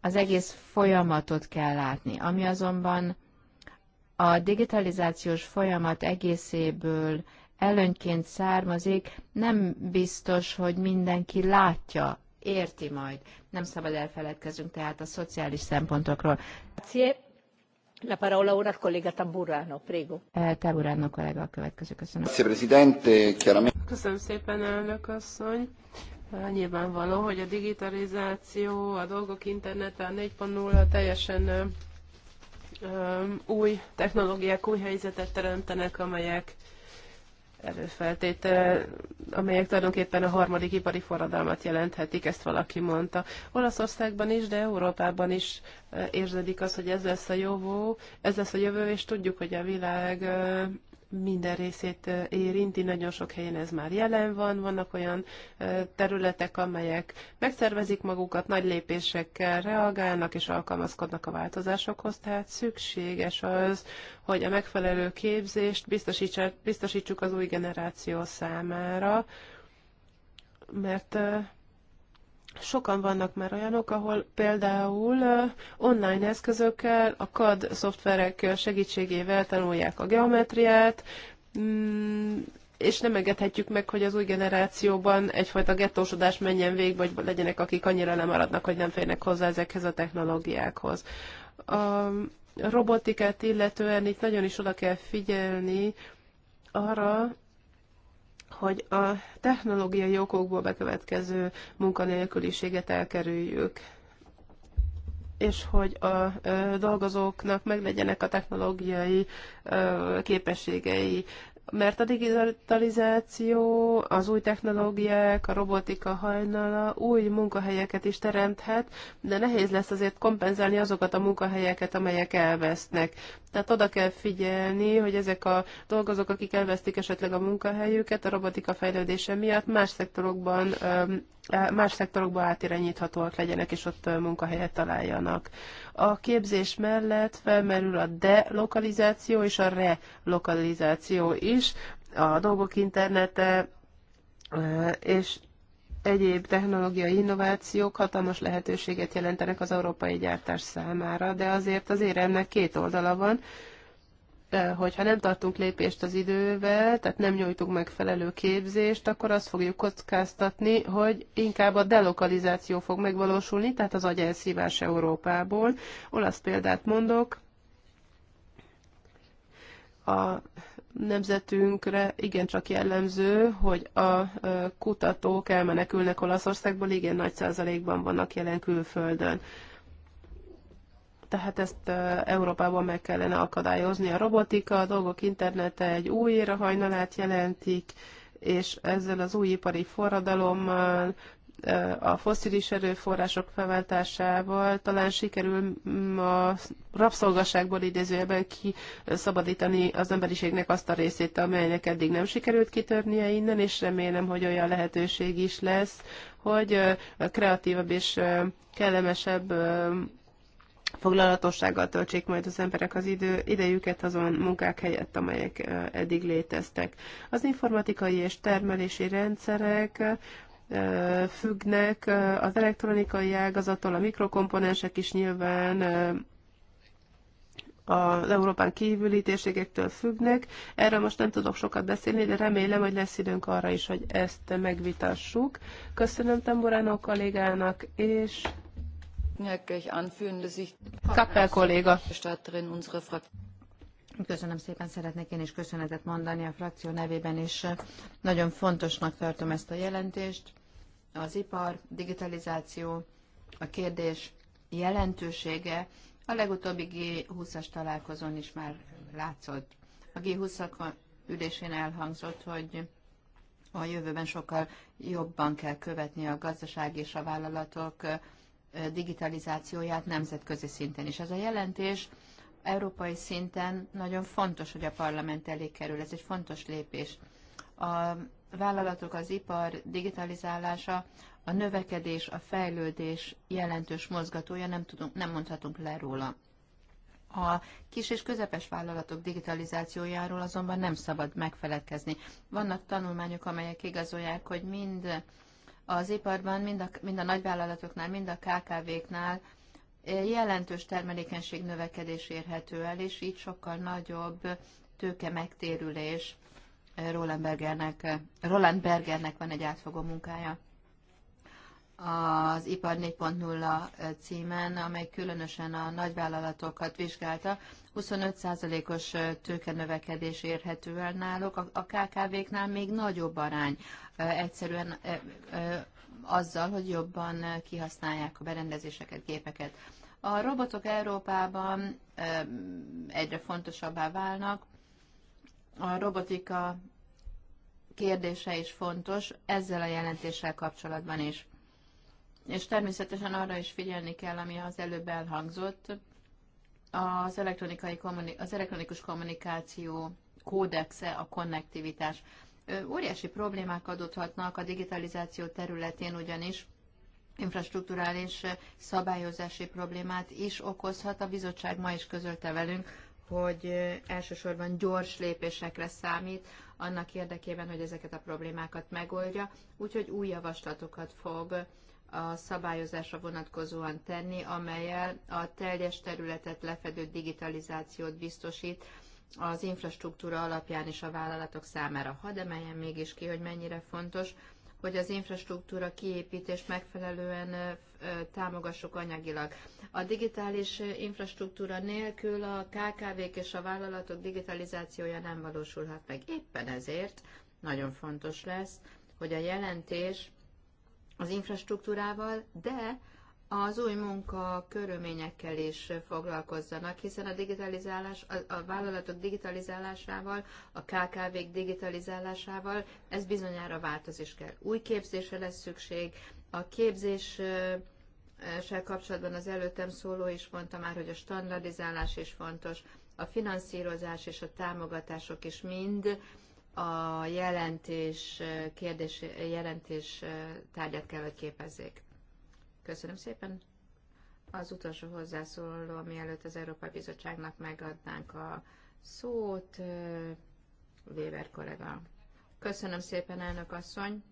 az egész folyamatot kell látni. Ami azonban a digitalizációs folyamat egészéből előnyként származik, nem biztos, hogy mindenki látja, érti majd. Nem szabad elfeledkezünk tehát a szociális szempontokról. La parola ora al collega Tamburano, prego. Tamburano collega, a következő, köszönöm. Köszönöm szépen, elnök asszony. Nyilvánvaló, hogy a digitalizáció, a dolgok internete, a 4.0 teljesen új technológiák, új helyzetet teremtenek, amelyek előfeltétel, amelyek tulajdonképpen a harmadik ipari forradalmat jelenthetik, ezt valaki mondta. Olaszországban is, de Európában is érződik az, hogy ez lesz a jövő, ez lesz a jövő, és tudjuk, hogy a világ minden részét érinti, nagyon sok helyen ez már jelen van, vannak olyan területek, amelyek megszervezik magukat, nagy lépésekkel reagálnak és alkalmazkodnak a változásokhoz, tehát szükséges az, hogy a megfelelő képzést biztosítsuk az új generáció számára, mert sokan vannak már olyanok, ahol például online eszközökkel, a CAD szoftverek segítségével tanulják a geometriát, mm, és nem engedhetjük meg, hogy az új generációban egyfajta gettósodás menjen végbe, vagy legyenek, akik annyira lemaradnak, hogy nem férnek hozzá ezekhez a technológiákhoz. A robotikát illetően itt nagyon is oda kell figyelni arra, hogy a technológiai okokból bekövetkező munkanélküliséget elkerüljük és hogy a dolgozóknak meglegyenek a technológiai képességei. Mert a digitalizáció, az új technológiák, a robotika hajnala új munkahelyeket is teremthet, de nehéz lesz azért kompenzálni azokat a munkahelyeket, amelyek elvesznek. Tehát oda kell figyelni, hogy ezek a dolgozók, akik elvesztik esetleg a munkahelyüket a robotika fejlődése miatt, más szektorokban, más szektorokban átirányíthatóak legyenek, és ott munkahelyet találjanak. A képzés mellett felmerül a delokalizáció és a relokalizáció is, a dolgok internete, és egyéb technológiai innovációk hatalmas lehetőséget jelentenek az európai gyártás számára, de azért az éremnek két oldala van, hogyha nem tartunk lépést az idővel, tehát nem nyújtunk megfelelő képzést, akkor azt fogjuk kockáztatni, hogy inkább a delokalizáció fog megvalósulni, tehát az agyelszívás Európából. Olasz példát mondok, a nemzetünkre igencsak jellemző, hogy a kutatók elmenekülnek Olaszországból, igen nagy százalékban vannak jelen külföldön. Tehát ezt Európában meg kellene akadályozni. A robotika, a dolgok internete egy új érahajnalát jelentik, és ezzel az új ipari forradalommal a foszilis erőforrások felváltásával talán sikerül mm, a rabszolgaságból idézőjelben kiszabadítani az emberiségnek azt a részét, amelynek eddig nem sikerült kitörnie innen, és remélem, hogy olyan lehetőség is lesz, hogy kreatívabb és kellemesebb foglalatossággal töltsék majd az emberek az idő, idejüket azon munkák helyett, amelyek eddig léteztek. Az informatikai és termelési rendszerek függnek az elektronikai ágazattól, a mikrokomponensek is nyilván az Európán kívüli térségektől függnek. Erről most nem tudok sokat beszélni, de remélem, hogy lesz időnk arra is, hogy ezt megvitassuk. Köszönöm Tamburánó kollégának, és Kappel kolléga. Köszönöm szépen, szeretnék én is köszönetet mondani a frakció nevében is. Nagyon fontosnak tartom ezt a jelentést. Az ipar, digitalizáció, a kérdés jelentősége a legutóbbi G20-as találkozón is már látszott. A G20 ülésén elhangzott, hogy a jövőben sokkal jobban kell követni a gazdaság és a vállalatok digitalizációját nemzetközi szinten is. Ez a jelentés európai szinten nagyon fontos, hogy a parlament elé kerül. Ez egy fontos lépés. A vállalatok, az ipar digitalizálása, a növekedés, a fejlődés jelentős mozgatója, nem, tudunk, nem mondhatunk le róla. A kis és közepes vállalatok digitalizációjáról azonban nem szabad megfeledkezni. Vannak tanulmányok, amelyek igazolják, hogy mind az iparban, mind a, mind a nagyvállalatoknál, mind a KKV-knál jelentős termelékenység növekedés érhető el, és így sokkal nagyobb tőke megtérülés Roland Bergernek, Roland Bergernek van egy átfogó munkája az Ipar 4.0 címen, amely különösen a nagyvállalatokat vizsgálta. 25%-os tőkenövekedés érhető el náluk, a KKV-knál még nagyobb arány. Egyszerűen azzal, hogy jobban kihasználják a berendezéseket, gépeket. A robotok Európában egyre fontosabbá válnak. A robotika kérdése is fontos, ezzel a jelentéssel kapcsolatban is. És természetesen arra is figyelni kell, ami az előbb elhangzott, az, elektronikai az elektronikus kommunikáció kódexe a konnektivitás óriási problémák adódhatnak a digitalizáció területén ugyanis, infrastruktúrális szabályozási problémát is okozhat. A bizottság ma is közölte velünk, hogy elsősorban gyors lépésekre számít, annak érdekében, hogy ezeket a problémákat megoldja, úgyhogy új javaslatokat fog a szabályozásra vonatkozóan tenni, amelyel a teljes területet lefedő digitalizációt biztosít az infrastruktúra alapján is a vállalatok számára. Hadd emeljem mégis ki, hogy mennyire fontos, hogy az infrastruktúra kiépítés megfelelően támogassuk anyagilag. A digitális infrastruktúra nélkül a KKV-k és a vállalatok digitalizációja nem valósulhat meg. Éppen ezért nagyon fontos lesz, hogy a jelentés az infrastruktúrával, de az új munka körülményekkel is foglalkozzanak, hiszen a digitalizálás, a, a vállalatok digitalizálásával, a KKV-k digitalizálásával ez bizonyára változás kell. Új képzésre lesz szükség, a képzés sel kapcsolatban az előttem szóló is mondta már, hogy a standardizálás is fontos, a finanszírozás és a támogatások is mind a jelentés, kérdés, jelentés tárgyat kell, hogy képezzék. Köszönöm szépen. Az utolsó hozzászóló, mielőtt az Európai Bizottságnak megadnánk a szót, Weber kollega. Köszönöm szépen, elnök asszony.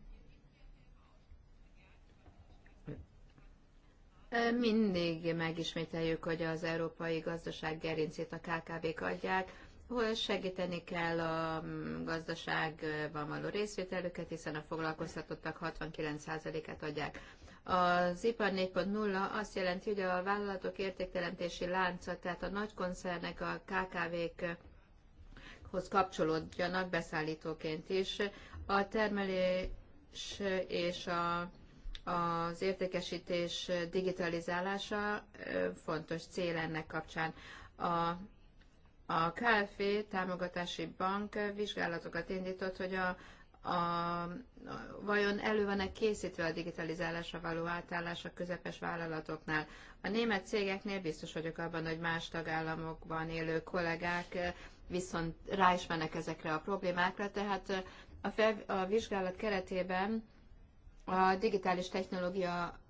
Mindig megismételjük, hogy az európai gazdaság gerincét a KKV-k adják, hol segíteni kell a mm, gazdaságban való részvételüket, hiszen a foglalkoztatottak 69%-át adják az ipar 4.0 azt jelenti, hogy a vállalatok értékteremtési lánca, tehát a nagy koncernek, a KKV-k hoz kapcsolódjanak beszállítóként is. A termelés és a, az értékesítés digitalizálása fontos cél ennek kapcsán. A, a KFV e támogatási bank vizsgálatokat indított, hogy a, a, vajon elő van-e készítve a digitalizálásra való átállás a közepes vállalatoknál? A német cégeknél biztos vagyok abban, hogy más tagállamokban élő kollégák eh, viszont rá is mennek ezekre a problémákra, tehát eh, a, fel, a vizsgálat keretében a digitális technológia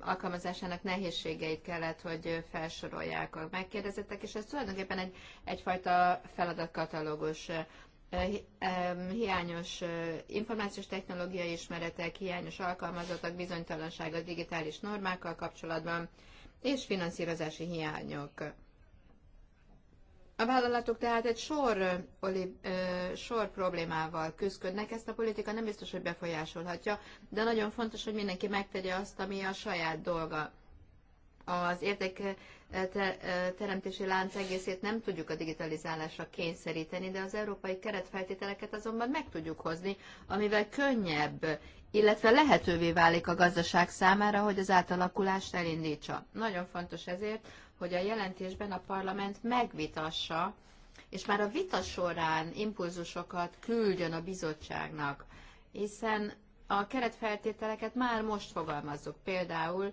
alkalmazásának nehézségeit kellett, hogy eh, felsorolják a megkérdezettek, és ez tulajdonképpen egy, egyfajta feladatkatalógus hiányos információs technológiai ismeretek, hiányos alkalmazottak, bizonytalanság a digitális normákkal kapcsolatban, és finanszírozási hiányok. A vállalatok tehát egy sor, oli, sor problémával küzdködnek, ezt a politika nem biztos, hogy befolyásolhatja, de nagyon fontos, hogy mindenki megtegye azt, ami a saját dolga. Az értek teremtési lánc egészét nem tudjuk a digitalizálásra kényszeríteni, de az európai keretfeltételeket azonban meg tudjuk hozni, amivel könnyebb, illetve lehetővé válik a gazdaság számára, hogy az átalakulást elindítsa. Nagyon fontos ezért, hogy a jelentésben a parlament megvitassa, és már a vita során impulzusokat küldjön a bizottságnak, hiszen a keretfeltételeket már most fogalmazzuk. Például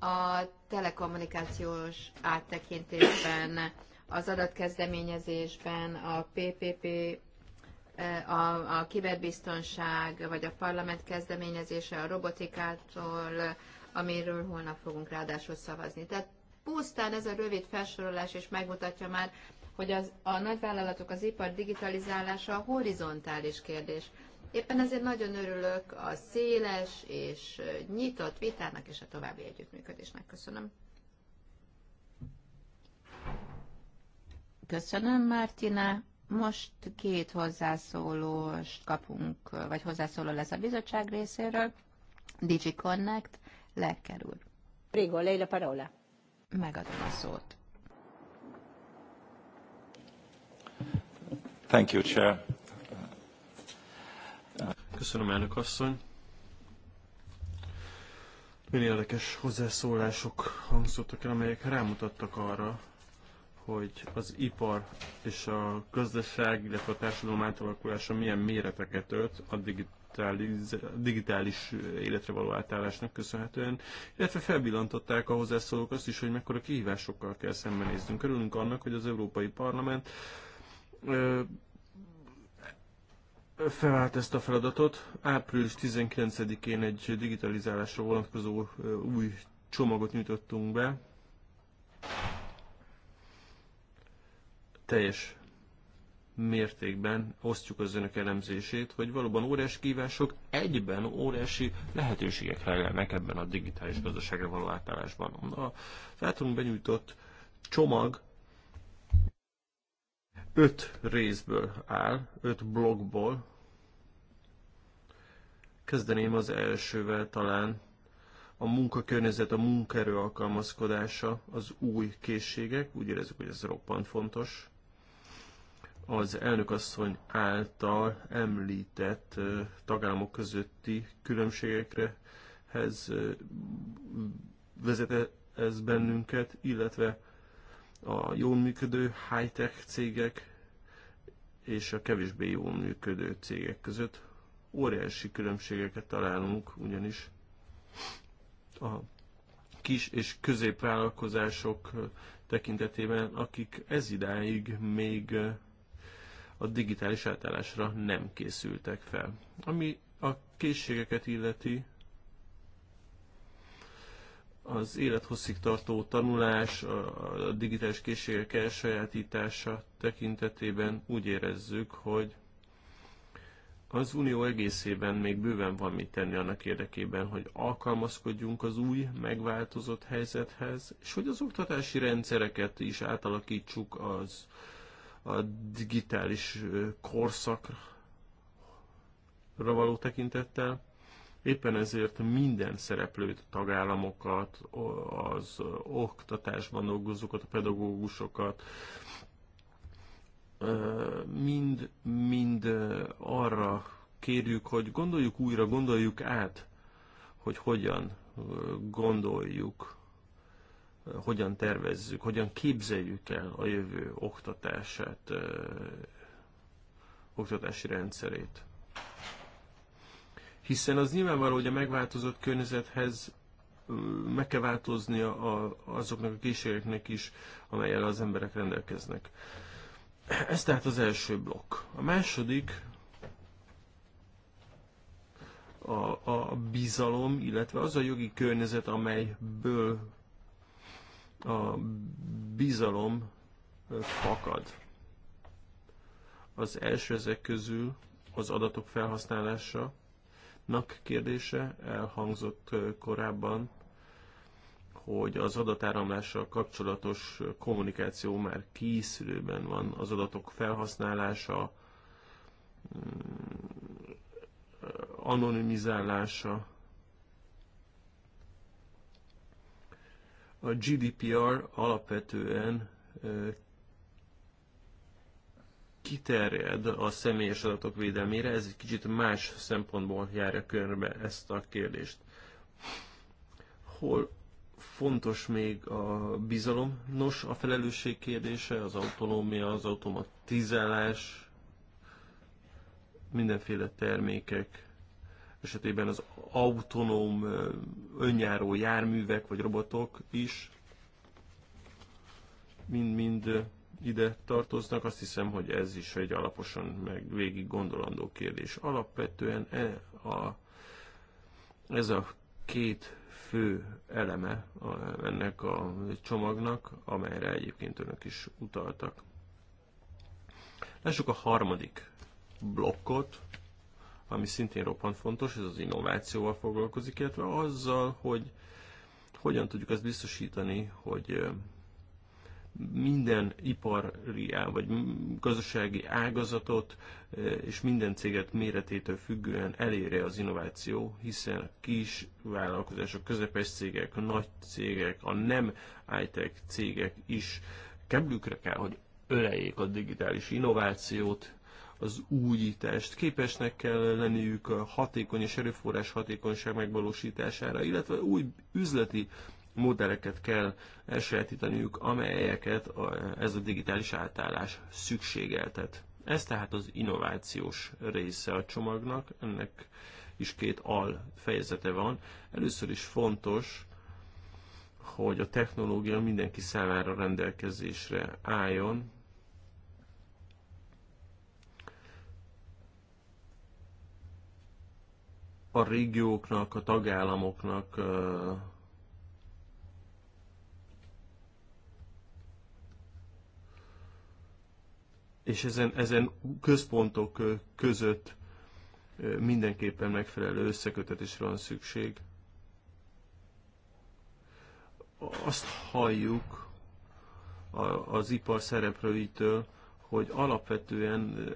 a telekommunikációs áttekintésben, az adatkezdeményezésben, a PPP, eh, a, a kiberbiztonság, vagy a parlament kezdeményezése a robotikától, amiről holnap fogunk ráadásul szavazni. Tehát pusztán ez a rövid felsorolás is megmutatja már, hogy az, a nagyvállalatok, az ipar digitalizálása a horizontális kérdés. Éppen ezért nagyon örülök a széles és nyitott vitának és a további együttműködésnek. Köszönöm. Köszönöm, Mártina. Most két hozzászólóst kapunk, vagy hozzászóló lesz a bizottság részéről. DigiConnect, Connect, úr. Prigo, lei la parola. Megadom a szót. Thank you, Chair. Köszönöm, elnök asszony. Milyen érdekes hozzászólások hangzottak el, amelyek rámutattak arra, hogy az ipar és a gazdaság, illetve a társadalom átalakulása milyen méreteket ölt a digitális, digitális életre való átállásnak köszönhetően, illetve felbillantották a hozzászólók azt is, hogy mekkora kihívásokkal kell szembenéznünk. Örülünk annak, hogy az Európai Parlament felállt ezt a feladatot. Április 19-én egy digitalizálásra vonatkozó új csomagot nyújtottunk be. Teljes mértékben osztjuk az önök elemzését, hogy valóban óriási kívások egyben óriási lehetőségek rejlenek ebben a digitális gazdaságra való átállásban. A általunk benyújtott csomag öt részből áll, öt blokkból. Kezdeném az elsővel talán. A munkakörnyezet, a munkaerő alkalmazkodása, az új készségek, úgy érezzük, hogy ez roppant fontos. Az elnökasszony által említett tagállamok közötti különbségekre hez vezet ez bennünket, illetve a jól működő high-tech cégek és a kevésbé jól működő cégek között. Óriási különbségeket találunk, ugyanis a kis és középvállalkozások tekintetében, akik ez idáig még a digitális átállásra nem készültek fel. Ami a készségeket illeti, az élethosszig tartó tanulás, a digitális készségek elsajátítása tekintetében úgy érezzük, hogy az Unió egészében még bőven van mit tenni annak érdekében, hogy alkalmazkodjunk az új, megváltozott helyzethez, és hogy az oktatási rendszereket is átalakítsuk az a digitális korszakra való tekintettel. Éppen ezért minden szereplőt, tagállamokat, az oktatásban dolgozókat, a pedagógusokat, mind, mind arra kérjük, hogy gondoljuk újra, gondoljuk át, hogy hogyan gondoljuk, hogyan tervezzük, hogyan képzeljük el a jövő oktatását, oktatási rendszerét hiszen az nyilvánvaló, hogy a megváltozott környezethez meg kell a, a, azoknak a készségeknek is, amelyel az emberek rendelkeznek. Ez tehát az első blokk. A második a, a bizalom, illetve az a jogi környezet, amelyből a bizalom fakad. Az első ezek közül az adatok felhasználása, nak kérdése elhangzott korábban, hogy az adatáramlással kapcsolatos kommunikáció már készülőben van, az adatok felhasználása, mm, anonimizálása. A GDPR alapvetően kiterjed a személyes adatok védelmére, ez egy kicsit más szempontból járja körbe ezt a kérdést. Hol fontos még a bizalom? Nos, a felelősség kérdése, az autonómia, az automatizálás, mindenféle termékek esetében az autonóm önjáró járművek vagy robotok is mind-mind ide tartoznak, azt hiszem, hogy ez is egy alaposan meg végig gondolandó kérdés. Alapvetően e a, ez a két fő eleme a, ennek a csomagnak, amelyre egyébként önök is utaltak. Lássuk a harmadik blokkot, ami szintén roppant fontos, ez az innovációval foglalkozik, illetve azzal, hogy hogyan tudjuk azt biztosítani, hogy minden ipari vagy gazdasági ágazatot és minden céget méretétől függően elérje az innováció, hiszen kis vállalkozások, közepes cégek, a nagy cégek, a nem high cégek is keblükre kell, hogy öleljék a digitális innovációt, az újítást. Képesnek kell lenniük a hatékony és erőforrás hatékonyság megvalósítására, illetve új üzleti modelleket kell elsajátítaniuk, amelyeket ez a digitális átállás szükségeltet. Ez tehát az innovációs része a csomagnak, ennek is két al fejezete van. Először is fontos, hogy a technológia mindenki számára rendelkezésre álljon, a régióknak, a tagállamoknak és ezen, ezen központok között mindenképpen megfelelő összekötetésre van szükség. Azt halljuk az ipar szereplőitől, hogy alapvetően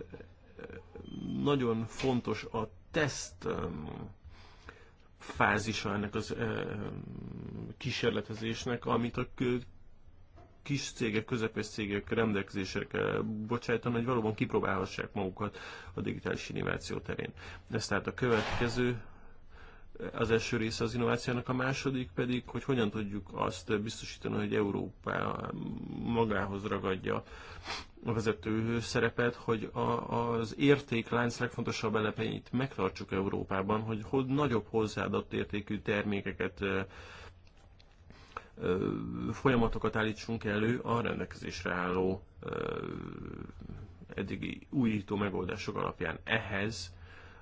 nagyon fontos a teszt fázisa ennek az kísérletezésnek, amit a kis cégek, közepes cégek rendelkezésre bocsájtani, hogy valóban kipróbálhassák magukat a digitális innováció terén. Ez tehát a következő az első része az innovációnak, a második pedig, hogy hogyan tudjuk azt biztosítani, hogy Európa magához ragadja a vezető szerepet, hogy a, az értéklánc legfontosabb elepeit megtartsuk Európában, hogy, hogy nagyobb hozzáadott értékű termékeket folyamatokat állítsunk elő a rendelkezésre álló eddigi újító megoldások alapján. Ehhez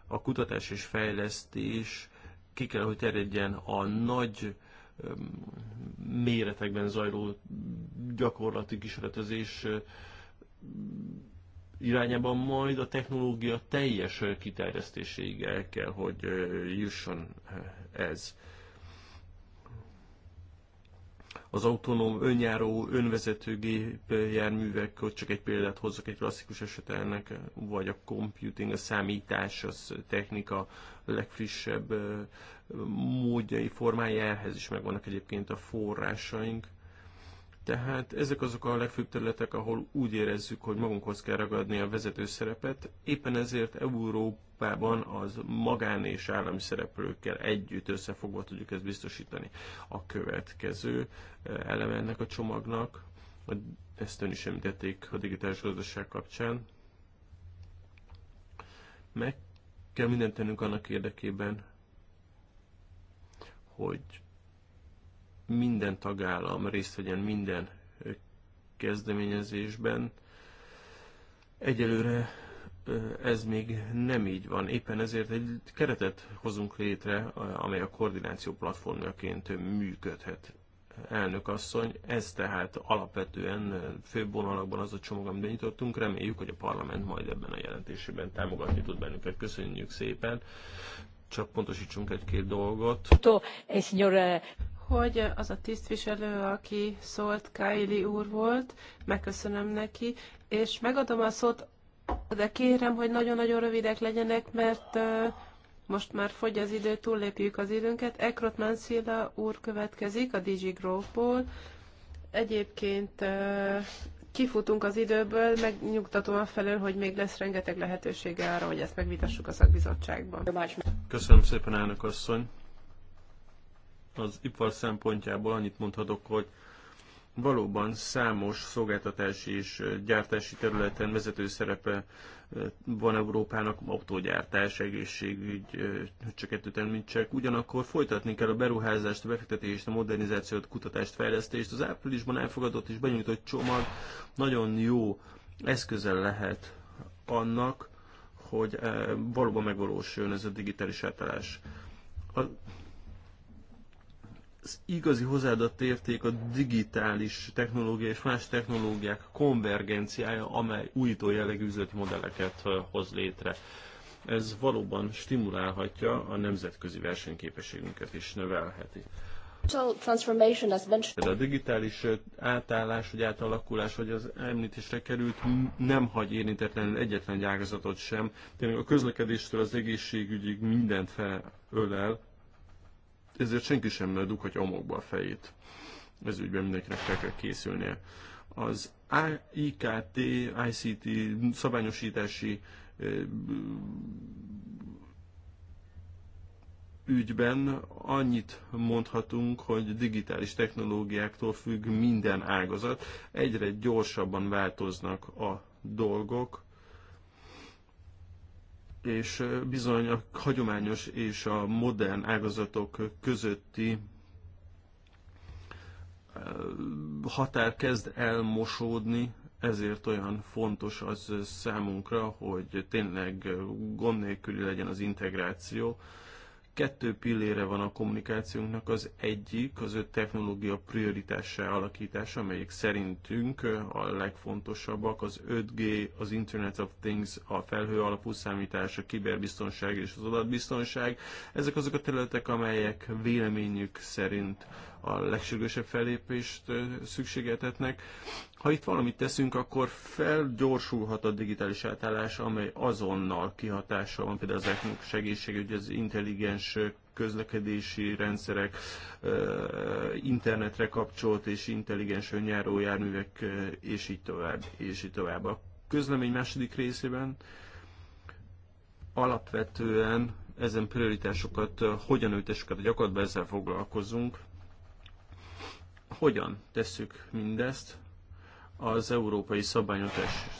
a kutatás és fejlesztés ki kell, hogy terjedjen a nagy méretekben zajló gyakorlati kísérletezés irányában majd a technológia teljes kiterjesztéséig el kell, hogy jusson ez az autonóm, önjáró, önvezető gépjárművek, hogy csak egy példát hozzak, egy klasszikus eset ennek, vagy a computing, a számítás, az technika legfrissebb módjai, formája, ehhez is megvannak egyébként a forrásaink. Tehát ezek azok a legfőbb területek, ahol úgy érezzük, hogy magunkhoz kell ragadni a vezető szerepet. Éppen ezért Európában az magán és állami szereplőkkel együtt összefogva tudjuk ezt biztosítani. A következő eh, eleme ennek a csomagnak, ezt ön is említették a digitális gazdaság kapcsán, meg kell mindent tennünk annak érdekében, hogy minden tagállam részt vegyen minden kezdeményezésben. Egyelőre ez még nem így van. Éppen ezért egy keretet hozunk létre, amely a koordináció platformjaként működhet. Elnök asszony, ez tehát alapvetően főbb vonalakban az a csomag, amit benyitottunk. Reméljük, hogy a parlament majd ebben a jelentésében támogatni tud bennünket. Köszönjük szépen. Csak pontosítsunk egy-két dolgot hogy az a tisztviselő, aki szólt, Kaili úr volt, megköszönöm neki, és megadom a szót, de kérem, hogy nagyon-nagyon rövidek legyenek, mert uh, most már fogy az idő, túllépjük az időnket. Ekrot Mansilla úr következik a Digi Grove-ból. Egyébként uh, kifutunk az időből, a felől, hogy még lesz rengeteg lehetősége arra, hogy ezt megvitassuk a szakbizottságban. Köszönöm szépen, elnök asszony! az ipar szempontjából annyit mondhatok, hogy valóban számos szolgáltatási és gyártási területen vezető szerepe van Európának, autógyártás, egészségügy, hogy csak ettőt említsek. Ugyanakkor folytatni kell a beruházást, a befektetést, a modernizációt, a kutatást, fejlesztést. Az áprilisban elfogadott és benyújtott csomag nagyon jó eszköze lehet annak, hogy valóban megvalósuljon ez a digitális átállás. A az igazi hozzáadott érték a digitális technológia és más technológiák konvergenciája, amely újító jellegű üzleti modelleket hoz létre. Ez valóban stimulálhatja a nemzetközi versenyképességünket is növelheti. A digitális átállás vagy átalakulás, vagy az említésre került, nem hagy érintetlenül egyetlen ágazatot sem. Tényleg a közlekedéstől az egészségügyig mindent felölel, ezért senki sem dughatja omokba a fejét. Ez ügyben mindenkinek fel kell készülnie. Az IKT, ICT szabályosítási ügyben annyit mondhatunk, hogy digitális technológiáktól függ minden ágazat, egyre gyorsabban változnak a dolgok, és bizony a hagyományos és a modern ágazatok közötti határ kezd elmosódni, ezért olyan fontos az számunkra, hogy tényleg gond nélküli legyen az integráció, Kettő pillére van a kommunikációnknak, az egyik az öt technológia prioritássá alakítása, amelyek szerintünk a legfontosabbak, az 5G, az Internet of Things, a felhő alapú számítás, a kiberbiztonság és az adatbiztonság. Ezek azok a területek, amelyek véleményük szerint a legsürgősebb fellépést szükségeltetnek. Ha itt valamit teszünk, akkor felgyorsulhat a digitális átállás, amely azonnal kihatással van például az ECMUK segítségügy, az intelligens közlekedési rendszerek, internetre kapcsolt és intelligens önjáró járművek, és így tovább, és így tovább. A közlemény második részében alapvetően ezen prioritásokat hogyan ültessük, a gyakorlatban ezzel foglalkozunk. Hogyan tesszük mindezt? Az európai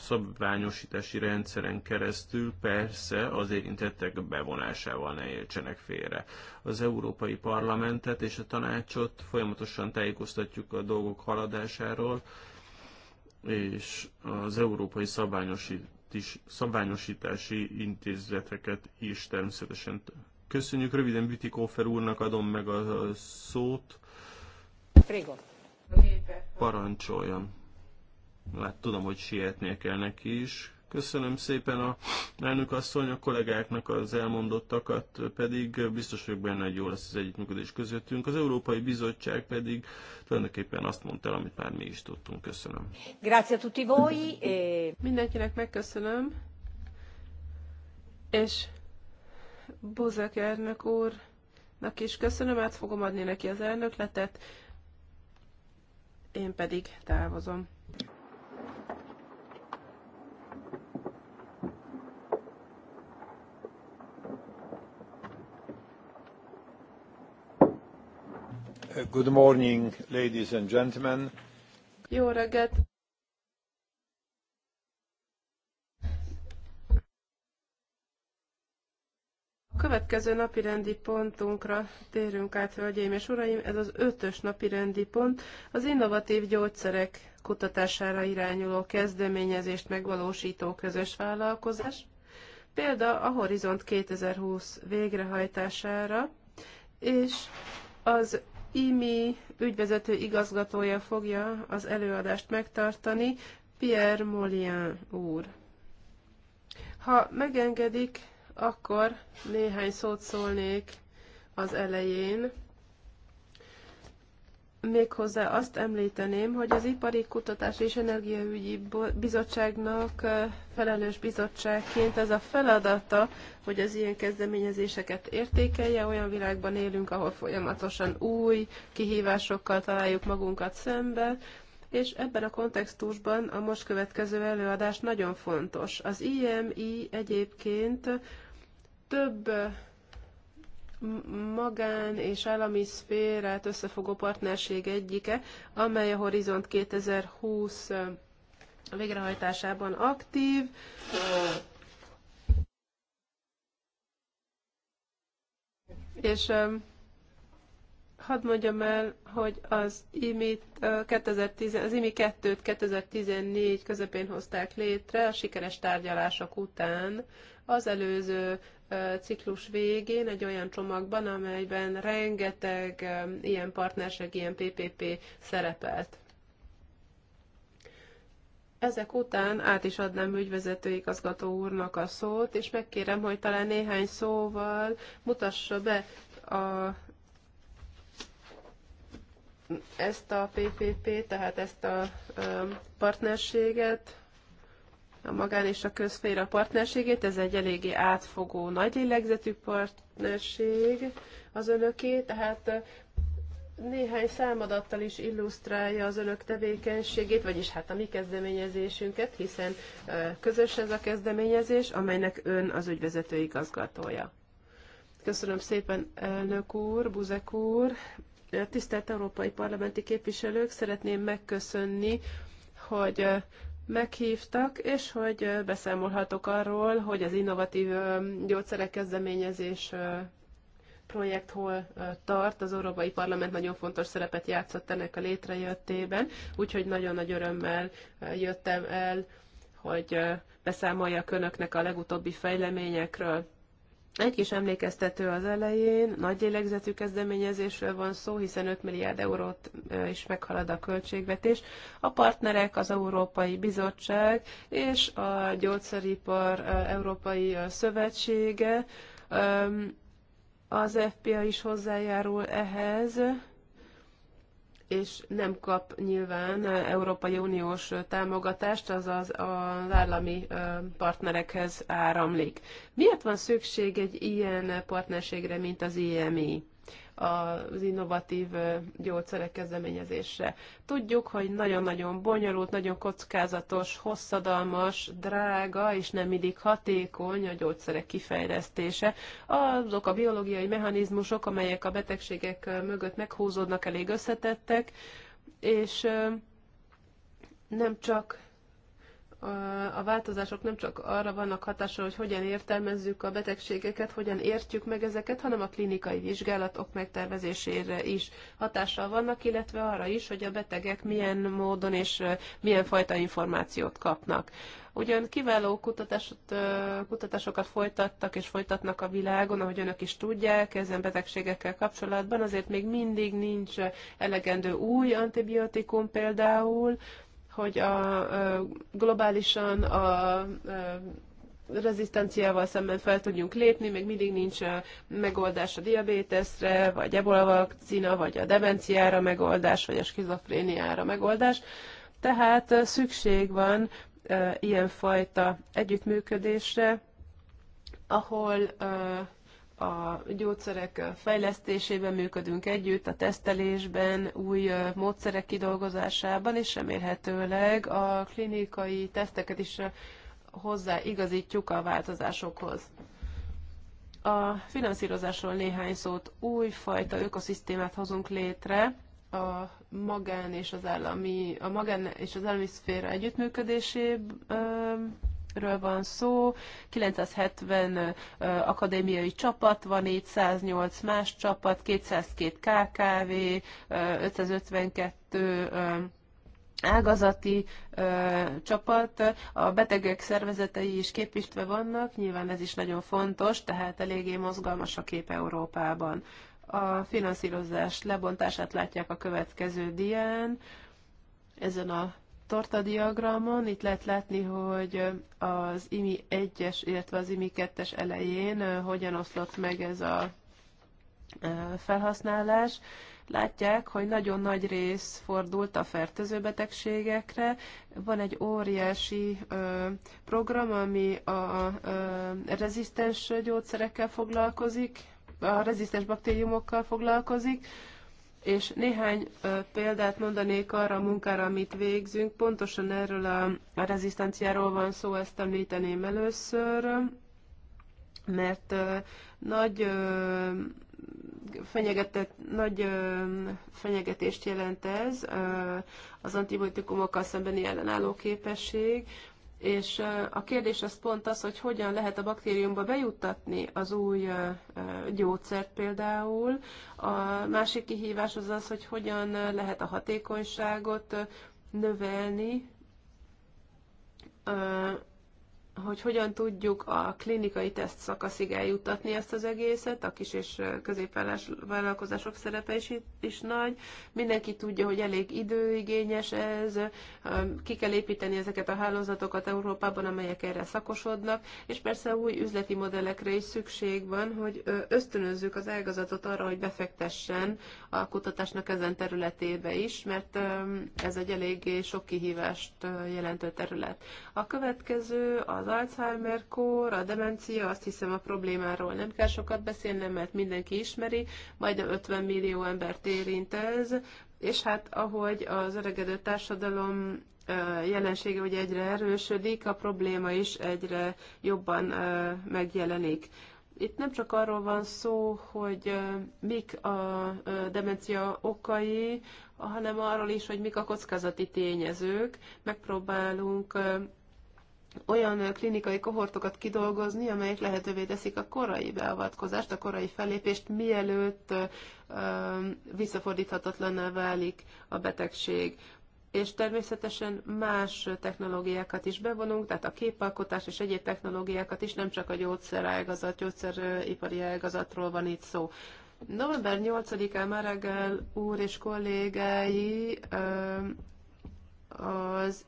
szabványosítási rendszeren keresztül persze az érintettek bevonásával ne értsenek félre. Az Európai Parlamentet és a tanácsot folyamatosan tájékoztatjuk a dolgok haladásáról, és az európai szabványosítási, szabványosítási intézeteket is természetesen köszönjük. Röviden Bütikófer úrnak adom meg a szót, Parancsoljon. Lát, tudom, hogy sietnie kell neki is. Köszönöm szépen a elnök asszony, a kollégáknak az elmondottakat pedig biztos vagyok benne, hogy jó lesz az együttműködés közöttünk. Az Európai Bizottság pedig tulajdonképpen azt mondta el, amit már mi is tudtunk. Köszönöm. Grazie a tutti voi. E- Mindenkinek megköszönöm. És Bozak elnök úrnak is köszönöm, át fogom adni neki az elnökletet én pedig távozom. Good morning, ladies and gentlemen. Jó reggelt! következő napi rendi pontunkra térünk át, hölgyeim és uraim, ez az ötös napi rendi pont, az innovatív gyógyszerek kutatására irányuló kezdeményezést megvalósító közös vállalkozás, példa a Horizont 2020 végrehajtására, és az IMI ügyvezető igazgatója fogja az előadást megtartani, Pierre Molien úr. Ha megengedik, akkor néhány szót szólnék az elején. Méghozzá azt említeném, hogy az Ipari Kutatás és Energiaügyi Bizottságnak felelős bizottságként ez a feladata, hogy az ilyen kezdeményezéseket értékelje. Olyan világban élünk, ahol folyamatosan új kihívásokkal találjuk magunkat szembe, és ebben a kontextusban a most következő előadás nagyon fontos. Az IMI egyébként több magán és állami szférát összefogó partnerség egyike, amely a Horizont 2020 végrehajtásában aktív. És hadd mondjam el, hogy az IMI, 2010, az IMI 2-t 2014 közepén hozták létre, a sikeres tárgyalások után az előző ciklus végén egy olyan csomagban, amelyben rengeteg ilyen partnerség, ilyen PPP szerepelt. Ezek után át is adnám ügyvezető igazgató úrnak a szót, és megkérem, hogy talán néhány szóval mutassa be a, ezt a PPP, tehát ezt a partnerséget, a magán és a közféra partnerségét. Ez egy eléggé átfogó, nagy lélegzetű partnerség az önöké, tehát néhány számadattal is illusztrálja az önök tevékenységét, vagyis hát a mi kezdeményezésünket, hiszen közös ez a kezdeményezés, amelynek ön az ügyvezető igazgatója. Köszönöm szépen, elnök úr, Buzek úr. Tisztelt európai parlamenti képviselők, szeretném megköszönni, hogy meghívtak, és hogy beszámolhatok arról, hogy az innovatív gyógyszerek kezdeményezés projekt hol tart. Az Európai Parlament nagyon fontos szerepet játszott ennek a létrejöttében, úgyhogy nagyon nagy örömmel jöttem el, hogy beszámoljak önöknek a legutóbbi fejleményekről. Egy kis emlékeztető az elején, nagy jellegzetű kezdeményezésről van szó, hiszen 5 milliárd eurót is meghalad a költségvetés. A partnerek az Európai Bizottság és a Gyógyszeripar Európai Szövetsége, az FPA is hozzájárul ehhez, és nem kap nyilván Európai Uniós támogatást, azaz az állami partnerekhez áramlik. Miért van szükség egy ilyen partnerségre, mint az IMI? az innovatív gyógyszerek kezdeményezésre. Tudjuk, hogy nagyon-nagyon bonyolult, nagyon kockázatos, hosszadalmas, drága és nem mindig hatékony a gyógyszerek kifejlesztése. Azok a biológiai mechanizmusok, amelyek a betegségek mögött meghúzódnak, elég összetettek, és nem csak a változások nem csak arra vannak hatással, hogy hogyan értelmezzük a betegségeket, hogyan értjük meg ezeket, hanem a klinikai vizsgálatok megtervezésére is hatással vannak, illetve arra is, hogy a betegek milyen módon és milyen fajta információt kapnak. Ugyan kiváló kutatást, kutatásokat folytattak és folytatnak a világon, ahogy önök is tudják, ezen betegségekkel kapcsolatban, azért még mindig nincs elegendő új antibiotikum például, hogy a, a globálisan a, a rezisztenciával szemben fel tudjunk lépni, még mindig nincs a megoldás a diabéteszre, vagy ebola vakcina, vagy a demenciára megoldás, vagy a skizofréniára megoldás. Tehát szükség van ilyenfajta együttműködésre, ahol a gyógyszerek fejlesztésében működünk együtt, a tesztelésben, új módszerek kidolgozásában, és remélhetőleg a klinikai teszteket is hozzáigazítjuk a változásokhoz. A finanszírozásról néhány szót. Újfajta ökoszisztémát hozunk létre a magán és az állami, a magán és az állami szféra együttműködésében ről van szó, 970 akadémiai csapat van, 408 más csapat, 202 KKV, 552 ágazati ö, csapat, a betegek szervezetei is képviselve vannak, nyilván ez is nagyon fontos, tehát eléggé mozgalmas a kép Európában. A finanszírozás lebontását látják a következő dián, ezen a torta diagramon itt lehet látni, hogy az IMI 1-es, illetve az IMI 2-es elején hogyan oszlott meg ez a felhasználás. Látják, hogy nagyon nagy rész fordult a fertőző betegségekre. Van egy óriási ö, program, ami a ö, rezisztens gyógyszerekkel foglalkozik, a rezisztens baktériumokkal foglalkozik. Ö, és néhány példát mondanék arra a munkára, amit végzünk. Pontosan erről a rezisztenciáról van szó, ezt említeném először, mert nagy fenyegetett, nagy fenyegetést jelent ez az antibiotikumokkal szembeni ellenálló képesség, és a kérdés az pont az, hogy hogyan lehet a baktériumba bejuttatni az új gyógyszert például. A másik kihívás az az, hogy hogyan lehet a hatékonyságot növelni hogy hogyan tudjuk a klinikai teszt szakaszig eljuttatni ezt az egészet, a kis és középvállalkozások szerepe is, is nagy. Mindenki tudja, hogy elég időigényes ez, ki kell építeni ezeket a hálózatokat Európában, amelyek erre szakosodnak, és persze új üzleti modellekre is szükség van, hogy ösztönözzük az ágazatot arra, hogy befektessen a kutatásnak ezen területébe is, mert ez egy eléggé sok kihívást jelentő terület. A következő az Alzheimer-kór, a demencia, azt hiszem a problémáról nem kell sokat beszélnem, mert mindenki ismeri, majdnem 50 millió embert érint ez, és hát ahogy az öregedő társadalom jelensége ugye egyre erősödik, a probléma is egyre jobban megjelenik. Itt nem csak arról van szó, hogy mik a demencia okai, hanem arról is, hogy mik a kockázati tényezők. Megpróbálunk olyan klinikai kohortokat kidolgozni, amelyek lehetővé teszik a korai beavatkozást, a korai felépést mielőtt visszafordíthatatlaná válik a betegség. És természetesen más technológiákat is bevonunk, tehát a képalkotás és egyéb technológiákat is, nem csak a gyógyszerágazat, gyógyszeripari ágazatról van itt szó. November 8-án Maragall úr és kollégái az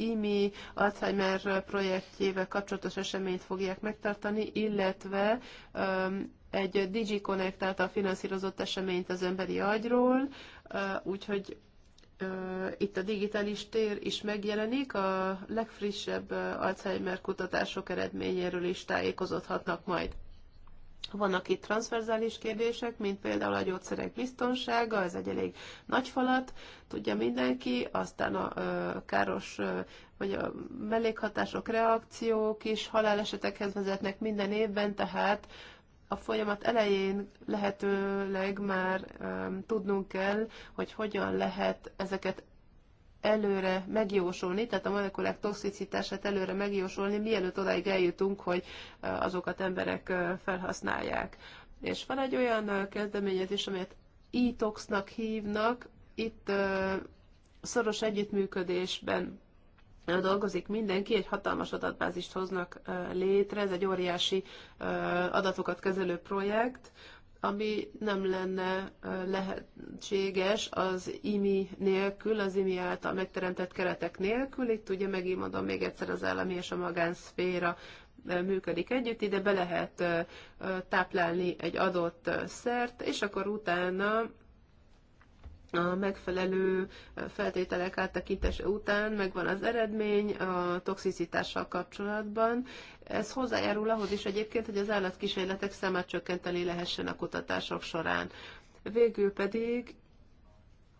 IMI Alzheimer projektjével kapcsolatos eseményt fogják megtartani, illetve egy DigiConnect által finanszírozott eseményt az emberi agyról, úgyhogy itt a digitális tér is megjelenik, a legfrissebb Alzheimer kutatások eredményéről is tájékozódhatnak majd. Vannak itt transzverzális kérdések, mint például a gyógyszerek biztonsága, ez egy elég nagy falat, tudja mindenki, aztán a ö, káros ö, vagy a mellékhatások, reakciók is halálesetekhez vezetnek minden évben, tehát a folyamat elején lehetőleg már tudnunk kell, hogy hogyan lehet ezeket előre megjósolni, tehát a molekulák toxicitását előre megjósolni, mielőtt odáig eljutunk, hogy azokat emberek felhasználják. És van egy olyan kezdeményezés, amelyet e-toxnak hívnak, itt szoros együttműködésben dolgozik mindenki, egy hatalmas adatbázist hoznak létre, ez egy óriási adatokat kezelő projekt, ami nem lenne lehetséges az IMI nélkül, az IMI által megteremtett keretek nélkül. Itt ugye megint mondom még egyszer az állami és a magánszféra működik együtt, ide be lehet táplálni egy adott szert, és akkor utána a megfelelő feltételek áttekintése után megvan az eredmény a toxicitással kapcsolatban. Ez hozzájárul ahhoz is egyébként, hogy az állatkísérletek számát csökkenteni lehessen a kutatások során. Végül pedig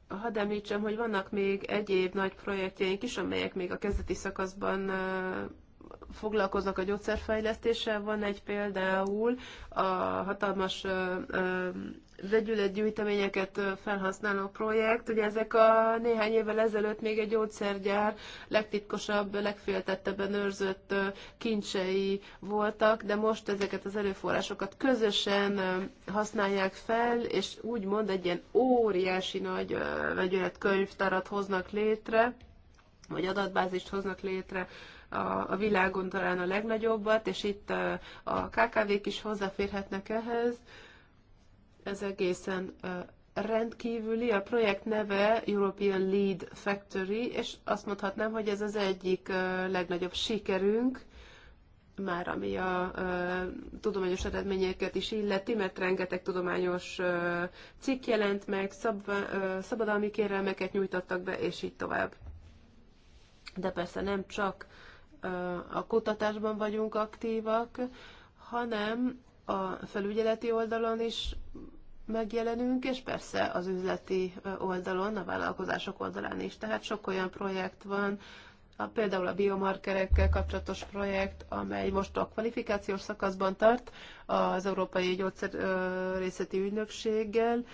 hadd említsem, hogy vannak még egyéb nagy projektjeink is, amelyek még a kezdeti szakaszban foglalkoznak a gyógyszerfejlesztéssel. Van egy például a hatalmas vegyületgyűjteményeket felhasználó projekt. Ugye ezek a néhány évvel ezelőtt még egy gyógyszergyár legtitkosabb, legféltettebben őrzött kincsei voltak, de most ezeket az erőforrásokat közösen használják fel, és úgymond egy ilyen óriási nagy vegyületkönyvtárat hoznak létre, vagy adatbázist hoznak létre, a, világon talán a legnagyobbat, és itt a KKV-k is hozzáférhetnek ehhez. Ez egészen rendkívüli, a projekt neve European Lead Factory, és azt mondhatnám, hogy ez az egyik legnagyobb sikerünk, már ami a tudományos eredményeket is illeti, mert rengeteg tudományos cikk jelent meg, szab, szabadalmi kérelmeket nyújtottak be, és így tovább. De persze nem csak a kutatásban vagyunk aktívak, hanem a felügyeleti oldalon is megjelenünk, és persze az üzleti oldalon, a vállalkozások oldalán is. Tehát sok olyan projekt van, a, például a biomarkerekkel kapcsolatos projekt, amely most a kvalifikációs szakaszban tart az Európai Gyógyszerészeti Ügynökséggel,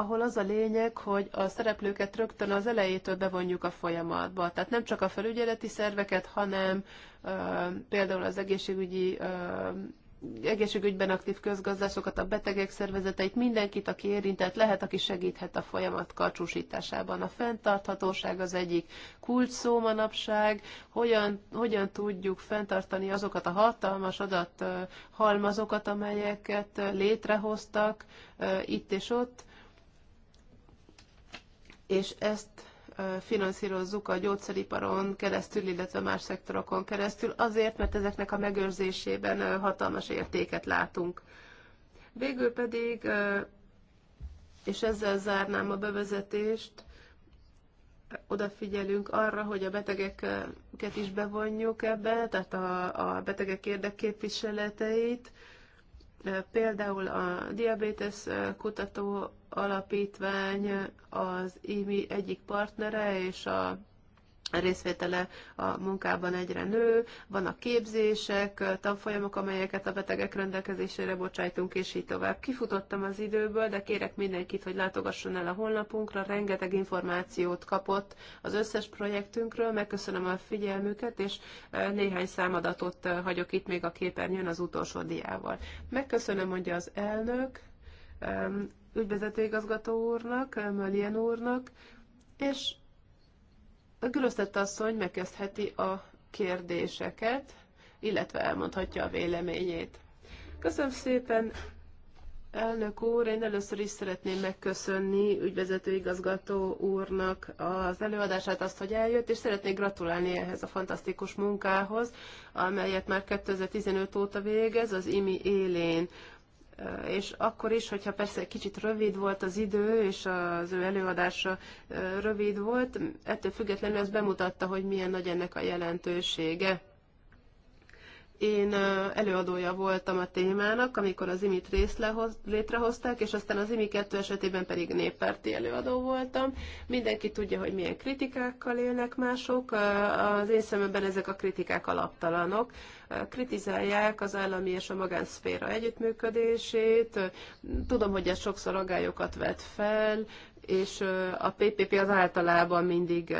ahol az a lényeg, hogy a szereplőket rögtön az elejétől bevonjuk a folyamatba. Tehát nem csak a felügyeleti szerveket, hanem ö, például az egészségügyi ö, egészségügyben aktív közgazdászokat, a betegek szervezeteit, mindenkit, aki érintett, lehet, aki segíthet a folyamat karcsúsításában. A fenntarthatóság az egyik kulcs szó manapság, hogyan, hogyan tudjuk fenntartani azokat a hatalmas adat halmazokat, amelyeket létrehoztak itt és ott, és ezt finanszírozzuk a gyógyszeriparon keresztül, illetve más szektorokon keresztül, azért, mert ezeknek a megőrzésében hatalmas értéket látunk. Végül pedig, és ezzel zárnám a bevezetést, odafigyelünk arra, hogy a betegeket is bevonjuk ebbe, tehát a, a betegek érdekképviseleteit. Például a diabetes kutató alapítvány az IMI egyik partnere, és a részvétele a munkában egyre nő, vannak képzések, tanfolyamok, amelyeket a betegek rendelkezésére bocsájtunk, és így tovább. Kifutottam az időből, de kérek mindenkit, hogy látogasson el a honlapunkra, rengeteg információt kapott az összes projektünkről, megköszönöm a figyelmüket, és e, néhány számadatot e, hagyok itt még a képernyőn az utolsó diával. Megköszönöm, mondja az elnök, ügyvezetőigazgató úrnak, Mölien úrnak, és a Grösztett asszony megkezdheti a kérdéseket, illetve elmondhatja a véleményét. Köszönöm szépen, elnök úr! Én először is szeretném megköszönni ügyvezetőigazgató úrnak az előadását, azt, hogy eljött, és szeretnék gratulálni ehhez a fantasztikus munkához, amelyet már 2015 óta végez az IMI élén és akkor is, hogyha persze egy kicsit rövid volt az idő, és az ő előadása rövid volt, ettől függetlenül ez bemutatta, hogy milyen nagy ennek a jelentősége. Én előadója voltam a témának, amikor az imit részt lehoz, létrehozták, és aztán az imi 2 esetében pedig néppárti előadó voltam. Mindenki tudja, hogy milyen kritikákkal élnek mások. Az én szememben ezek a kritikák alaptalanok. Kritizálják az állami és a magánszféra együttműködését. Tudom, hogy ez sokszor agályokat vet fel, és a PPP az általában mindig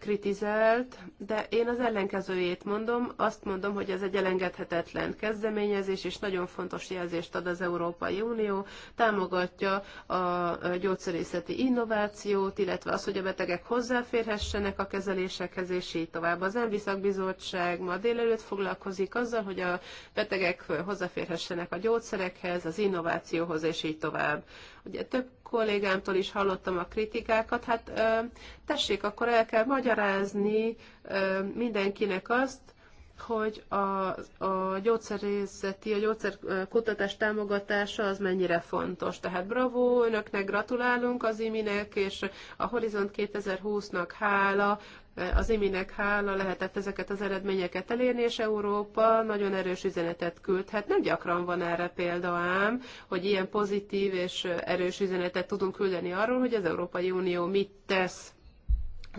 kritizált, de én az ellenkezőjét mondom, azt mondom, hogy ez egy elengedhetetlen kezdeményezés, és nagyon fontos jelzést ad az Európai Unió, támogatja a gyógyszerészeti innovációt, illetve az, hogy a betegek hozzáférhessenek a kezelésekhez, és így tovább. Az Enviszak Bizottság ma délelőtt foglalkozik azzal, hogy a betegek hozzáférhessenek a gyógyszerekhez, az innovációhoz, és így tovább. Ugye több kollégámtól is hallottam a kritikákat, hát tessék, akkor el kell magyarázni mindenkinek azt, hogy a, a gyógyszerészeti, a gyógyszerkutatás támogatása az mennyire fontos. Tehát bravo, önöknek gratulálunk az iminek, és a Horizont 2020-nak hála, az iminek hála lehetett ezeket az eredményeket elérni, és Európa nagyon erős üzenetet küldhet. Nem gyakran van erre példa ám, hogy ilyen pozitív és erős üzenetet tudunk küldeni arról, hogy az Európai Unió mit tesz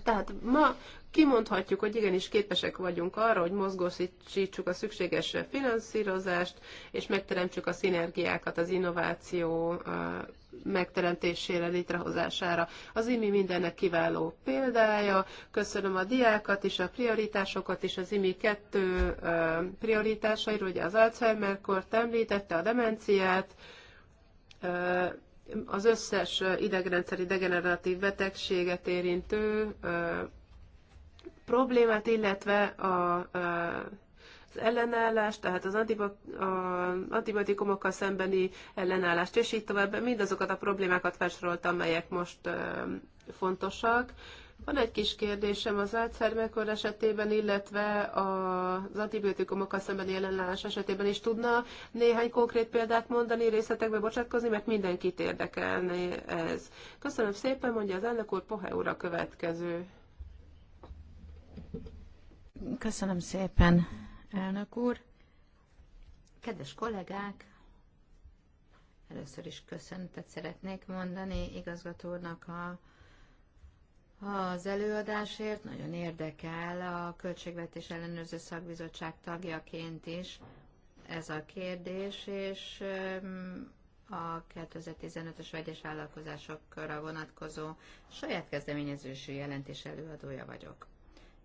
tehát ma kimondhatjuk, hogy igenis képesek vagyunk arra, hogy mozgósítsuk a szükséges finanszírozást, és megteremtsük a szinergiákat az innováció megteremtésére, létrehozására. Az IMI mindennek kiváló példája. Köszönöm a diákat is, a prioritásokat is, az IMI kettő prioritásairól, ugye az Alzheimer-kort említette, a demenciát, az összes idegrendszeri degeneratív betegséget érintő problémát, illetve a, a az ellenállást, tehát az antibiotikumokkal szembeni ellenállást, és így tovább, mindazokat a problémákat felsoroltam, amelyek most fontosak. Van egy kis kérdésem az alzheimer esetében, illetve az antibiotikumokkal szembeni ellenállás esetében is tudna néhány konkrét példát mondani, részletekbe bocsátkozni, mert mindenkit érdekelni ez. Köszönöm szépen, mondja az elnök úr, Pohe úr a következő. Köszönöm szépen, elnök úr. Kedves kollégák, először is köszöntet szeretnék mondani igazgatónak a, az előadásért. Nagyon érdekel a Költségvetés Ellenőrző Szakbizottság tagjaként is ez a kérdés, és a 2015-ös vegyes vállalkozásokra vonatkozó saját kezdeményezősű jelentés előadója vagyok.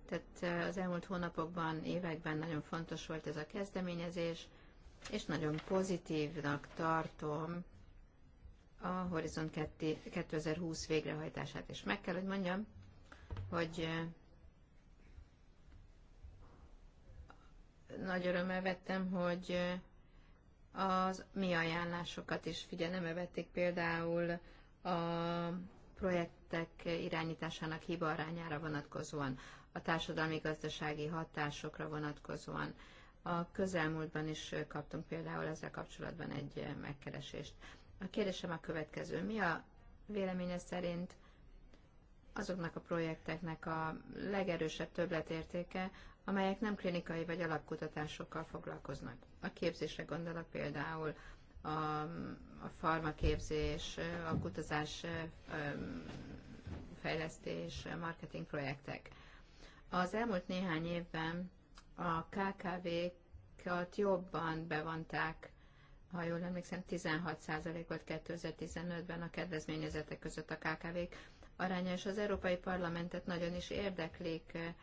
Tehát az elmúlt hónapokban, években nagyon fontos volt ez a kezdeményezés, és nagyon pozitívnak tartom a Horizon 2020 végrehajtását. És meg kell, hogy mondjam, hogy nagy örömmel vettem, hogy az mi ajánlásokat is figyelembe vették, például a projektek irányításának hiba arányára vonatkozóan a társadalmi-gazdasági hatásokra vonatkozóan. A közelmúltban is kaptunk például ezzel kapcsolatban egy megkeresést. A kérdésem a következő. Mi a véleménye szerint azoknak a projekteknek a legerősebb többletértéke, amelyek nem klinikai vagy alapkutatásokkal foglalkoznak. A képzésre gondolok például a, a farmaképzés, a kutatás fejlesztés, marketing projektek. Az elmúlt néhány évben a KKV-kat jobban bevonták, ha jól emlékszem, 16% ot 2015-ben a kedvezményezetek között a KKV-k aránya, és az Európai Parlamentet nagyon is érdeklik eh,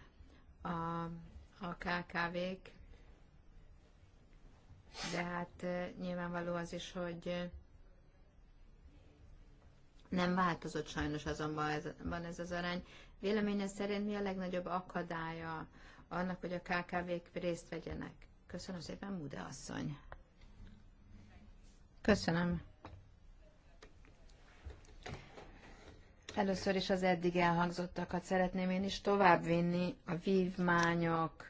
a, a KKV-k, de hát eh, nyilvánvaló az is, hogy eh, nem változott sajnos azonban ez, van ez az arány, Véleménye szerint mi a legnagyobb akadálya annak, hogy a KKV-k részt vegyenek? Köszönöm szépen, Mude asszony. Köszönöm. Először is az eddig elhangzottakat szeretném én is továbbvinni, a vívmányok,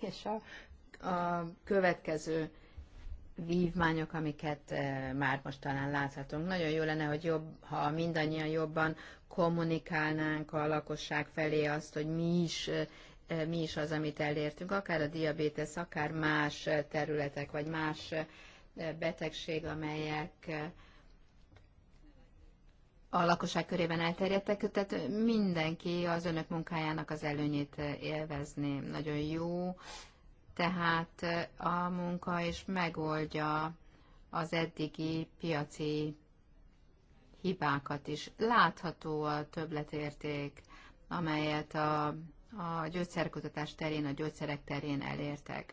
és a, a következő vívmányok, amiket eh, már most talán láthatunk. Nagyon jó lenne, hogy jobb, ha mindannyian jobban kommunikálnánk a lakosság felé azt, hogy mi is eh, eh, mi is az, amit elértünk, akár a diabétesz, akár más területek, vagy más betegség, amelyek a lakosság körében elterjedtek, tehát mindenki az önök munkájának az előnyét élvezni. Nagyon jó tehát a munka is megoldja az eddigi piaci hibákat is. Látható a többletérték, amelyet a, a gyógyszerkutatás terén, a gyógyszerek terén elértek.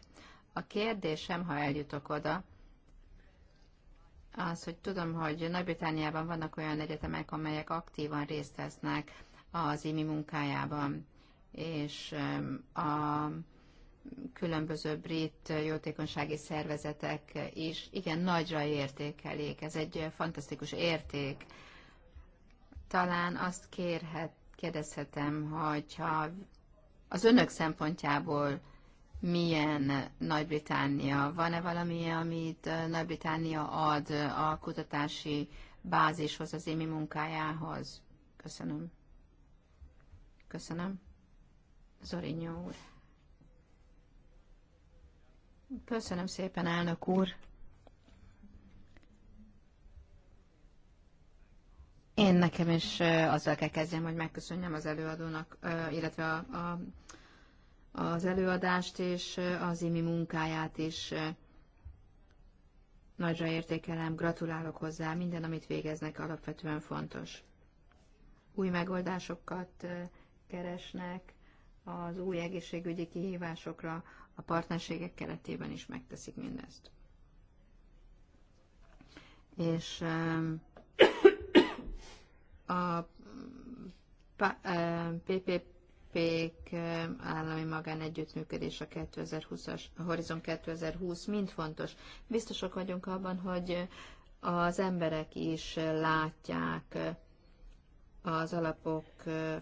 A kérdésem, ha eljutok oda, az, hogy tudom, hogy Nagy-Britániában vannak olyan egyetemek, amelyek aktívan részt vesznek az IMI munkájában, és a különböző brit jótékonysági szervezetek is igen nagyra értékelik. Ez egy fantasztikus érték. Talán azt kérhet, kérdezhetem, hogyha az önök szempontjából milyen Nagy-Britannia? Van-e valami, amit Nagy-Britannia ad a kutatási bázishoz, az émi munkájához? Köszönöm. Köszönöm. Zorinyó úr. Köszönöm szépen, elnök úr. Én nekem is azzal kell kezdjem, hogy megköszönjem az előadónak, illetve a, a, az előadást és az imi munkáját is. Nagyra értékelem, gratulálok hozzá, minden, amit végeznek, alapvetően fontos. Új megoldásokat keresnek az új egészségügyi kihívásokra, a partnerségek keretében is megteszik mindezt. És a PPP-k állami magánegyüttműködés a 2020-as, Horizon 2020 mind fontos. Biztosak vagyunk abban, hogy az emberek is látják az alapok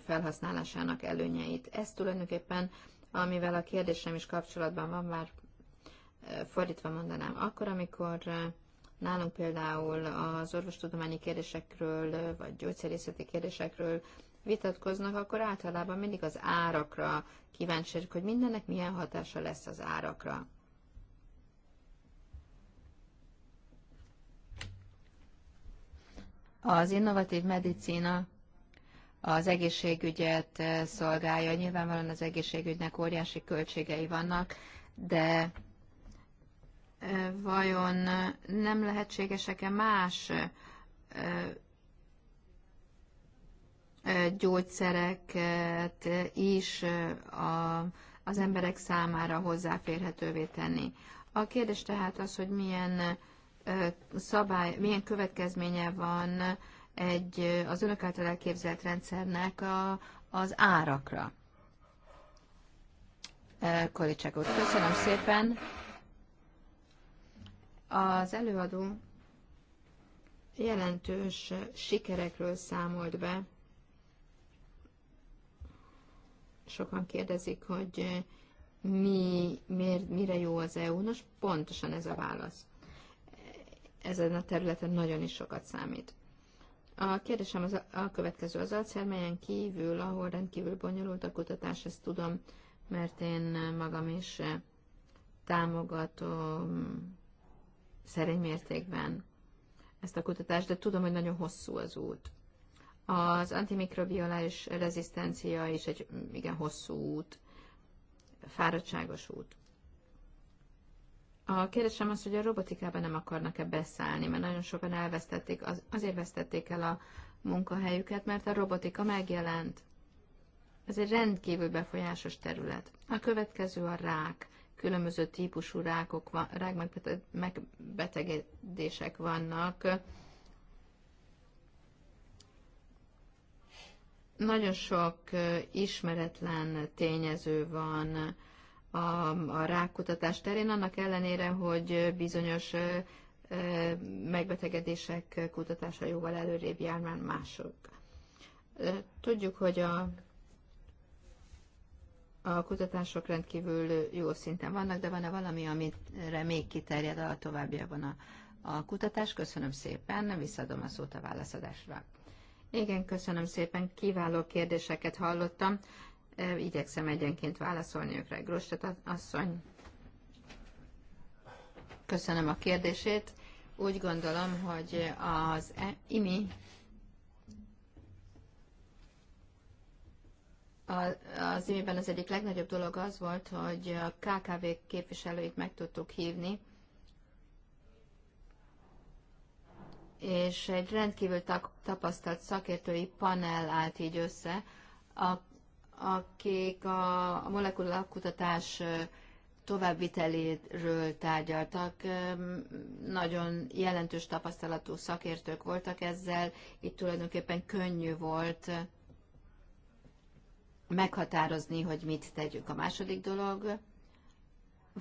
felhasználásának előnyeit. Ez tulajdonképpen amivel a kérdésem is kapcsolatban van, már fordítva mondanám. Akkor, amikor nálunk például az orvostudományi kérdésekről, vagy gyógyszerészeti kérdésekről vitatkoznak, akkor általában mindig az árakra kíváncsiak, hogy mindennek milyen hatása lesz az árakra. Az innovatív medicína az egészségügyet eh, szolgálja. Nyilvánvalóan az egészségügynek óriási költségei vannak, de eh, vajon nem lehetségesek-e más eh, gyógyszereket is a, az emberek számára hozzáférhetővé tenni. A kérdés tehát az, hogy milyen szabály, milyen következménye van egy az önök által elképzelt rendszernek a, az árakra. Kolicsák úr, köszönöm szépen. Az előadó jelentős sikerekről számolt be. Sokan kérdezik, hogy mi, miért, mire jó az EU. Nos, pontosan ez a válasz. Ezen a területen nagyon is sokat számít. A kérdésem az a következő. Az alzheimer kívül, ahol rendkívül bonyolult a kutatás, ezt tudom, mert én magam is eh, támogatom szerény mértékben ezt a kutatást, de tudom, hogy nagyon hosszú az út. Az antimikrobiális rezisztencia is egy igen hosszú út, fáradtságos út. A kérdésem az, hogy a robotikában nem akarnak-e beszállni, mert nagyon sokan elvesztették, az, azért vesztették el a munkahelyüket, mert a robotika megjelent. Ez egy rendkívül befolyásos terület. A következő a rák. Különböző típusú rákok van, rák megbetegedések vannak. Nagyon sok ismeretlen tényező van, a, a rákutatás terén, annak ellenére, hogy bizonyos megbetegedések kutatása jóval előrébb jár, már mások. Tudjuk, hogy a, a kutatások rendkívül jó szinten vannak, de van-e valami, amire még kiterjed a továbbiakban a, a kutatás? Köszönöm szépen, visszadom a szót a válaszadásra. Igen, köszönöm szépen, kiváló kérdéseket hallottam. Igyekszem egyenként válaszolni őkre. Grostet asszony, köszönöm a kérdését. Úgy gondolom, hogy az e- IMI az imiben az egyik legnagyobb dolog az volt, hogy a KKV képviselőit meg tudtuk hívni, és egy rendkívül tapasztalt szakértői panel állt így össze, a akik a kutatás továbbviteléről tárgyaltak. Nagyon jelentős tapasztalatú szakértők voltak ezzel, itt tulajdonképpen könnyű volt meghatározni, hogy mit tegyünk. A második dolog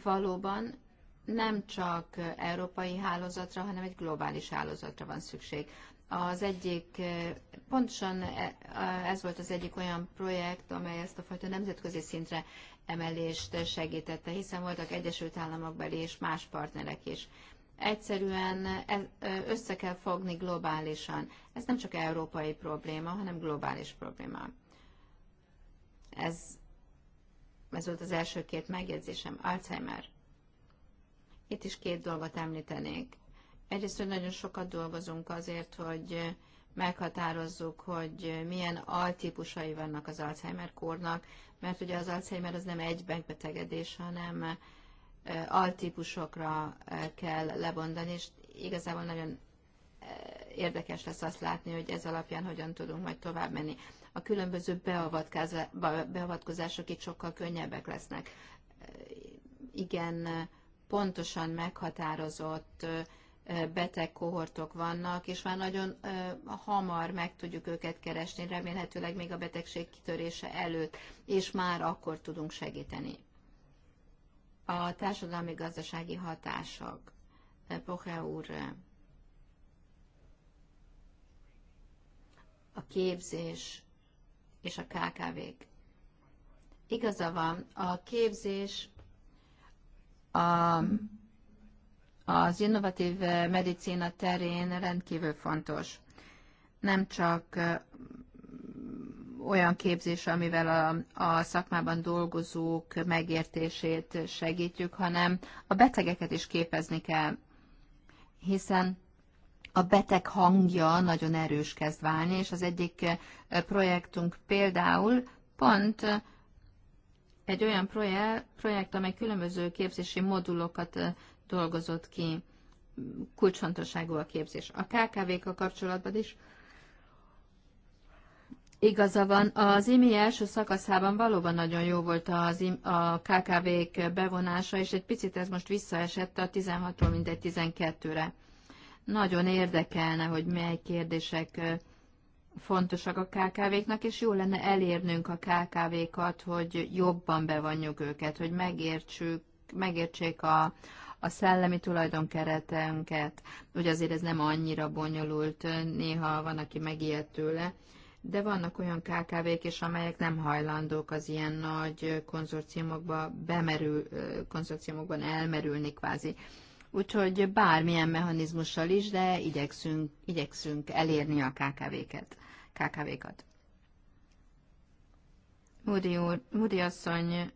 valóban nem csak európai hálózatra, hanem egy globális hálózatra van szükség. Az egyik, eh, pontosan eh, eh, ez volt az egyik olyan projekt, amely ezt a fajta nemzetközi szintre emelést segítette, hiszen voltak Egyesült Államokbeli és más partnerek is. Egyszerűen e, e, össze kell fogni globálisan. Ez nem csak európai probléma, hanem globális probléma. Ez, ez volt az első két megjegyzésem. Alzheimer. Itt is két dolgot említenék egyrészt, hogy nagyon sokat dolgozunk azért, hogy meghatározzuk, hogy milyen altípusai vannak az Alzheimer-kórnak, mert ugye az Alzheimer az nem egy megbetegedés, hanem altípusokra kell lebontani, és igazából nagyon érdekes lesz azt látni, hogy ez alapján hogyan tudunk majd tovább menni. A különböző beavatkozások itt sokkal könnyebbek lesznek. Igen, pontosan meghatározott beteg kohortok vannak, és már nagyon hamar meg tudjuk őket keresni, remélhetőleg még a betegség kitörése előtt, és már akkor tudunk segíteni. A társadalmi-gazdasági hatások. Poche úr, a képzés és a KKV-k. Igaza van, a képzés a az innovatív eh, medicína terén rendkívül fontos. Nem csak eh, olyan képzés, amivel a, a szakmában dolgozók megértését segítjük, hanem a betegeket is képezni kell, hiszen a beteg hangja nagyon erős kezd válni, és az egyik eh, projektunk például pont egy olyan projekt, amely különböző képzési modulokat dolgozott ki, kulcsfontosságú a képzés. A KKV-kkal kapcsolatban is Igaza van, az IMI első szakaszában valóban nagyon jó volt az IMI, a KKV-k bevonása, és egy picit ez most visszaesett a 16-ról mindegy 12-re. Nagyon érdekelne, hogy mely kérdések fontosak a KKV-knak, és jó lenne elérnünk a KKV-kat, hogy jobban bevonjuk őket, hogy megértsük, megértsék a, a szellemi tulajdonkeretenket. hogy azért ez nem annyira bonyolult, néha van, aki megijed tőle, de vannak olyan KKV-k is, amelyek nem hajlandók az ilyen nagy konzorciumokba bemerül, konzorciumokban elmerülni kvázi. Úgyhogy bármilyen mechanizmussal is, de igyekszünk, igyekszünk elérni a KKV-ket. KKV-kat. Moody, úr, Moody asszony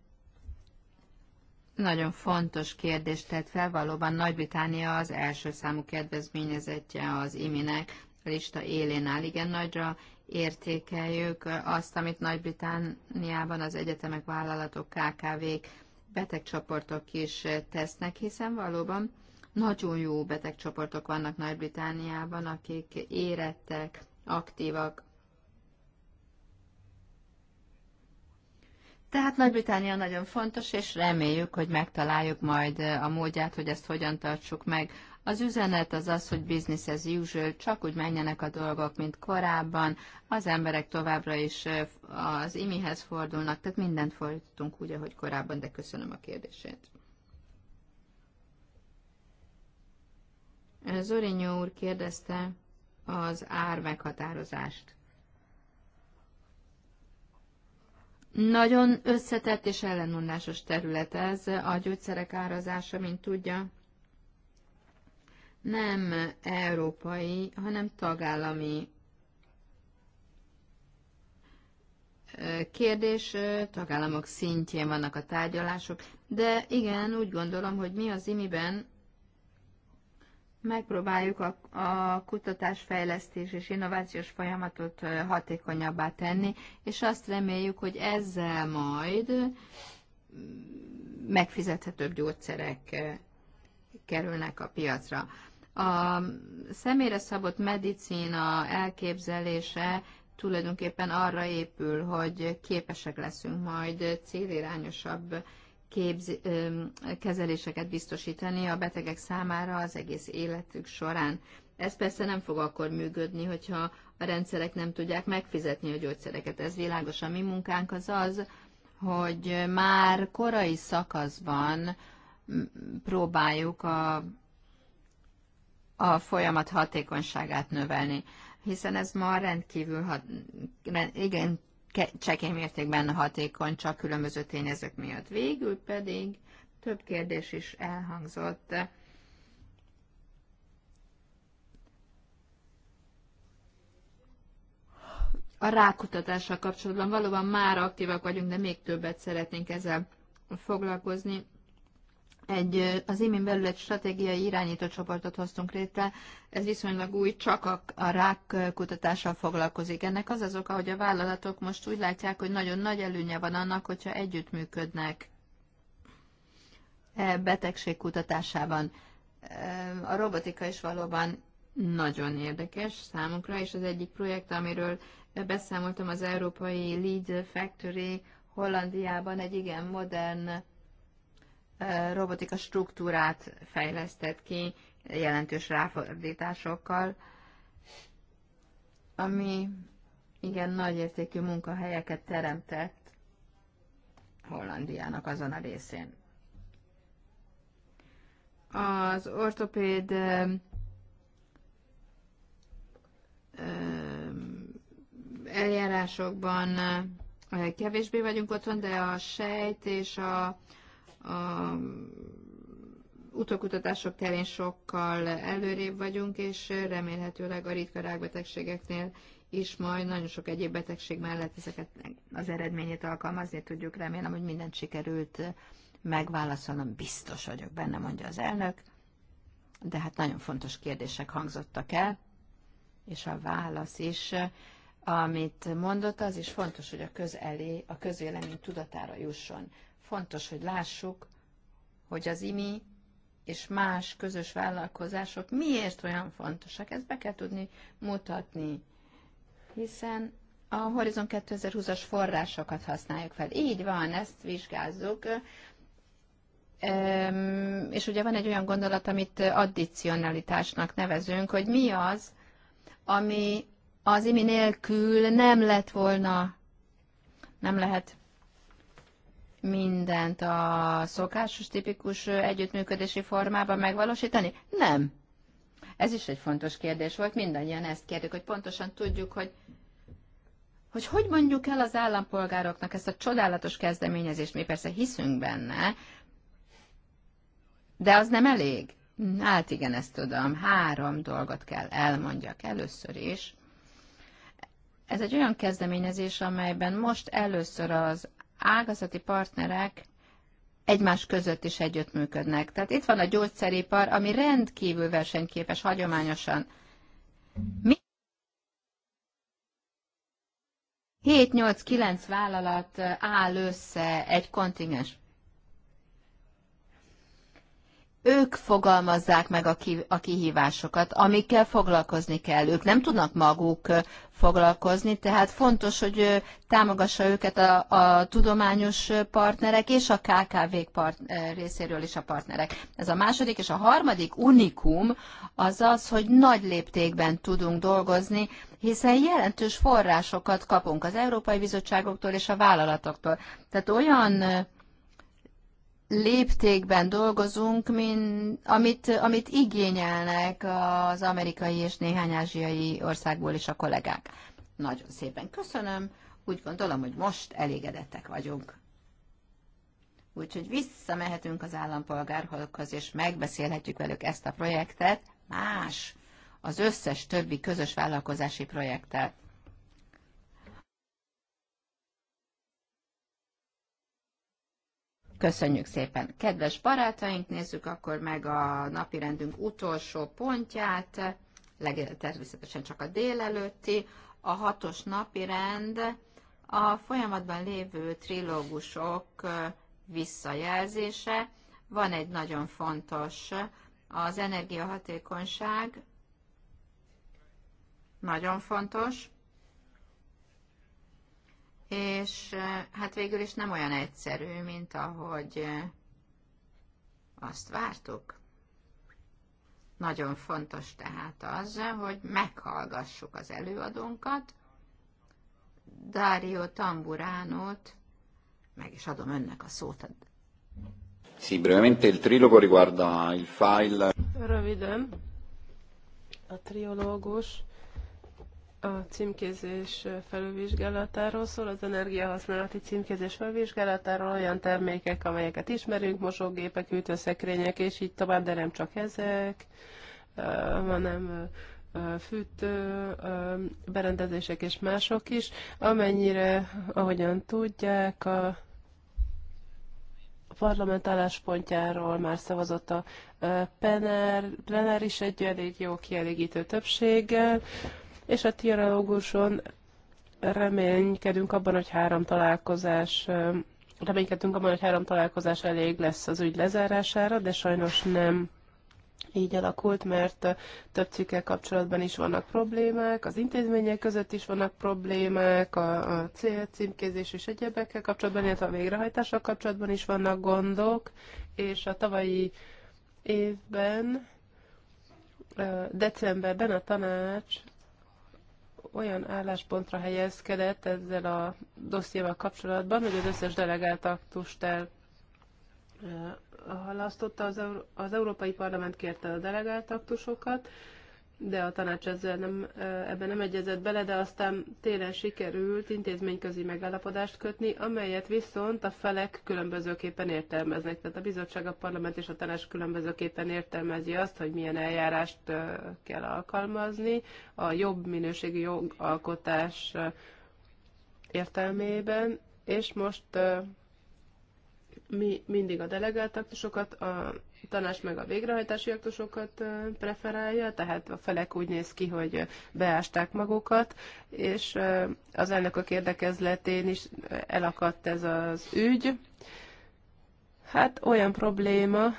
nagyon fontos kérdést tett fel, valóban Nagy-Británia az első számú kedvezményezetje az iminek, a lista élén áll. Igen, nagyra értékeljük azt, amit Nagy-Britániában az egyetemek, vállalatok, KKV-k, betegcsoportok is tesznek, hiszen valóban nagyon jó betegcsoportok vannak Nagy-Britániában, akik érettek, aktívak, Tehát Nagy-Britannia nagyon fontos, és reméljük, hogy megtaláljuk majd eh, a módját, hogy ezt hogyan tartsuk meg. Az üzenet az az, hogy business as usual, csak úgy menjenek a dolgok, mint korábban, az emberek továbbra is eh, az imihez fordulnak, tehát mindent fordítunk úgy, ahogy korábban, de köszönöm a kérdését. Eh, Zorinyó úr kérdezte az ár meghatározást. Nagyon összetett és ellenmondásos terület ez a gyógyszerek árazása, mint tudja. Nem európai, hanem tagállami kérdés, tagállamok szintjén vannak a tárgyalások, de igen, úgy gondolom, hogy mi az imiben megpróbáljuk a, a kutatásfejlesztés és innovációs folyamatot hatékonyabbá tenni, és azt reméljük, hogy ezzel majd megfizethetőbb gyógyszerek kerülnek a piacra. A személyre szabott medicína elképzelése tulajdonképpen arra épül, hogy képesek leszünk majd célirányosabb képz, kezeléseket biztosítani a betegek számára az egész életük során. Ez persze nem fog akkor működni, hogyha a rendszerek nem tudják megfizetni a gyógyszereket. Ez világos. A mi munkánk az az, hogy már korai szakaszban próbáljuk a, a folyamat hatékonyságát növelni, hiszen ez ma rendkívül igen, csekély mértékben hatékony csak különböző tényezők miatt. Végül pedig több kérdés is elhangzott. A rákutatással kapcsolatban valóban már aktívak vagyunk, de még többet szeretnénk ezzel foglalkozni egy, az imén belül egy stratégiai irányító csoportot hoztunk létre, ez viszonylag új, csak a, a rák kutatással foglalkozik. Ennek az az oka, hogy a vállalatok most úgy látják, hogy nagyon nagy előnye van annak, hogyha együttműködnek e betegség kutatásában. A robotika is valóban nagyon érdekes számunkra, és az egyik projekt, amiről beszámoltam, az Európai Lead Factory Hollandiában egy igen modern robotika struktúrát fejlesztett ki jelentős ráfordításokkal, ami igen nagy értékű munkahelyeket teremtett Hollandiának azon a részén. Az ortopéd ö, eljárásokban kevésbé vagyunk otthon, de a sejt és a, a utókutatások terén sokkal előrébb vagyunk, és remélhetőleg a ritka rákbetegségeknél is majd nagyon sok egyéb betegség mellett ezeket az eredményét alkalmazni tudjuk. Remélem, hogy mindent sikerült megválaszolnom, biztos vagyok benne, mondja az elnök. De hát nagyon fontos kérdések hangzottak el, és a válasz is, amit mondott, az is fontos, hogy a közelé, a közvélemény tudatára jusson. Fontos, hogy lássuk, hogy az IMI és más közös vállalkozások miért olyan fontosak. Ezt be kell tudni mutatni, hiszen a Horizon 2020-as forrásokat használjuk fel. Így van, ezt vizsgázzuk. És ugye van egy olyan gondolat, amit addicionalitásnak nevezünk, hogy mi az, ami az imi nélkül nem lett volna, nem lehet mindent a szokásos, tipikus együttműködési formában megvalósítani? Nem. Ez is egy fontos kérdés volt, mindannyian ezt kértük, hogy pontosan tudjuk, hogy hogy hogy mondjuk el az állampolgároknak ezt a csodálatos kezdeményezést, mi persze hiszünk benne, de az nem elég. Hát igen, ezt tudom. Három dolgot kell elmondjak először is. Ez egy olyan kezdeményezés, amelyben most először az ágazati partnerek egymás között is együttműködnek. Tehát itt van a gyógyszeripar, ami rendkívül versenyképes hagyományosan. Mi 7-8-9 vállalat áll össze egy kontingens ők fogalmazzák meg a, ki, a kihívásokat, amikkel foglalkozni kell. Ők nem tudnak maguk foglalkozni, tehát fontos, hogy támogassa őket a, a tudományos partnerek és a kkv part, részéről is a partnerek. Ez a második, és a harmadik unikum az az, hogy nagy léptékben tudunk dolgozni, hiszen jelentős forrásokat kapunk az Európai Bizottságoktól és a vállalatoktól. Tehát olyan léptékben dolgozunk, mint, amit, amit igényelnek az amerikai és néhány ázsiai országból is a kollégák. Nagyon szépen köszönöm, úgy gondolom, hogy most elégedettek vagyunk. Úgyhogy visszamehetünk az állampolgárhoz, és megbeszélhetjük velük ezt a projektet, más, az összes többi közös vállalkozási projektet. Köszönjük szépen. Kedves barátaink, nézzük akkor meg a napirendünk utolsó pontját, leg, természetesen csak a délelőtti. A hatos napirend a folyamatban lévő trilógusok visszajelzése. Van egy nagyon fontos, az energiahatékonyság, nagyon fontos, és hát végül is nem olyan egyszerű, mint ahogy azt vártuk. Nagyon fontos tehát az, hogy meghallgassuk az előadónkat, Dario Tamburánót, meg is adom önnek a szót. Sì, brevemente il trilogo riguarda il file. Röviden, a triológus a címkézés felülvizsgálatáról szól, az energiahasználati címkézés felülvizsgálatáról olyan termékek, amelyeket ismerünk, mosógépek, hűtőszekrények, és így tovább, de nem csak ezek, hanem fűtő berendezések és mások is, amennyire, ahogyan tudják, a parlament álláspontjáról már szavazott a Pener, PENER is egy elég jó kielégítő többséggel és a dialóguson reménykedünk abban, hogy három találkozás reménykedünk abban, hogy három találkozás elég lesz az ügy lezárására, de sajnos nem így alakult, mert több cikkel kapcsolatban is vannak problémák, az intézmények között is vannak problémák, a, a célcímkézés és egyebekkel kapcsolatban, illetve a végrehajtással kapcsolatban is vannak gondok, és a tavalyi évben, decemberben a tanács olyan álláspontra helyezkedett ezzel a dossziéval kapcsolatban, hogy az összes delegált aktust el az, az Európai Parlament kérte a delegált aktusokat, de a tanács ezzel nem, ebben nem egyezett bele, de aztán télen sikerült intézményközi megállapodást kötni, amelyet viszont a felek különbözőképpen értelmeznek. Tehát a bizottság, a parlament és a tanács különbözőképpen értelmezi azt, hogy milyen eljárást kell alkalmazni a jobb minőségű jogalkotás értelmében, és most mi mindig a delegáltaktusokat, a tanács meg a végrehajtási aktusokat preferálja, tehát a felek úgy néz ki, hogy beásták magukat, és az elnökök érdekezletén is elakadt ez az ügy. Hát olyan probléma,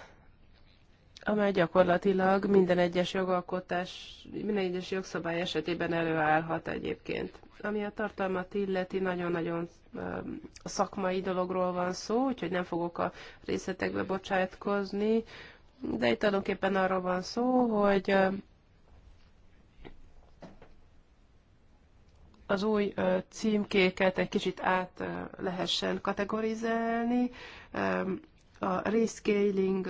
amely gyakorlatilag minden egyes jogalkotás, minden egyes jogszabály esetében előállhat egyébként. Ami a tartalmat illeti, nagyon-nagyon szakmai dologról van szó, úgyhogy nem fogok a részletekbe bocsátkozni, de itt tulajdonképpen arról van szó, hogy az új címkéket egy kicsit át lehessen kategorizálni, a rescaling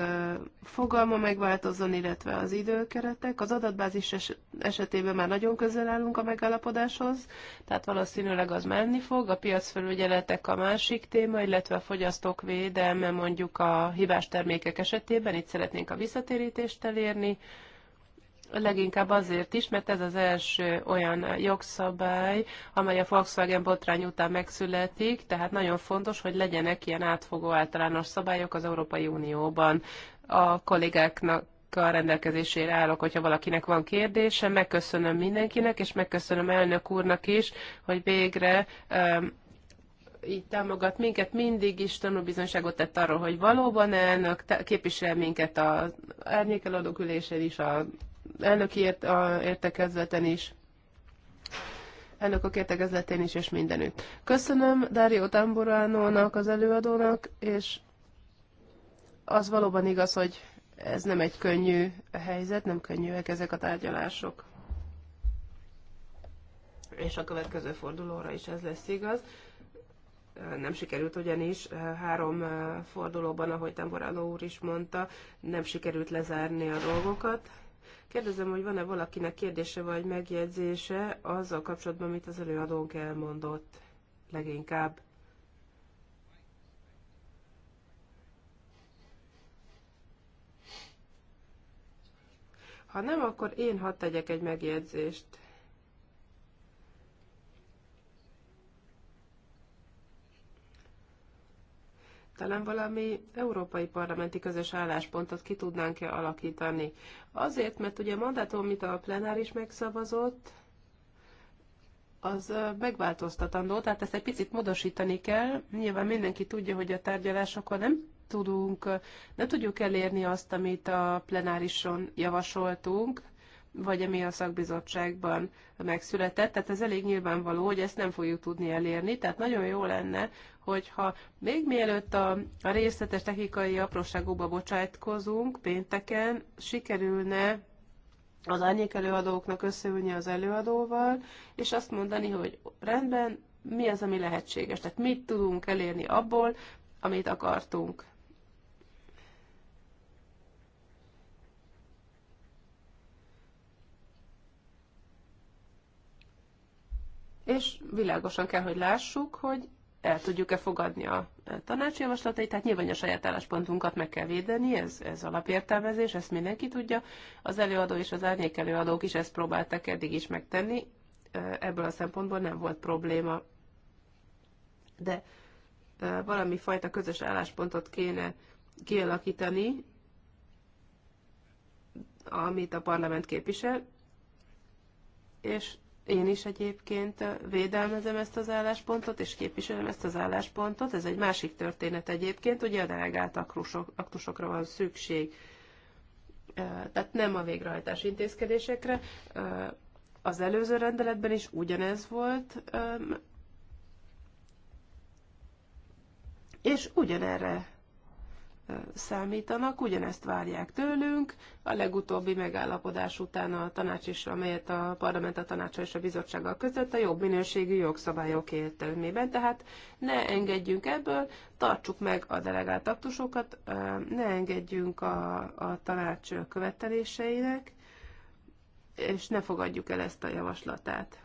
fogalma megváltozzon, illetve az időkeretek. Az adatbázis esetében már nagyon közel állunk a megállapodáshoz, tehát valószínűleg az menni fog. A piacfelügyeletek a másik téma, illetve a fogyasztók védelme mondjuk a hibás termékek esetében. Itt szeretnénk a visszatérítést elérni. Leginkább azért is, mert ez az első olyan jogszabály, amely a Volkswagen botrány után megszületik, tehát nagyon fontos, hogy legyenek ilyen átfogó általános szabályok az Európai Unióban. A kollégáknak a rendelkezésére állok, hogyha valakinek van kérdése. Megköszönöm mindenkinek, és megköszönöm elnök úrnak is, hogy végre um, így támogat minket, mindig is tanulbizonyságot tett arról, hogy valóban elnök, képvisel minket az árnyékeladók ülésén is, a elnöki ért, a értekezleten is, elnökök értekezletén is, és mindenütt. Köszönöm Dario Tamburánónak, az előadónak, és az valóban igaz, hogy ez nem egy könnyű helyzet, nem könnyűek ezek a tárgyalások. És a következő fordulóra is ez lesz igaz. Nem sikerült ugyanis eh, három eh, fordulóban, ahogy Tamboráló úr is mondta, nem sikerült lezárni a dolgokat, Kérdezem, hogy van-e valakinek kérdése vagy megjegyzése azzal kapcsolatban, amit az előadónk elmondott leginkább. Ha nem, akkor én hadd tegyek egy megjegyzést. talán valami európai parlamenti közös álláspontot ki tudnánk-e alakítani. Azért, mert ugye a mandátum, amit a plenáris megszavazott, az megváltoztatandó, tehát ezt egy picit módosítani kell. Nyilván mindenki tudja, hogy a tárgyalásokon nem tudunk, nem tudjuk elérni azt, amit a plenárison javasoltunk, vagy ami a szakbizottságban megszületett. Tehát ez elég nyilvánvaló, hogy ezt nem fogjuk tudni elérni. Tehát nagyon jó lenne, hogyha még mielőtt a, a részletes technikai apróságokba bocsátkozunk pénteken, sikerülne az árnyék előadóknak összeülni az előadóval, és azt mondani, hogy rendben, mi az, ami lehetséges, tehát mit tudunk elérni abból, amit akartunk. És világosan kell, hogy lássuk, hogy el tudjuk-e fogadni a tanács javaslatait, tehát nyilván a saját álláspontunkat meg kell védeni, ez, ez alapértelmezés, ezt mindenki tudja. Az előadó és az árnyék előadók is ezt próbáltak eddig is megtenni, ebből a szempontból nem volt probléma. De valami fajta közös álláspontot kéne kialakítani, amit a parlament képvisel, és én is egyébként védelmezem ezt az álláspontot, és képviselem ezt az álláspontot. Ez egy másik történet egyébként, ugye a delegált aktusokra van szükség. Tehát nem a végrehajtás intézkedésekre. Az előző rendeletben is ugyanez volt, és ugyanerre számítanak, ugyanezt várják tőlünk. A legutóbbi megállapodás után a tanács is, amelyet a parlament, a tanácsa és a bizottsággal között a jobb minőségű jogszabályok értelmében. Tehát ne engedjünk ebből, tartsuk meg a delegált aktusokat, ne engedjünk a, a tanács követeléseinek, és ne fogadjuk el ezt a javaslatát.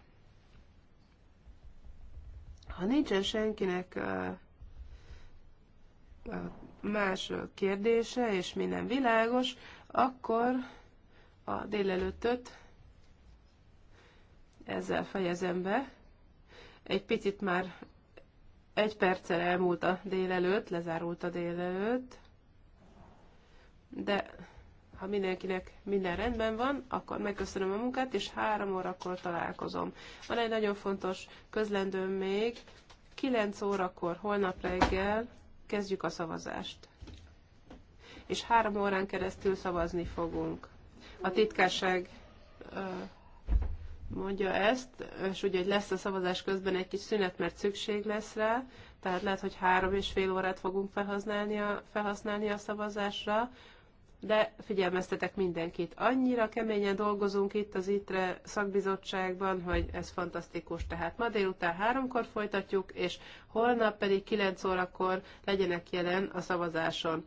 Ha nincsen senkinek más kérdése, és minden világos, akkor a délelőttöt ezzel fejezem be. Egy picit már egy perccel elmúlt a délelőtt, lezárult a délelőtt, de ha mindenkinek minden rendben van, akkor megköszönöm a munkát, és három órakor találkozom. Van egy nagyon fontos közlendőm még, 9 órakor holnap reggel, Kezdjük a szavazást. És három órán keresztül szavazni fogunk. A titkárság mondja ezt, és ugye lesz a szavazás közben egy kis szünet, mert szükség lesz rá, tehát lehet, hogy három és fél órát fogunk felhasználni a, felhasználni a szavazásra, de figyelmeztetek mindenkit. Annyira keményen dolgozunk itt az ITRE szakbizottságban, hogy ez fantasztikus. Tehát ma délután háromkor folytatjuk, és holnap pedig kilenc órakor legyenek jelen a szavazáson.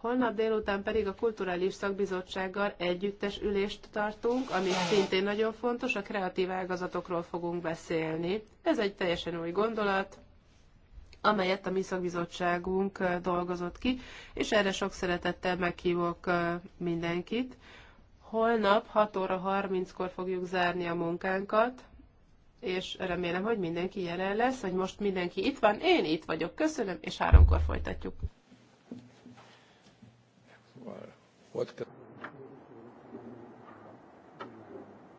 Holnap délután pedig a Kulturális Szakbizottsággal együttes ülést tartunk, ami szintén nagyon fontos, a kreatív ágazatokról fogunk beszélni. Ez egy teljesen új gondolat, amelyet a mi szakbizottságunk dolgozott ki, és erre sok szeretettel meghívok mindenkit. Holnap 6 óra 30-kor fogjuk zárni a munkánkat, és remélem, hogy mindenki jelen lesz, hogy most mindenki itt van, én itt vagyok, köszönöm, és háromkor folytatjuk. What